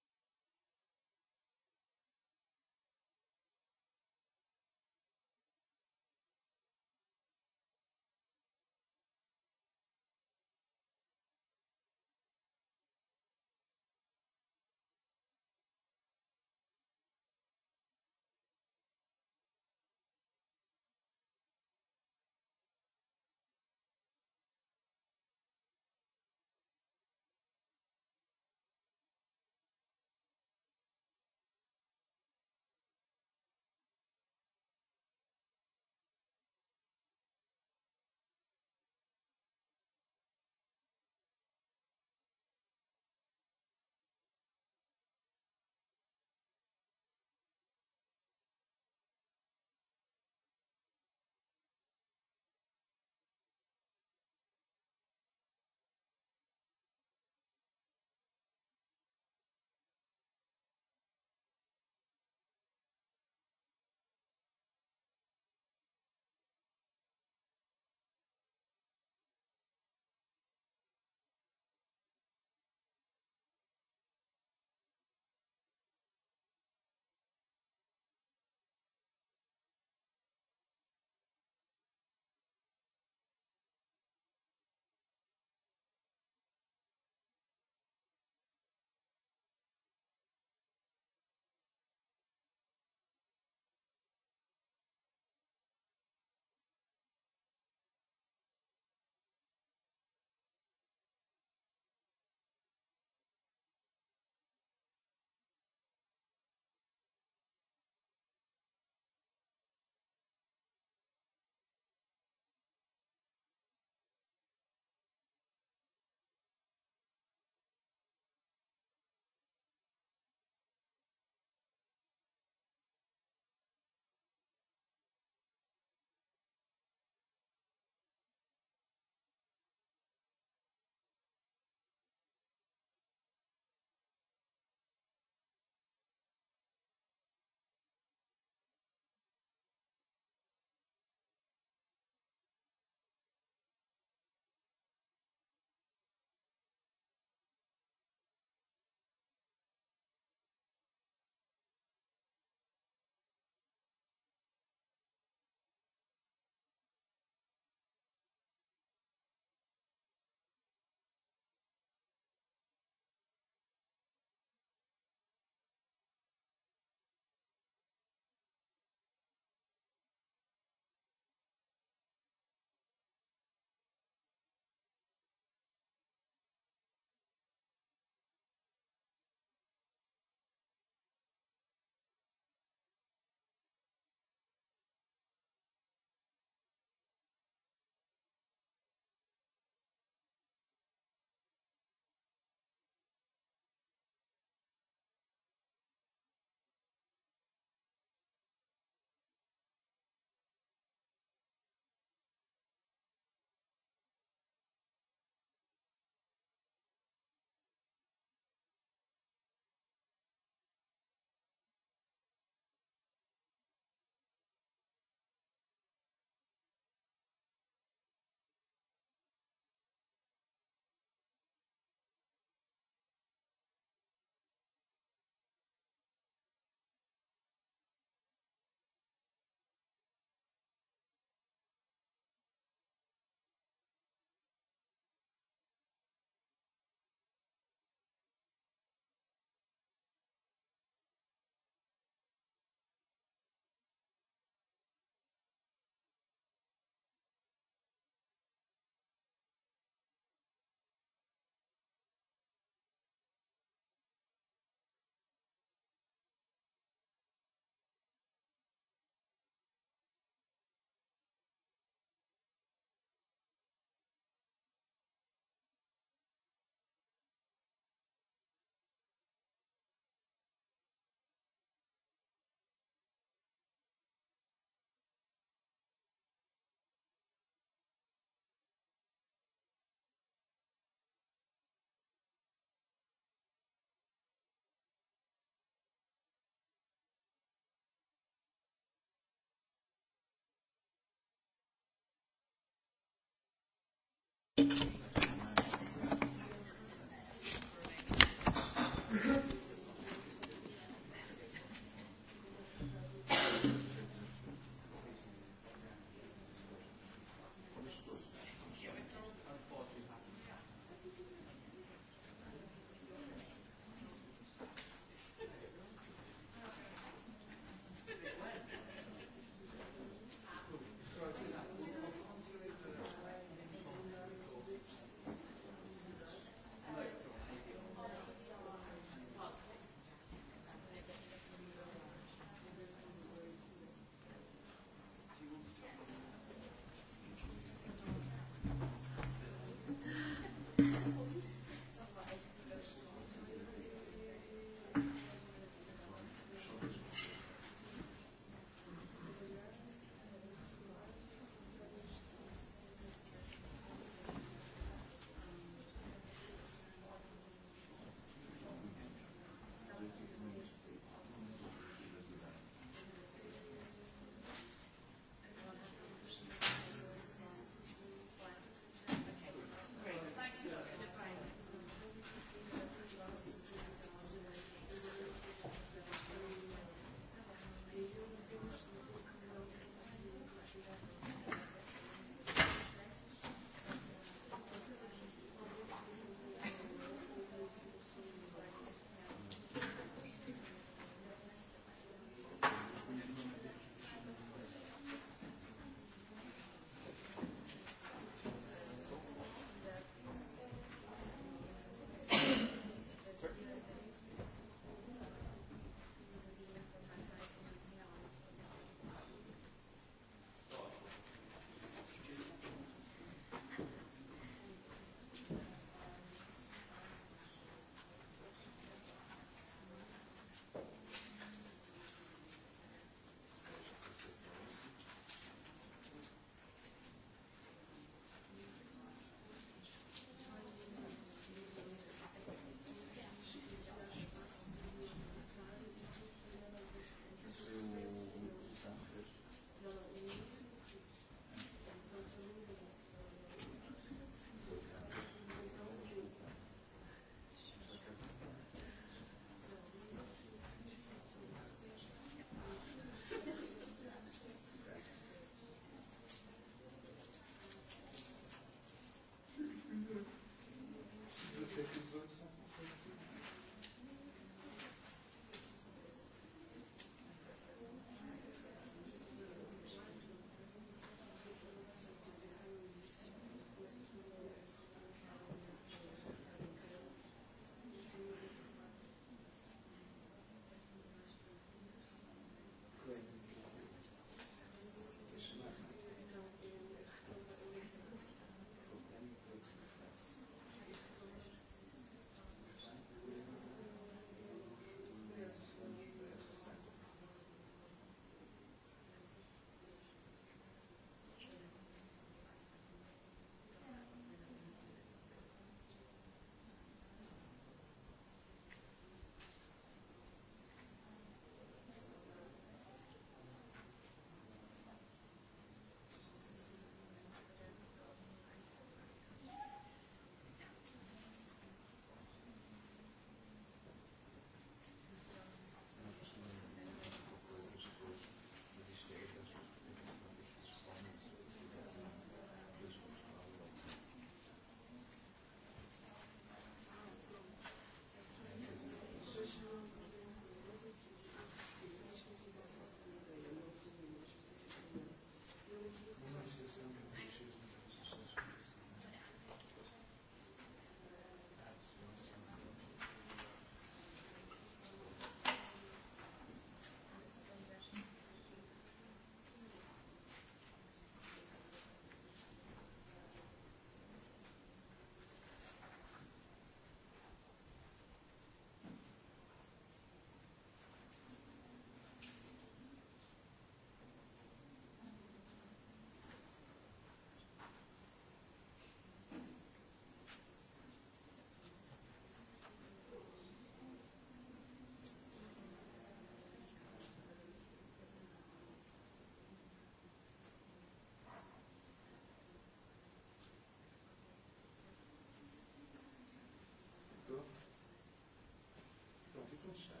[SPEAKER 3] duše.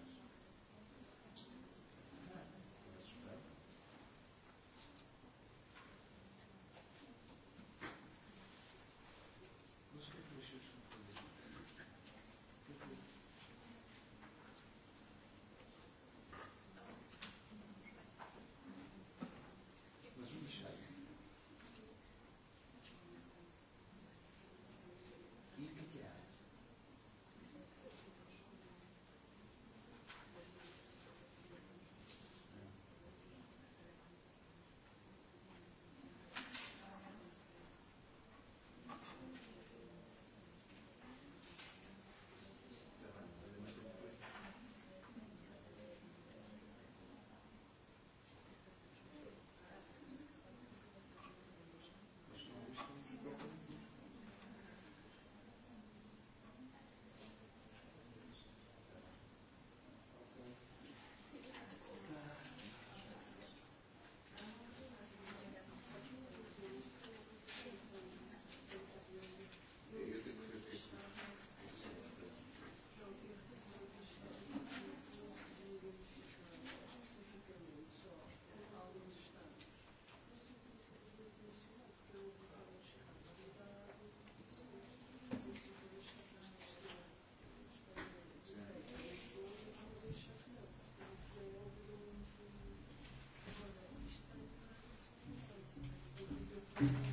[SPEAKER 1] Thank you.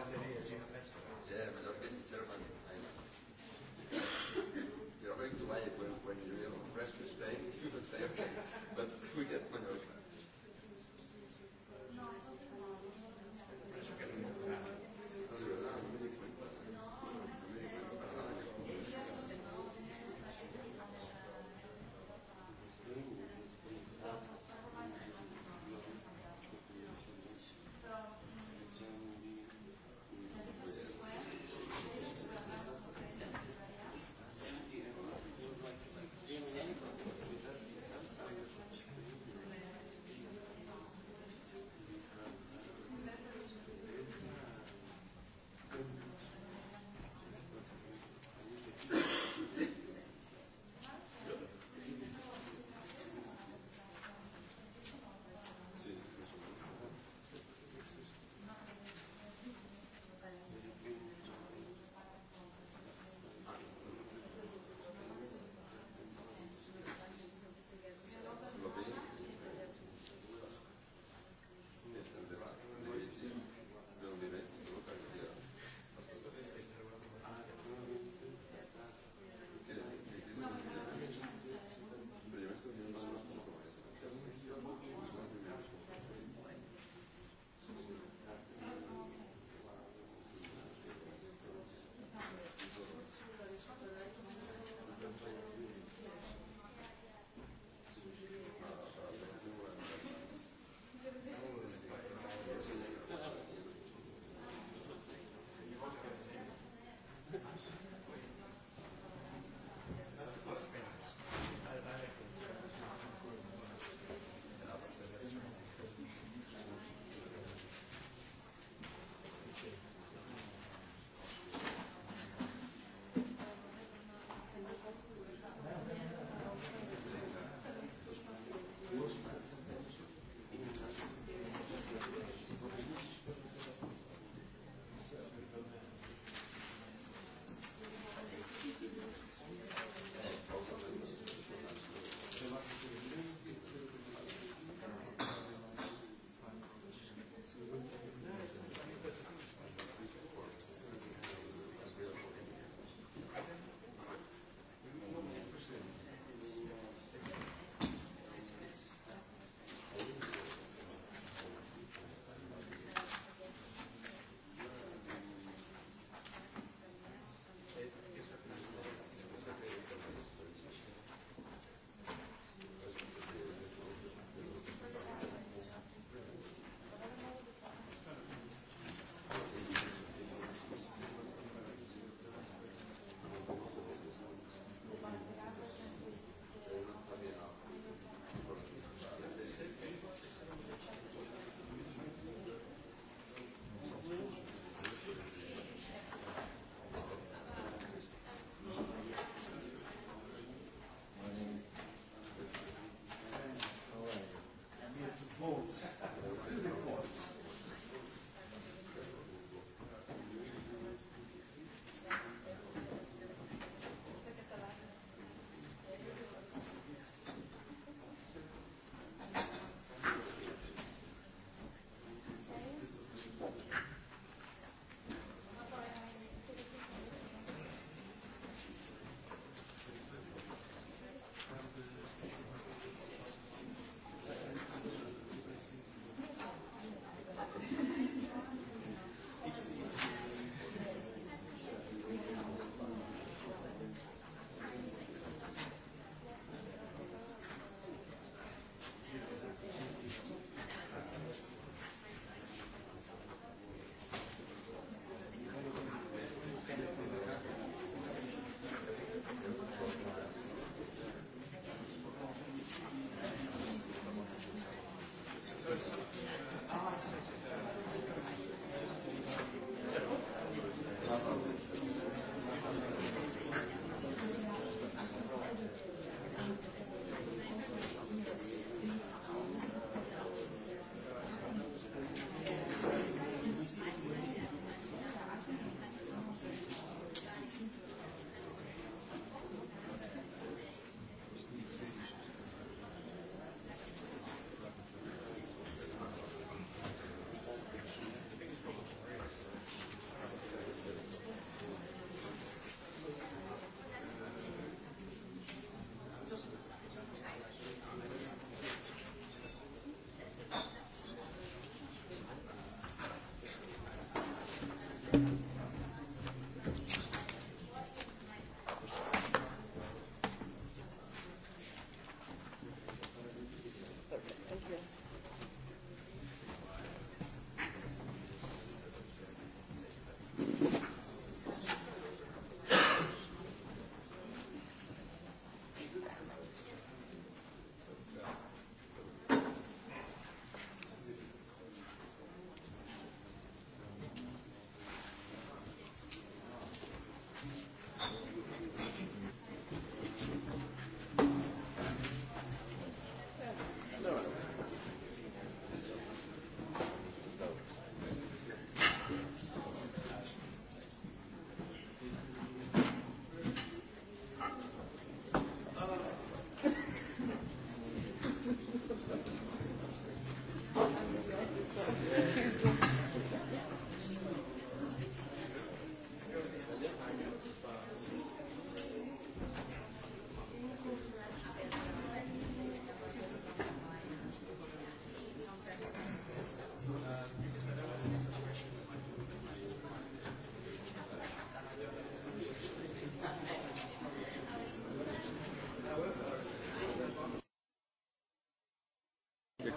[SPEAKER 1] kteří jezdí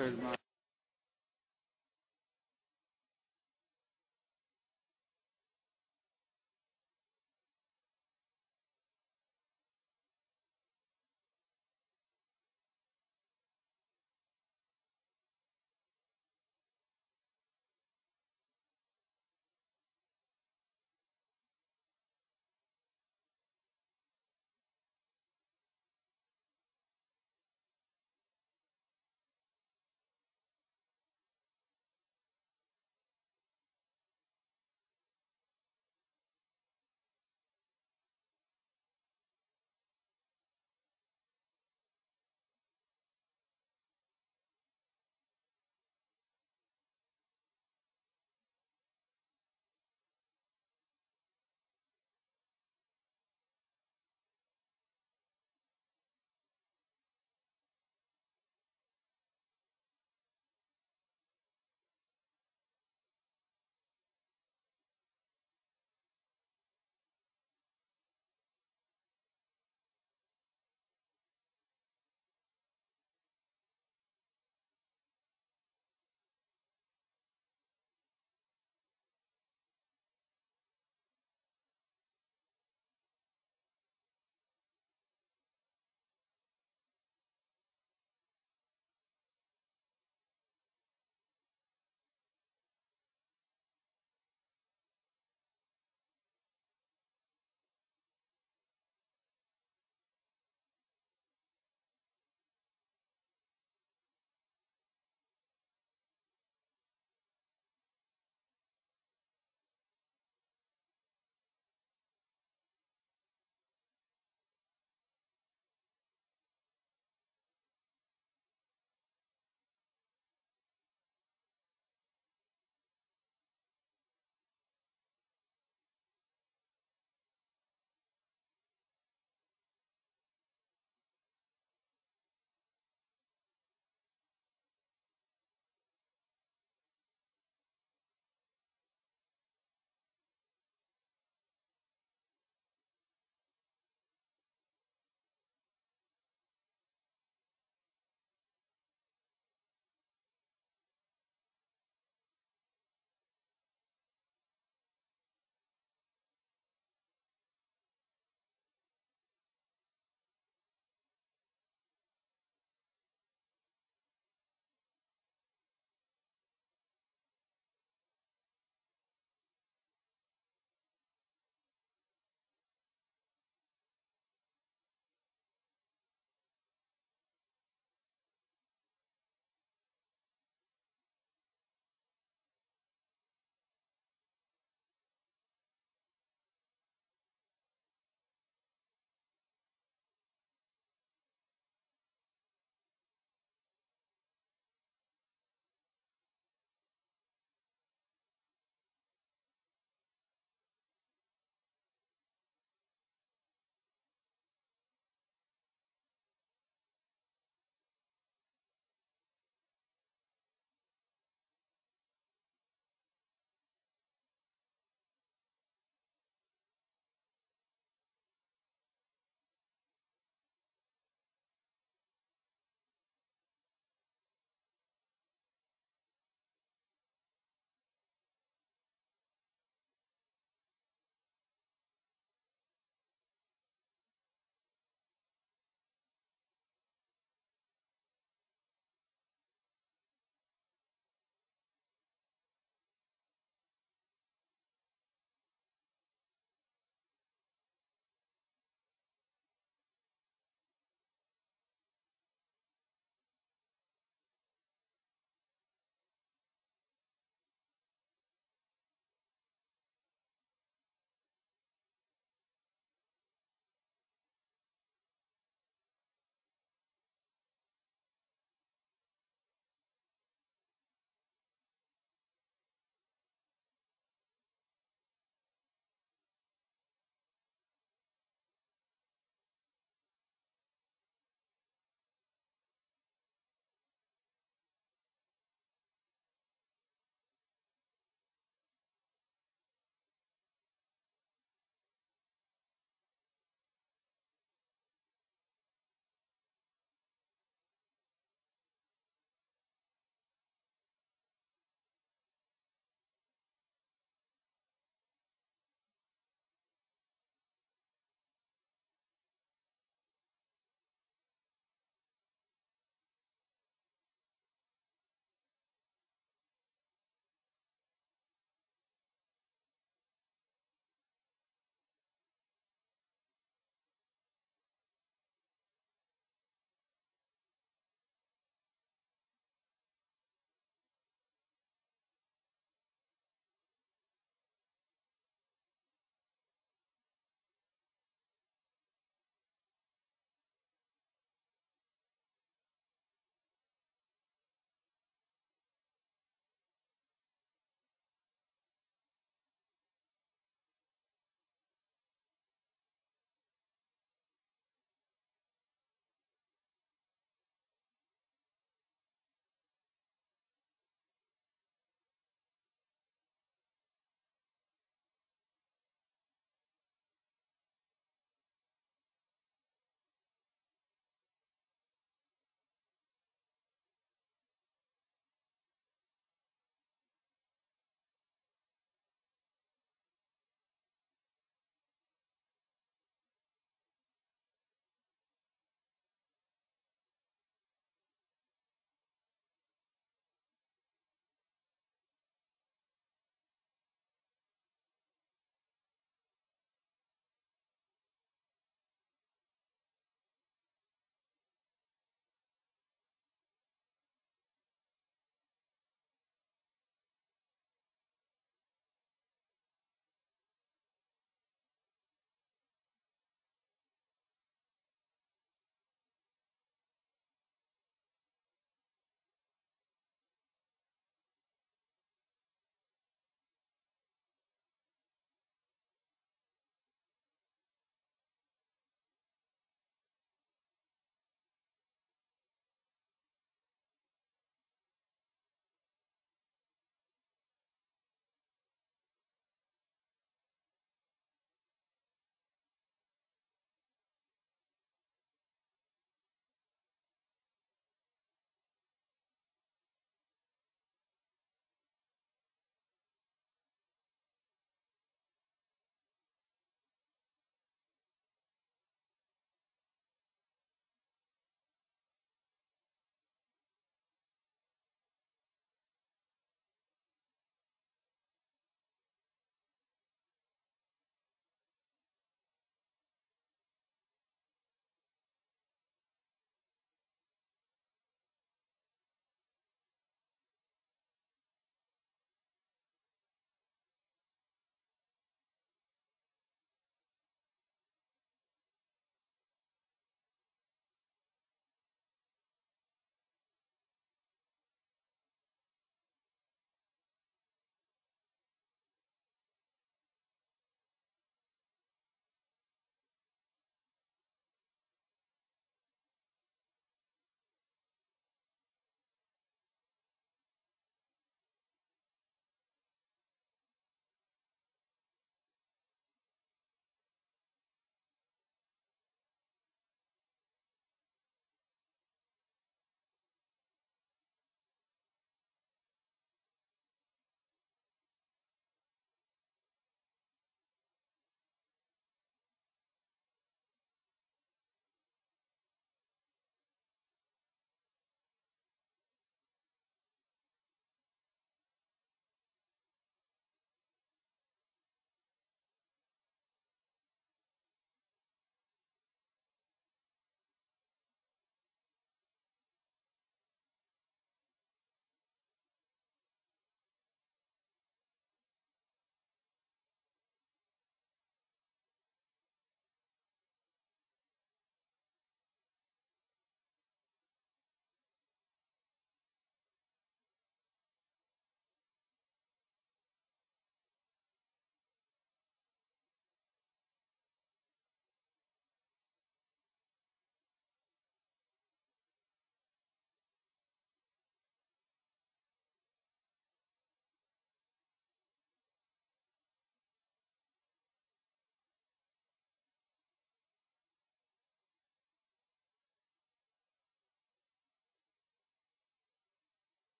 [SPEAKER 1] החל מה...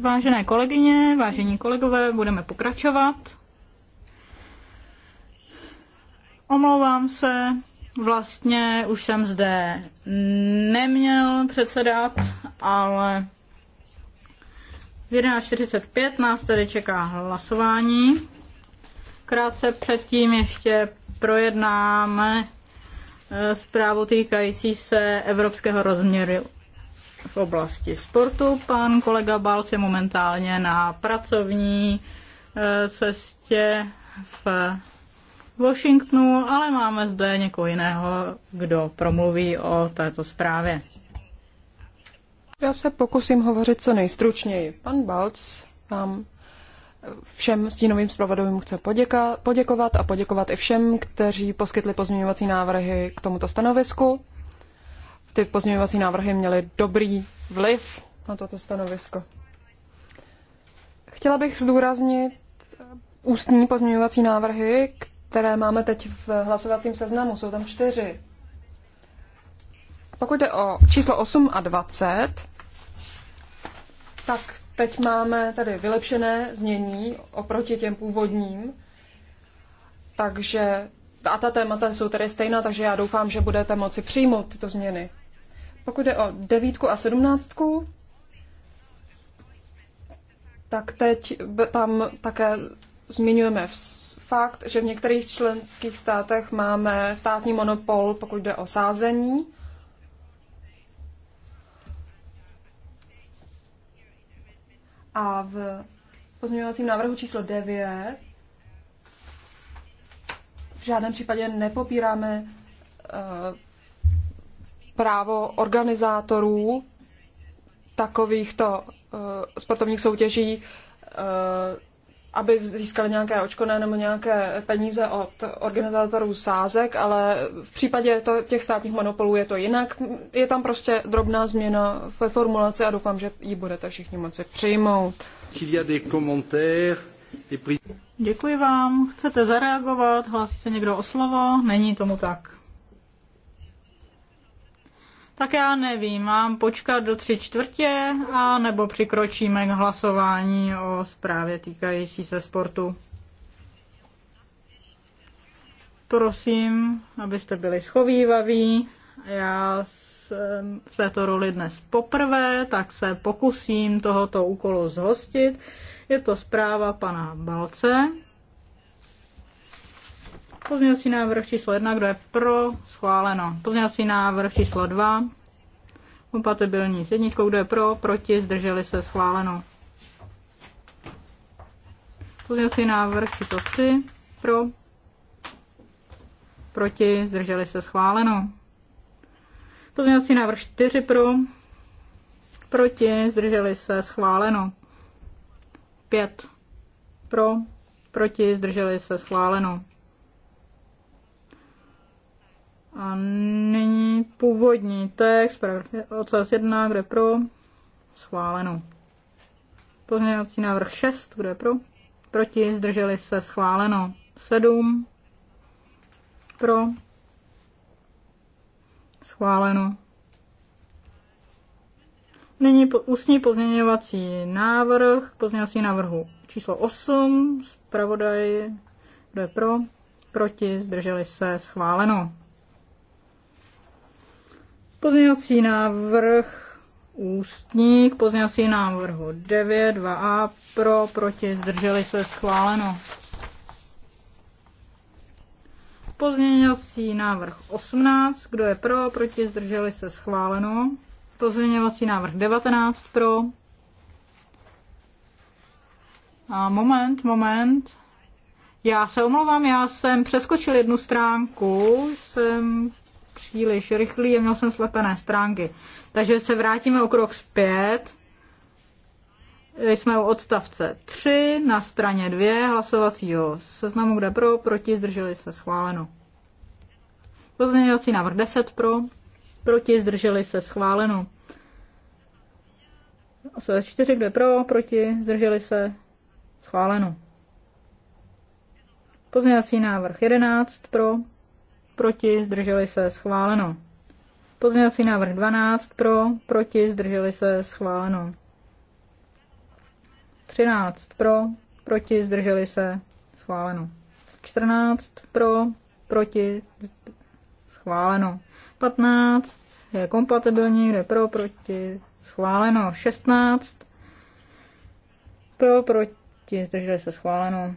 [SPEAKER 3] Vážené kolegyně, vážení kolegové, budeme pokračovat. Omlouvám se, vlastně už jsem zde neměl předsedat, ale v 11.45 nás tedy čeká hlasování. Krátce předtím ještě projednáme zprávu týkající se evropského rozměru v oblasti sportu. Pan kolega Balc je momentálně na pracovní eh, cestě v Washingtonu, ale máme zde někoho jiného, kdo promluví o této zprávě.
[SPEAKER 2] Já se pokusím hovořit co nejstručněji. Pan Balc vám všem stínovým zpravodajům chce poděka, poděkovat a poděkovat i všem, kteří poskytli pozměňovací návrhy k tomuto stanovisku. Ty pozměňovací návrhy měly dobrý vliv na toto stanovisko. Chtěla bych zdůraznit ústní pozměňovací návrhy, které máme teď v hlasovacím seznamu. Jsou tam čtyři. Pokud jde o číslo 8 a 20, tak Teď máme tady vylepšené znění oproti těm původním, takže a ta témata jsou tady stejná, takže já doufám, že budete moci přijmout tyto změny. Pokud jde o devítku a sedmnáctku, tak teď tam také zmiňujeme fakt, že v některých členských státech máme státní monopol, pokud jde o sázení. A v pozměňovacím návrhu číslo 9 v žádném případě nepopíráme eh, právo organizátorů takovýchto eh, sportovních soutěží eh, aby získali nějaké očkodné nebo nějaké peníze od organizátorů sázek, ale v případě to, těch státních monopolů je to jinak. Je tam prostě drobná změna ve formulaci a doufám, že ji budete všichni
[SPEAKER 3] moci přijmout. Děkuji vám. Chcete zareagovat? Hlásí se někdo o slovo? Není tomu tak tak já nevím, mám počkat do tři čtvrtě a nebo přikročíme k hlasování o zprávě týkající se sportu. Prosím, abyste byli schovývaví. Já jsem v této roli dnes poprvé, tak se pokusím tohoto úkolu zhostit. Je to zpráva pana Balce Pozměňovací návrh číslo 1, kdo je pro, schváleno. Pozměňovací návrh číslo 2, kompatibilní s jedničkou, kdo je pro, proti, zdrželi se, schváleno. Pozměňovací návrh číslo 3, pro, proti, zdrželi se, schváleno. Pozměňovací návrh 4 pro, proti, zdrželi se, schváleno. 5 pro, proti, zdrželi se, schváleno. A nyní původní text, odstavec 1, kde pro, schváleno. Pozměňovací návrh 6, kde pro, proti, zdrželi se, schváleno. 7, pro, schváleno. Nyní ústní pozměňovací návrh, pozměňovací návrhu číslo 8, zpravodaj, kdo je pro, proti, zdrželi se, schváleno. Pozměňovací návrh ústní k pozměňovací návrhu 9, 2a pro, proti, zdrželi se schváleno. Pozměňovací návrh 18, kdo je pro, proti, zdrželi se schváleno. Pozměňovací návrh 19 pro. A moment, moment. Já se omlouvám, já jsem přeskočil jednu stránku, jsem příliš rychlý a měl jsem slepené stránky. Takže se vrátíme o krok zpět. Jsme u odstavce 3 na straně 2 hlasovacího seznamu, kde pro, proti, zdrželi se schváleno. Pozměňovací návrh 10 pro, proti, zdrželi se schváleno. 4, kde pro, proti, zdrželi se schváleno. Pozměňovací návrh 11 pro, proti, zdrželi se, schváleno. Pozměňovací návrh 12 pro, proti, zdrželi se, schváleno. 13 pro, proti, zdrželi se, schváleno. 14 pro, proti, schváleno. 15 je kompatibilní, kde pro, proti, schváleno. 16 pro, proti, zdrželi se, schváleno.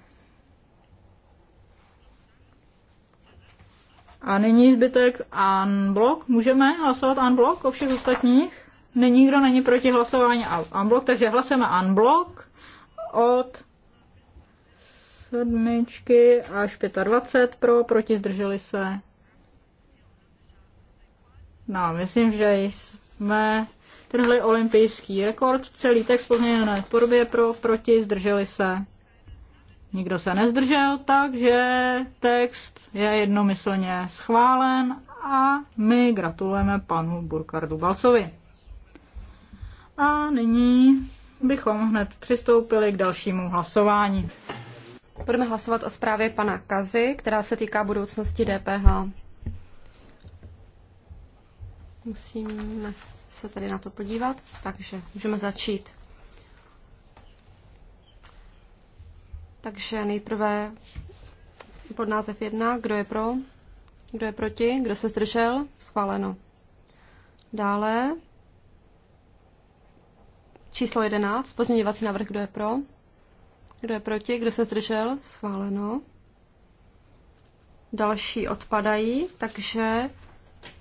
[SPEAKER 3] A nyní zbytek unblock. Můžeme hlasovat unblock o všech ostatních? Není nikdo není proti hlasování unblock, takže hlasujeme unblock od sedmičky až 25 pro, proti zdrželi se. No, myslím, že jsme trhli olympijský rekord. Celý text pozměněné podobě pro, proti zdrželi se. Nikdo se nezdržel, takže text je jednomyslně schválen a my gratulujeme panu Burkardu Balcovi. A nyní bychom hned přistoupili k dalšímu hlasování. Budeme hlasovat o zprávě
[SPEAKER 4] pana Kazy, která se týká budoucnosti DPH. Musíme se tady na to podívat, takže můžeme začít. Takže nejprve pod název jedna. kdo je pro, kdo je proti, kdo se zdržel, schváleno. Dále číslo 11, pozměňovací návrh, kdo je pro, kdo je proti, kdo se zdržel, schváleno. Další odpadají, takže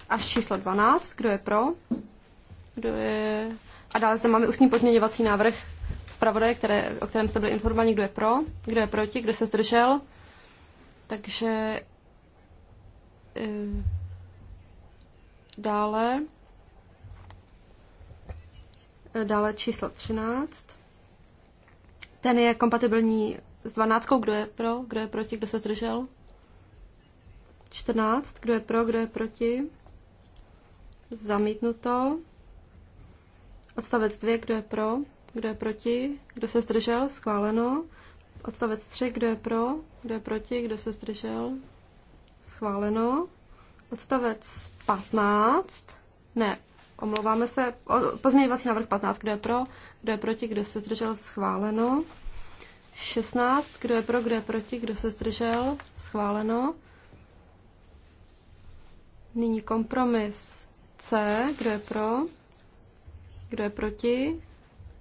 [SPEAKER 4] až číslo 12, kdo je pro, kdo je... A dále zde máme ústní pozměňovací návrh zpravodaje, které, o kterém jste byli informováni, kdo je pro, kdo je proti, kdo se zdržel. Takže eh, dále. Eh, dále číslo 13. Ten je kompatibilní s 12. Kdo je pro, kdo je proti, kdo se zdržel? 14. Kdo je pro, kdo je proti? Zamítnuto. Odstavec 2. Kdo je pro? kdo je proti, kdo se zdržel, schváleno. Odstavec 3, kdo je pro, kdo je proti, kdo se zdržel, schváleno. Odstavec 15, ne, omlouváme se, pozměňovací návrh 15, kdo je pro, kdo je proti, kdo se zdržel, schváleno. 16, kdo je pro, kdo je proti, kdo se zdržel, schváleno. Nyní kompromis C, kdo je pro, kdo je proti,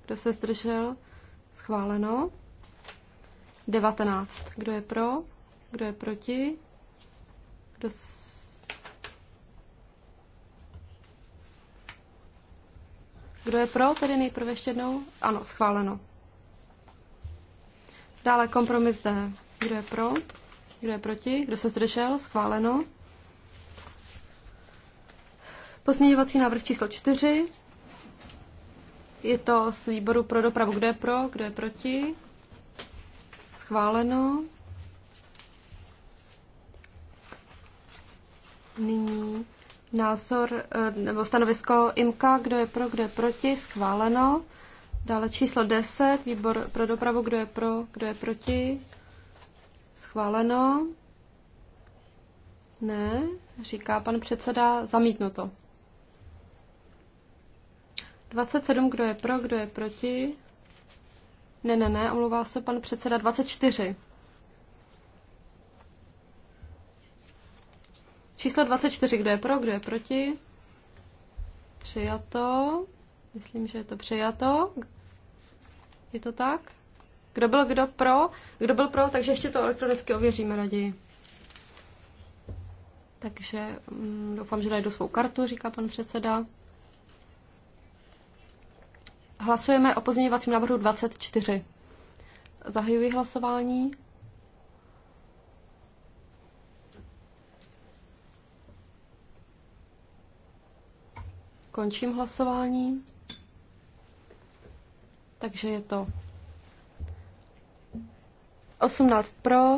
[SPEAKER 4] kdo se zdržel? Schváleno. 19. Kdo je pro? Kdo je proti? Kdo s... Kdo je pro, tedy nejprve ještě jednou? Ano, schváleno. Dále kompromis D. Kdo je pro? Kdo je proti? Kdo se zdržel? Schváleno. Posměňovací návrh číslo 4. Je to z výboru pro dopravu. Kdo je pro, kdo je proti? Schváleno. Nyní názor eh, nebo stanovisko IMKA, kdo je pro, kdo je proti, schváleno. Dále číslo 10, výbor pro dopravu, kdo je pro, kdo je proti, schváleno. Ne, říká pan předseda, zamítnuto. 27, kdo je pro, kdo je proti? Ne, ne, ne, omlouvá se pan předseda 24. Číslo 24, kdo je pro, kdo je proti? Přijato. Myslím, že je to přijato. Je to tak? Kdo byl kdo pro? Kdo byl pro, takže ještě to elektronicky ověříme raději. Takže mm, doufám, že najdu svou kartu, říká pan předseda. Hlasujeme o pozměňovacím návrhu 24. Zahajuji hlasování. Končím hlasování. Takže je to 18 pro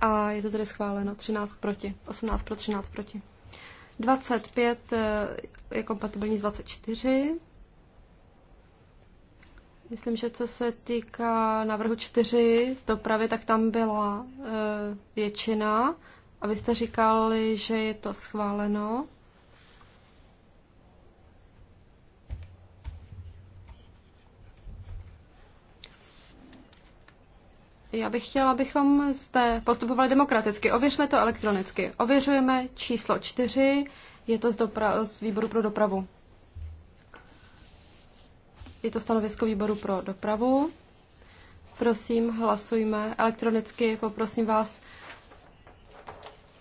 [SPEAKER 4] a je to tedy schváleno 13 proti. 18 pro, 13 proti. 25 eh, je kompatibilní s 24. Myslím, že co se týká návrhu 4 z dopravy, tak tam byla e, většina. A vy jste říkali, že je to schváleno. Já bych chtěla, abychom zde postupovali demokraticky. Ověřme to elektronicky. Ověřujeme číslo 4, je to z, dopra- z výboru pro dopravu. Je to stanovisko výboru pro dopravu. Prosím, hlasujme elektronicky. Poprosím vás,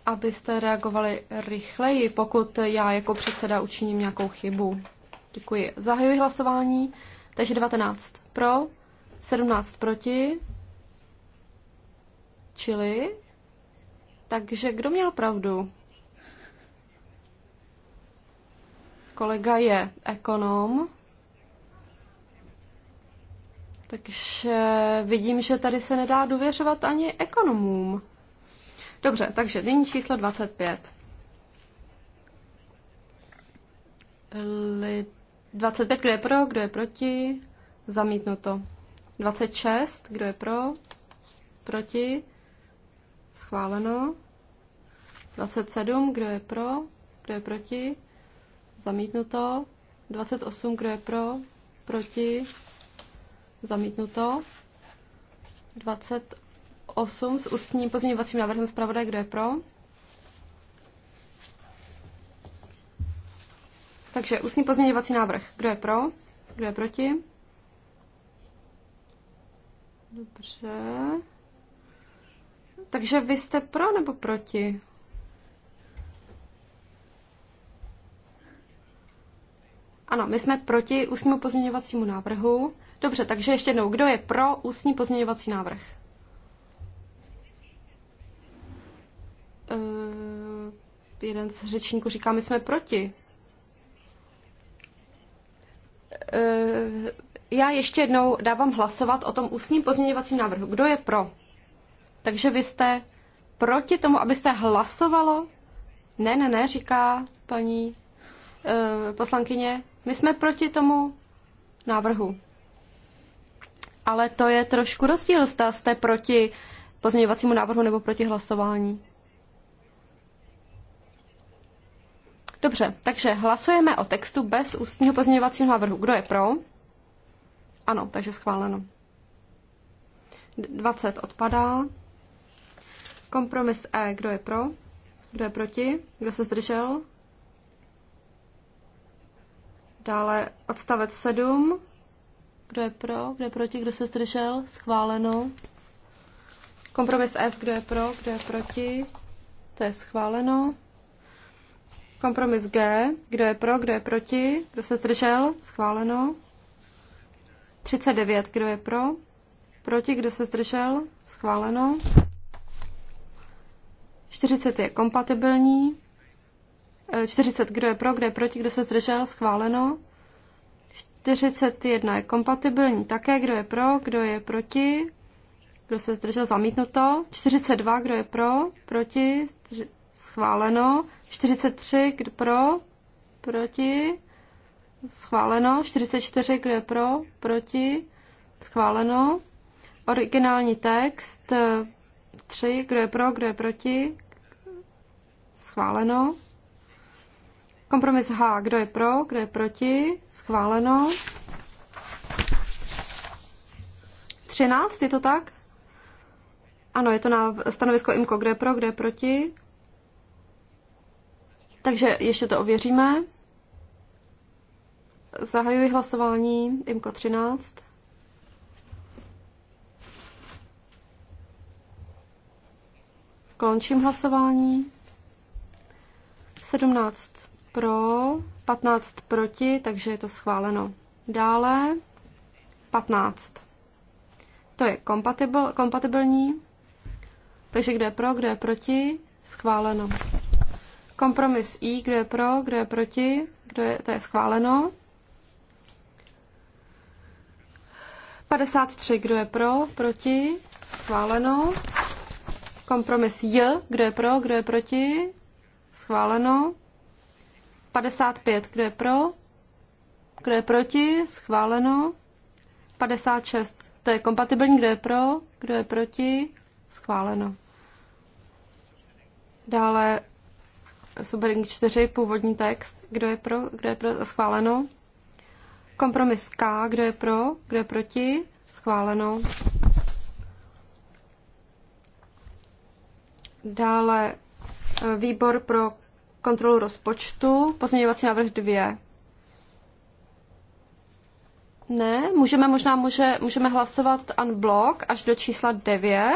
[SPEAKER 4] abyste reagovali rychleji, pokud já jako předseda učiním nějakou chybu. Děkuji. Zahajuji hlasování. Takže 19 pro, 17 proti, čili. Takže kdo měl pravdu? Kolega je ekonom. Takže vidím, že tady se nedá důvěřovat ani ekonomům. Dobře, takže nyní číslo 25. Lid 25, kdo je pro, kdo je proti, zamítnuto. 26, kdo je pro, proti, schváleno. 27, kdo je pro, kdo je proti, zamítnuto. 28, kdo je pro, proti, Zamítnuto. 28 s ústním pozměňovacím návrhem zpravodaj, kdo je pro? Takže ústní pozměňovací návrh. Kdo je pro? Kdo je proti? Dobře. Takže vy jste pro nebo proti? Ano, my jsme proti ústnímu pozměňovacímu návrhu. Dobře, takže ještě jednou, kdo je pro ústní pozměňovací návrh? Uh, jeden z řečníků říká, my jsme proti. Uh, já ještě jednou dávám hlasovat o tom ústním pozměňovacím návrhu. Kdo je pro? Takže vy jste proti tomu, abyste hlasovalo? Ne, ne, ne, říká paní uh, poslankyně. My jsme proti tomu návrhu ale to je trošku rozdíl, zda jste proti pozměňovacímu návrhu nebo proti hlasování. Dobře, takže hlasujeme o textu bez ústního pozměňovacího návrhu. Kdo je pro? Ano, takže schváleno. 20 odpadá. Kompromis E, kdo je pro? Kdo je proti? Kdo se zdržel? Dále odstavec 7, kdo je pro? Kdo je proti? Kdo se zdržel? Schváleno. Kompromis F. Kdo je pro? Kdo je proti? To je schváleno. Kompromis G. Kdo je pro? Kdo je proti? Kdo se zdržel? Schváleno. 39. Kdo je pro? Proti? Kdo se zdržel? Schváleno. 40 je kompatibilní. 40. Eh, Kdo je pro? Kdo je proti? Kdo se zdržel? Schváleno. 41 je kompatibilní také, kdo je pro, kdo je proti, kdo se zdržel zamítnuto, 42, kdo je pro, proti, schváleno, 43, kdo pro, proti, schváleno, 44, kdo je pro, proti, schváleno, originální text, 3, eh, kdo je pro, kdo je proti, schváleno, Kompromis H. Kdo je pro, kdo je proti? Schváleno. 13, je to tak? Ano, je to na stanovisko IMKO, kde je pro, kde je proti. Takže ještě to ověříme. Zahajuji hlasování IMKO 13. Končím hlasování. 17 pro, 15 proti, takže je to schváleno. Dále 15. To je kompatibil, kompatibilní, takže kdo je pro, kdo je proti, schváleno. Kompromis I, kdo je pro, kdo je proti, kdo je, to je schváleno. 53, kdo je pro, proti, schváleno. Kompromis J, kdo je pro, kdo je proti, schváleno. 55. Kdo je pro? Kdo je proti? Schváleno. 56. To je kompatibilní. Kdo je pro? Kdo je proti? Schváleno. Dále subheading 4, původní text. Kdo je pro? Kdo je pro? Schváleno. Kompromis K. Kdo je pro? Kdo je proti? Schváleno. Dále e, výbor pro kontrolu rozpočtu, pozměňovací návrh dvě. Ne, můžeme možná může, můžeme hlasovat unblock až do čísla 9.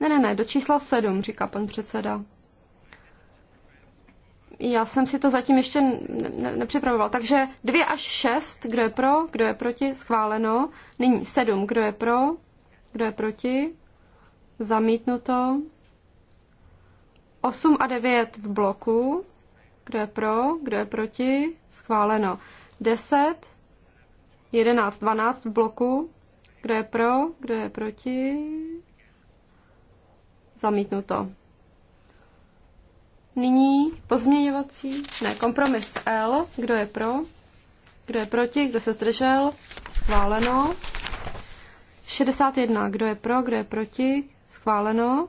[SPEAKER 4] Ne, ne, ne, do čísla 7, říká pan předseda. Já jsem si to zatím ještě ne, ne, nepřipravoval. Takže 2 až 6, kdo je pro, kdo je proti, schváleno. Nyní 7, kdo je pro, kdo je proti, zamítnuto. 8 a 9 v bloku. Kdo je pro, kdo je proti? Schváleno. 10, 11, 12 v bloku. Kdo je pro, kdo je proti? Zamítnuto. Nyní pozměňovací, ne, kompromis L. Kdo je pro? Kdo je proti? Kdo se zdržel? Schváleno. 61. Kdo je pro? Kdo je proti? Schváleno.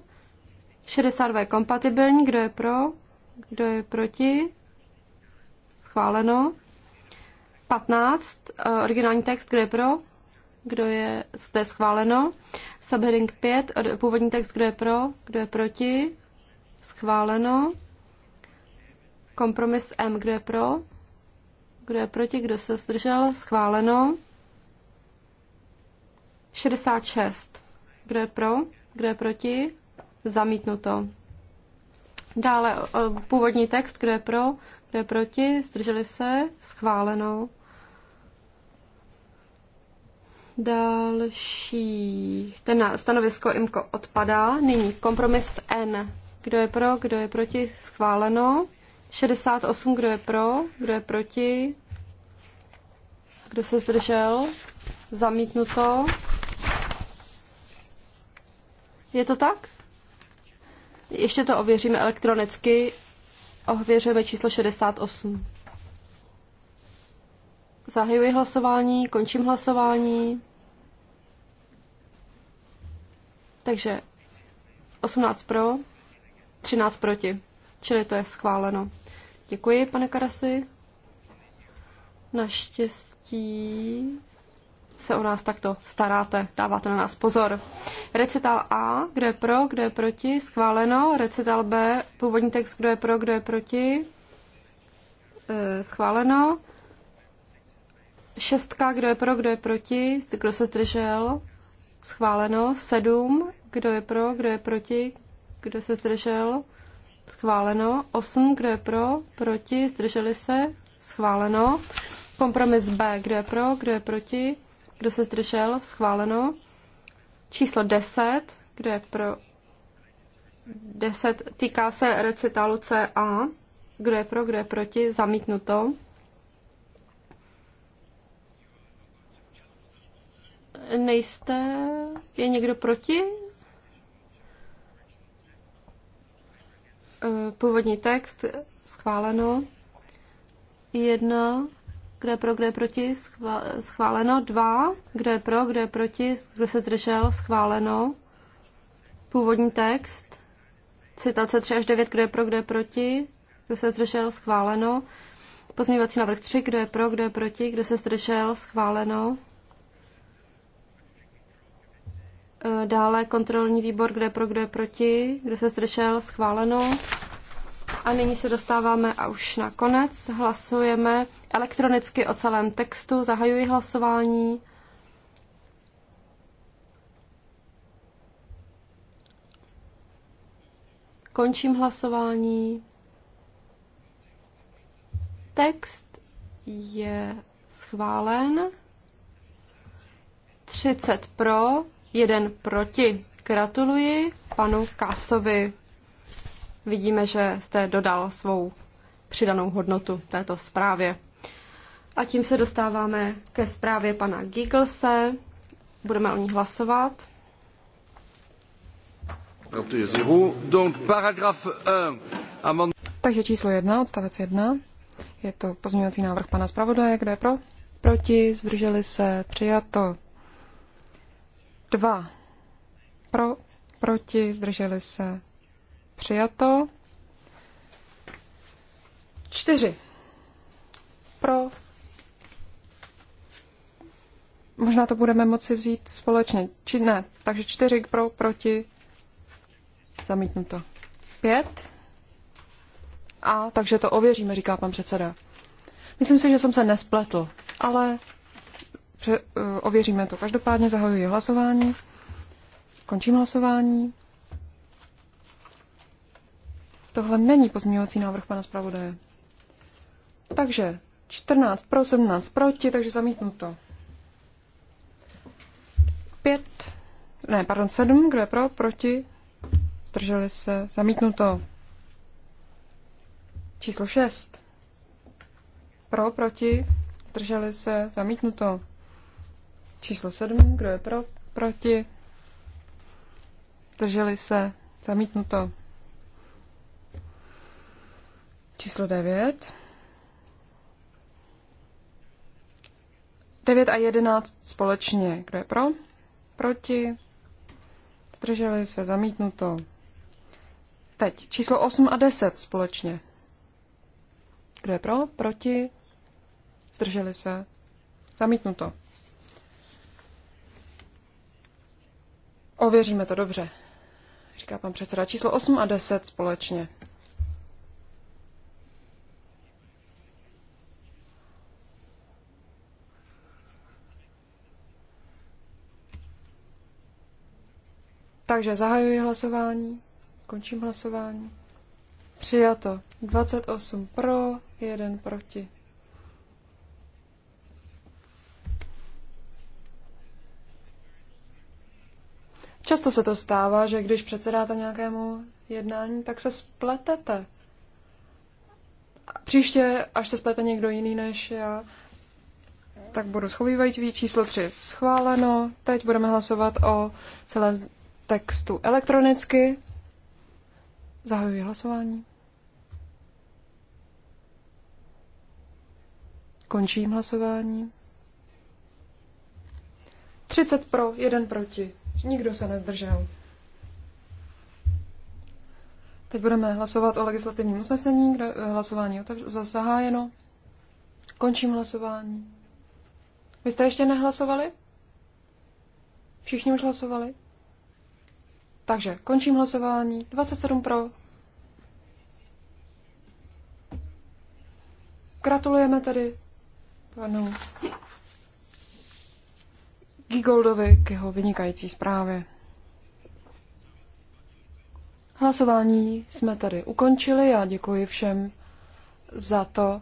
[SPEAKER 4] 62 je kompatibilní, kdo je pro, kdo je proti, schváleno. 15, originální text, kdo je pro, kdo je, to je schváleno. Subheading 5, původní text, kdo je pro, kdo je proti, schváleno. Kompromis M, kdo je pro, kdo je proti, kdo se zdržel, schváleno. 66, kdo je pro, kdo je proti, Zamítnuto. Dále eh, původní text, kdo je pro, kdo je proti, zdrželi se, schváleno. Další, ten stanovisko IMKO odpadá, nyní kompromis N. Kdo je pro, kdo je proti, schváleno. 68, kdo je pro, kdo je proti, kdo se zdržel, zamítnuto. Je to tak? Ještě to ověříme elektronicky. Ověřujeme číslo 68. Zahajuji hlasování, končím hlasování. Takže 18 pro, 13 proti. Čili to je schváleno. Děkuji, pane Karasi. Naštěstí se o nás takto staráte, dáváte na nás pozor. Recital A, kdo je pro, kdo je proti, schváleno. Recital B, původní text, kdo je pro, kdo je proti, schváleno. Šestka, kdo je pro, kdo je proti, kdo se zdržel, schváleno. Sedm, kdo je pro, kdo je proti, kdo se zdržel, schváleno. Osm, kdo je pro, proti, zdrželi se, schváleno. Kompromis B, kdo je pro, kdo je proti, kdo se zdržel? Schváleno. Číslo 10. Kdo je pro? 10. Týká se recitálu CA. Kdo je pro? Kdo je proti? Zamítnuto. Nejste... Je někdo proti? Eh, původní text schváleno. Jedna kdo je pro, kdo je proti, schváleno. Dva, kdo je pro, kdo je proti, kdo se zdržel, schváleno. Původní text, citace 3 až 9, kdo je pro, kdo je proti, kdo se zdržel, schváleno. Pozměňovací návrh 3, kdo je pro, kdo je proti, kdo se zdržel, schváleno. E, dále kontrolní výbor, kdo je pro, kdo je proti, kdo se zdržel, schváleno. A nyní se dostáváme a už na konec hlasujeme elektronicky o celém textu. Zahajuji hlasování. Končím hlasování. Text je schválen. 30 pro, 1 proti. Gratuluji panu Kásovi. Vidíme, že jste dodal svou přidanou hodnotu této zprávě. A tím se dostáváme ke zprávě pana Gigglese.
[SPEAKER 2] Budeme o ní hlasovat. Takže číslo jedna, odstavec jedna. Je to pozměňovací návrh pana zpravodaje, kde je pro? Proti, zdrželi se, přijato. Dva. Pro, proti, zdrželi se, Přijato. Čtyři. Pro. Možná to budeme moci vzít společně. Či ne. Takže čtyři pro, proti. Zamítnuto. Pět. A takže to ověříme, říká pan předseda. Myslím si, že jsem se nespletl, ale pře- eh, ověříme to. Každopádně zahajuji hlasování. Končím hlasování. Tohle není pozměňovací návrh pana zpravodaje. Takže 14 pro, 17 proti, takže zamítnuto. 5, ne, pardon, 7, kdo je pro, proti, zdrželi se, zamítnuto. Číslo 6. Pro, proti, zdrželi se, zamítnuto. Číslo 7, kdo je pro, proti, zdrželi se, zamítnuto. Číslo 9. 9 a 11 společně. Kdo je pro? Proti? Zdrželi se, zamítnuto. Teď číslo 8 a 10 společně. Kdo je pro? Proti? Zdrželi se? Zamítnuto. Ověříme to dobře, říká pan předseda. Číslo 8 a 10 společně. Takže zahajuji hlasování, končím hlasování. Přijato. 28 pro, 1 proti. Často se to stává, že když předsedáte nějakému jednání, tak se spletete. Příště, až se splete někdo jiný než já, tak budu schovývající číslo 3 schváleno. Teď budeme hlasovat o celém textu elektronicky. Zahajuji hlasování. Končím hlasování. 30 pro, 1 proti. Nikdo se nezdržel. Teď budeme hlasovat o legislativním usnesení, kde eh, hlasování je zahájeno. Končím hlasování. Vy jste ještě nehlasovali? Všichni už hlasovali? Takže končím hlasování. 27 pro. Gratulujeme tedy panu Gigoldovi k jeho vynikající zprávě. Hlasování jsme tady ukončili. Já děkuji všem za to,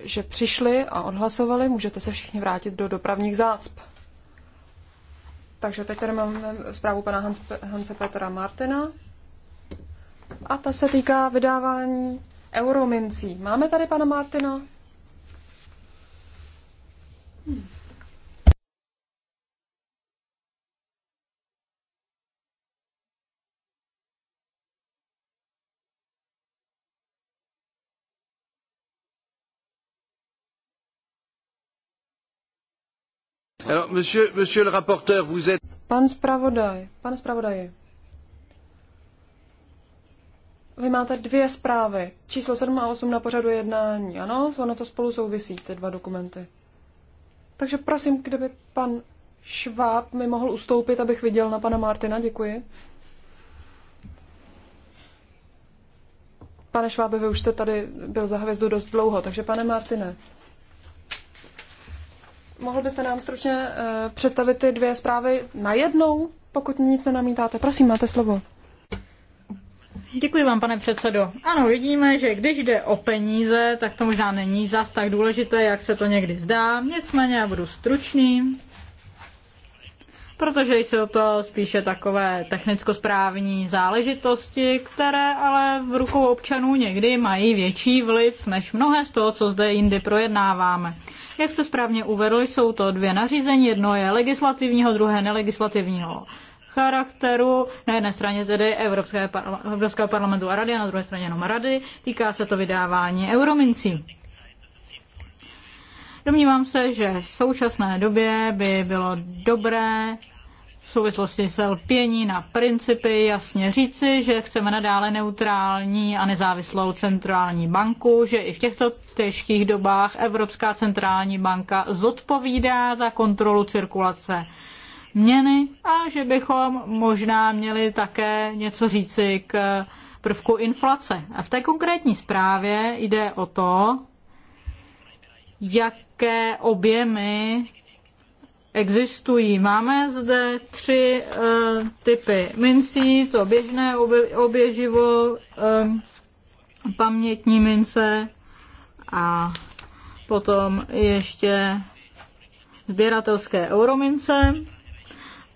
[SPEAKER 2] že přišli a odhlasovali. Můžete se všichni vrátit do dopravních zácp. Takže teď tady máme zprávu pana Hans, Hanse Petra Martina. A ta se týká vydávání euromincí. Máme tady pana Martina? Hmm. Pan zpravodaj, pane zpravodaji, vy máte dvě zprávy, číslo 7 a 8 na pořadu jednání, ano? Ono to spolu souvisí, ty dva dokumenty. Takže prosím, kdyby pan Šváb mi mohl ustoupit, abych viděl na pana Martina, děkuji. Pane Švábe, vy už jste tady byl za hvězdu dost dlouho, takže pane Martine, Mohl byste nám stručně eh, představit ty dvě zprávy najednou, pokud nic nenamítáte? Prosím, máte slovo.
[SPEAKER 3] Děkuji vám, pane předsedo. Ano, vidíme, že když jde o peníze, tak to možná není zas tak důležité, jak se to někdy zdá. Nicméně já budu stručný protože jsou to spíše takové technicko-správní záležitosti, které ale v rukou občanů někdy mají větší vliv než mnohé z toho, co zde jindy projednáváme. Jak jste správně uvedli, jsou to dvě nařízení, jedno je legislativního, druhé nelegislativního charakteru, na jedné straně tedy Evropské parla- Evropského parlamentu a rady a na druhé straně jenom rady, týká se to vydávání euromincí. Domnívám se, že v současné době by bylo dobré v souvislosti se lpění na principy jasně říci, že chceme nadále neutrální a nezávislou centrální banku, že i v těchto těžkých dobách Evropská centrální banka zodpovídá za kontrolu cirkulace měny a že bychom možná měli také něco říci k prvku inflace. A v té konkrétní zprávě jde o to, jak jaké objemy existují. Máme zde tři uh, typy mincí, co běžné obě, oběživo, um, pamětní mince a potom ještě sběratelské euromince.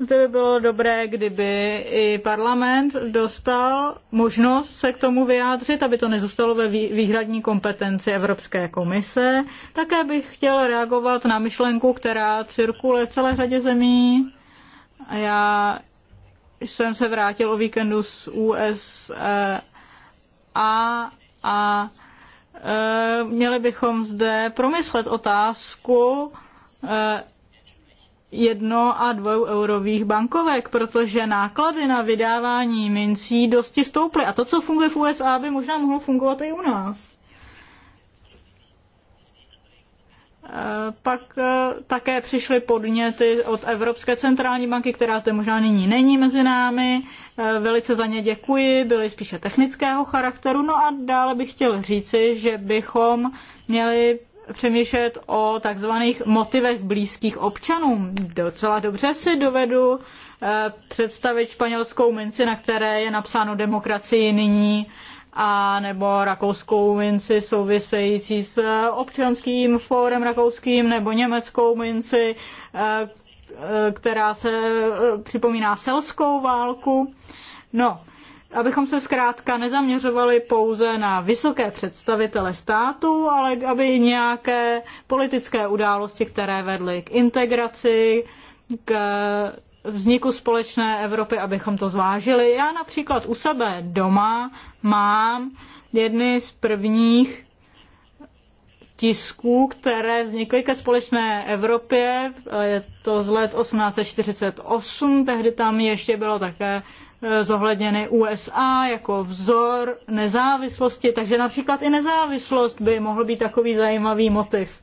[SPEAKER 3] Zde by bylo dobré, kdyby i parlament dostal možnost se k tomu vyjádřit, aby to nezůstalo ve výhradní kompetenci Evropské komise. Také bych chtěl reagovat na myšlenku, která cirkuluje v celé řadě zemí. Já jsem se vrátil o víkendu z USA a, a e, měli bychom zde promyslet otázku, e, jedno a dvoueurových bankovek, protože náklady na vydávání mincí dosti stouply. A to, co funguje v USA, by možná mohlo fungovat i u nás. Eh, pak eh, také přišly podněty od Evropské centrální banky, která zde možná nyní není mezi námi. Eh, velice za ně děkuji, byly spíše technického charakteru. No a dále bych chtěl říci, že bychom měli přemýšlet o takzvaných motivech blízkých občanům. Docela dobře si dovedu eh, představit španělskou minci, na které je napsáno demokracii nyní, a nebo rakouskou minci související s eh, občanským fórem rakouským nebo německou minci, eh, která se připomíná selskou válku. No, abychom se zkrátka nezaměřovali pouze na vysoké představitele státu, ale aby nějaké politické události, které vedly k integraci, k vzniku společné Evropy, abychom to zvážili. Já například u sebe doma mám jedny z prvních tisků, které vznikly ke společné Evropě. Je to z let 1848, tehdy tam ještě bylo také Eh, zohledněny USA jako vzor nezávislosti, takže například i nezávislost by mohl být takový zajímavý motiv.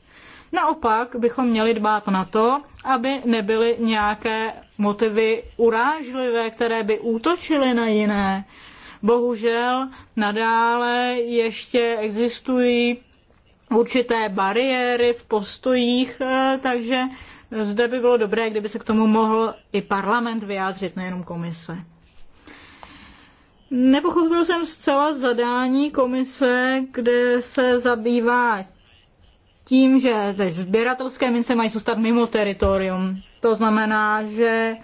[SPEAKER 3] Naopak bychom měli dbát na to, aby nebyly nějaké motivy urážlivé, které by útočily na jiné. Bohužel nadále ještě existují určité bariéry v postojích, eh, takže zde by bylo dobré, kdyby se k tomu mohl i parlament vyjádřit, nejenom komise. Nepochopil jsem zcela zadání komise, kde se zabývá tím, že sběratelské mince mají zůstat mimo teritorium. To znamená, že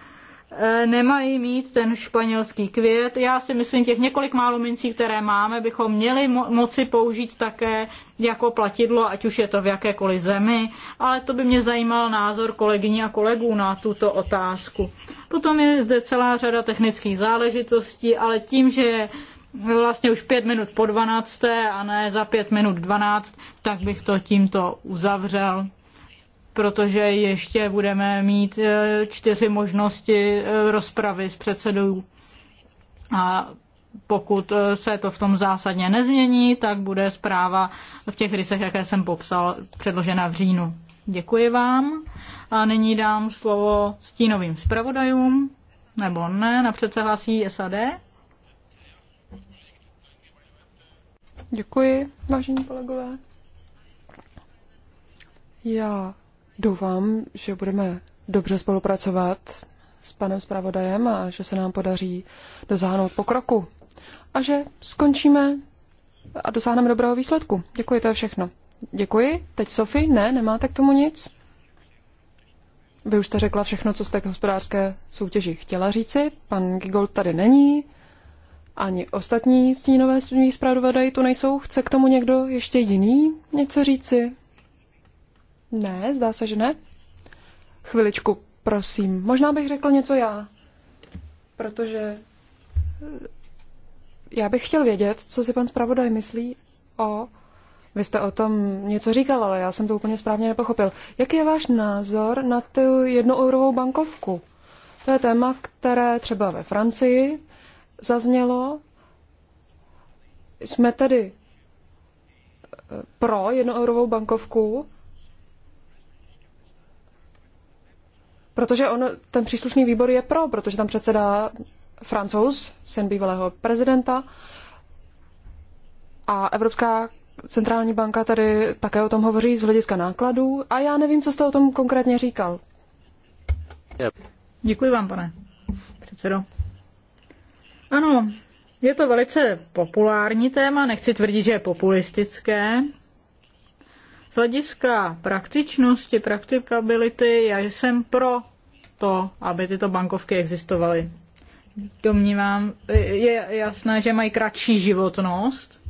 [SPEAKER 3] E, nemají mít ten španělský květ. Já si myslím, těch několik málo mincí, které máme, bychom měli mo- moci použít také jako platidlo, ať už je to v jakékoliv zemi, ale to by mě zajímal názor kolegyní a kolegů na tuto otázku. Potom je zde celá řada technických záležitostí, ale tím, že je vlastně už pět minut po 12. a ne za pět minut 12, tak bych to tímto uzavřel protože ještě budeme mít e, čtyři možnosti e, rozpravy s předsedou. A pokud e, se to v tom zásadně nezmění, tak bude zpráva v těch rysech, jaké jsem popsal, předložena v říjnu. Děkuji vám a nyní dám slovo stínovým zpravodajům, nebo ne, napřed se hlasí SAD. Děkuji,
[SPEAKER 2] vážení kolegové. Já Doufám, že budeme dobře spolupracovat s panem zpravodajem a že se nám podaří dosáhnout pokroku a že skončíme a dosáhneme dobrého výsledku. Děkuji, to je všechno. Děkuji. Teď Sofie, ne, nemáte k tomu nic? Vy už jste řekla všechno, co jste k hospodářské soutěži chtěla říci. Pan Gigold tady není. Ani ostatní stínové zpravodají tu nejsou. Chce k tomu někdo ještě jiný něco říci? Ne, zdá se, že ne. Chviličku, prosím. Možná bych řekl něco já, protože eh, já bych chtěl vědět, co si pan zpravodaj myslí o... Vy jste o tom něco říkal, ale já jsem to úplně správně nepochopil. Jaký je váš názor na tu jednoeurovou bankovku? To je téma, které třeba ve Francii zaznělo. Jsme tedy eh, pro jednoeurovou bankovku, Protože on, ten příslušný výbor je pro, protože tam předsedá francouz, syn bývalého prezidenta. A Evropská centrální banka tady také o tom hovoří z hlediska nákladů. A já nevím, co jste o tom konkrétně říkal.
[SPEAKER 3] Děkuji vám, pane předsedo. Ano, je to velice populární téma, nechci tvrdit, že je populistické, hlediska praktičnosti, praktikability, já jsem pro to, aby tyto bankovky existovaly. Domnívám, je jasné, že mají kratší životnost,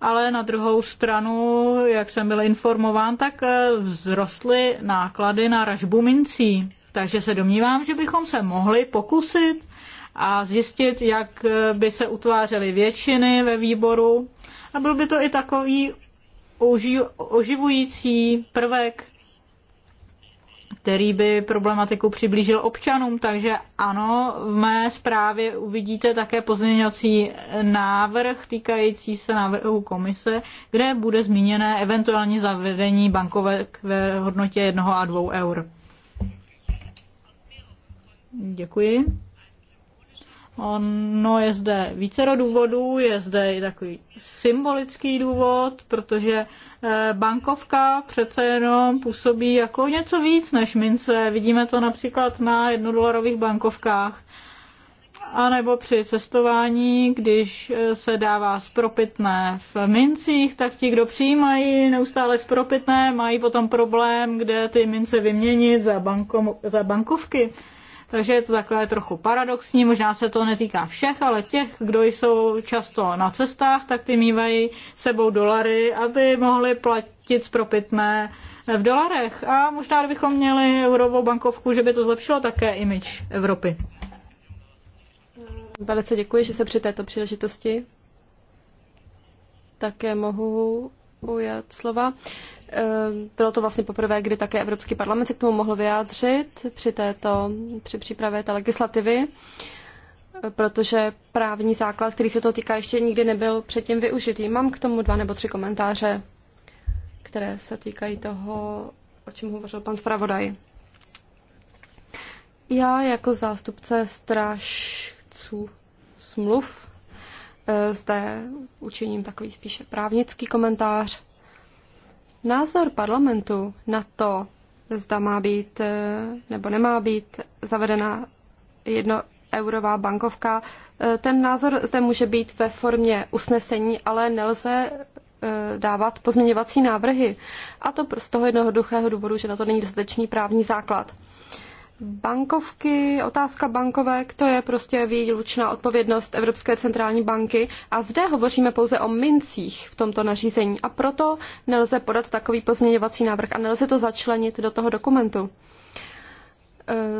[SPEAKER 3] ale na druhou stranu, jak jsem byl informován, tak eh, vzrostly náklady na ražbu mincí. Takže se domnívám, že bychom se mohli pokusit a zjistit, jak eh, by se utvářely většiny ve výboru. A byl by to i takový oži, oživující prvek, který by problematiku přiblížil občanům. Takže ano, v mé zprávě uvidíte také pozměňovací návrh týkající se návrhu komise, kde bude zmíněné eventuální zavedení bankovek ve hodnotě 1 a 2 eur. Děkuji. No, je zde vícero důvodů, je zde i takový symbolický důvod, protože eh, bankovka přece jenom působí jako něco víc než mince. Vidíme to například na jednodolarových bankovkách. A nebo při cestování, když eh, se dává spropitné v mincích, tak ti, kdo přijímají neustále spropitné, mají potom problém, kde ty mince vyměnit za, banko, za bankovky takže je to takové trochu paradoxní, možná se to netýká všech, ale těch, kdo jsou často na cestách, tak ty mývají sebou dolary, aby mohli platit propitné v dolarech. A možná, kdybychom měli eurovou bankovku, že by to zlepšilo také imič Evropy.
[SPEAKER 4] Velice děkuji, že se při této příležitosti také mohu ujat slova. Eh, bylo to vlastně poprvé, kdy také Evropský parlament se k tomu mohl vyjádřit při, této, při přípravě té legislativy, eh, protože právní základ, který se to týká, ještě nikdy nebyl předtím využitý. Mám k tomu dva nebo tři komentáře, které se týkají toho, o čem hovořil pan zpravodaj. Já jako zástupce strážců smluv eh, zde učiním takový spíše právnický komentář. Názor parlamentu na to, zda má být eh, nebo nemá být zavedena jedno eurová bankovka, eh, ten názor zde může být ve formě usnesení, ale nelze eh, dávat pozměňovací návrhy. A to z toho jednoduchého důvodu, že na to není dostatečný právní základ bankovky, otázka bankovek, to je prostě výlučná odpovědnost Evropské centrální banky a zde hovoříme pouze o mincích v tomto nařízení a proto nelze podat takový pozměňovací návrh a nelze to začlenit do toho dokumentu.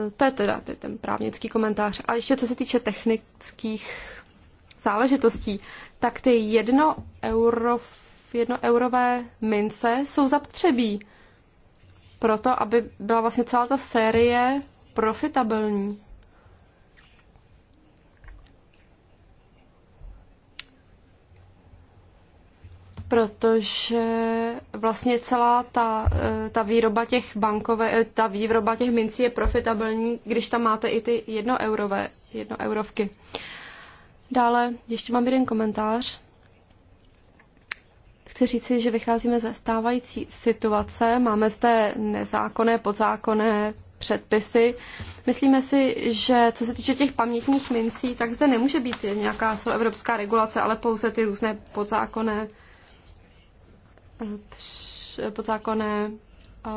[SPEAKER 4] E, to je teda to je ten právnický komentář. A ještě co se týče technických záležitostí, tak ty jedno, euro, jedno eurové mince jsou zapotřebí proto, aby byla vlastně celá ta série profitabilní. protože vlastně celá ta, eh, ta výroba těch bankové, eh, ta výroba těch mincí je profitabilní, když tam máte i ty jednoeurové, jednoeurovky. Dále ještě mám jeden komentář. Chci říci, že vycházíme ze stávající situace. Máme zde nezákonné, podzákonné předpisy. Myslíme si, že co se týče těch pamětních mincí, tak zde nemůže být nějaká celoevropská regulace, ale pouze ty různé podzákonné eh, podzákonné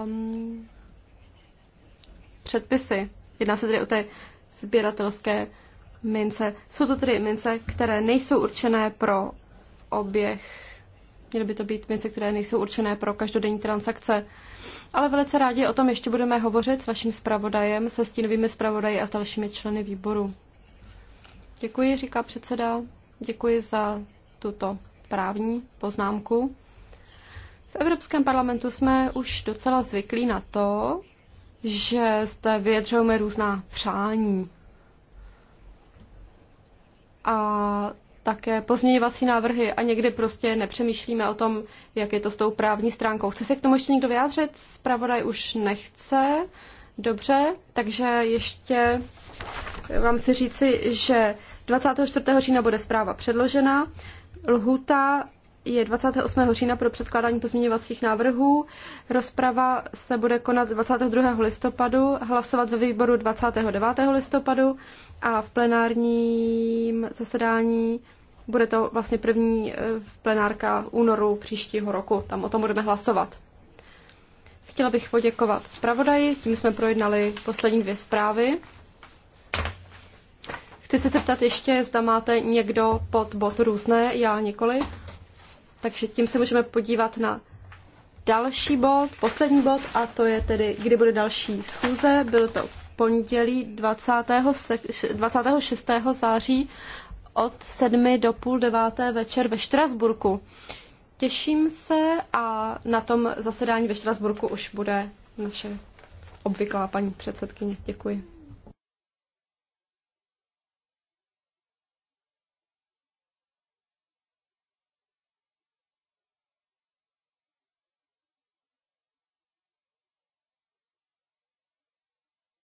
[SPEAKER 4] um, předpisy. Jedná se tedy o té sběratelské mince. Jsou to tedy mince, které nejsou určené pro oběh Měly by to být věci, které nejsou určené pro každodenní transakce. Ale velice rádi o tom ještě budeme hovořit s vaším zpravodajem, se stínovými zpravodaji a s dalšími členy výboru. Děkuji, říká předseda. Děkuji za tuto právní poznámku. V Evropském parlamentu jsme už docela zvyklí na to, že zde vyjadřujeme různá přání. A také pozměňovací návrhy a někdy prostě nepřemýšlíme o tom, jak je to s tou právní stránkou. Chce se k tomu ještě někdo vyjádřit? Zpravodaj už nechce. Dobře, takže ještě vám chci říci, že 24. října bude zpráva předložena. Lhuta je 28. října pro předkládání pozměňovacích návrhů. Rozprava se bude konat 22. listopadu, hlasovat ve výboru 29. listopadu a v plenárním zasedání bude to vlastně první eh, plenárka v únoru příštího roku, tam o tom budeme hlasovat. Chtěla bych poděkovat zpravodaji, tím jsme projednali poslední dvě zprávy. Chci se zeptat ještě, zda máte někdo pod bod různé, já nikoli. Takže tím se můžeme podívat na další bod, poslední bod, a to je tedy, kdy bude další schůze. Byl to pondělí 20. 26. září od sedmi do půl deváté večer ve Štrasburku. Těším se a na tom zasedání ve Štrasburku už bude naše obvyklá paní předsedkyně. Děkuji.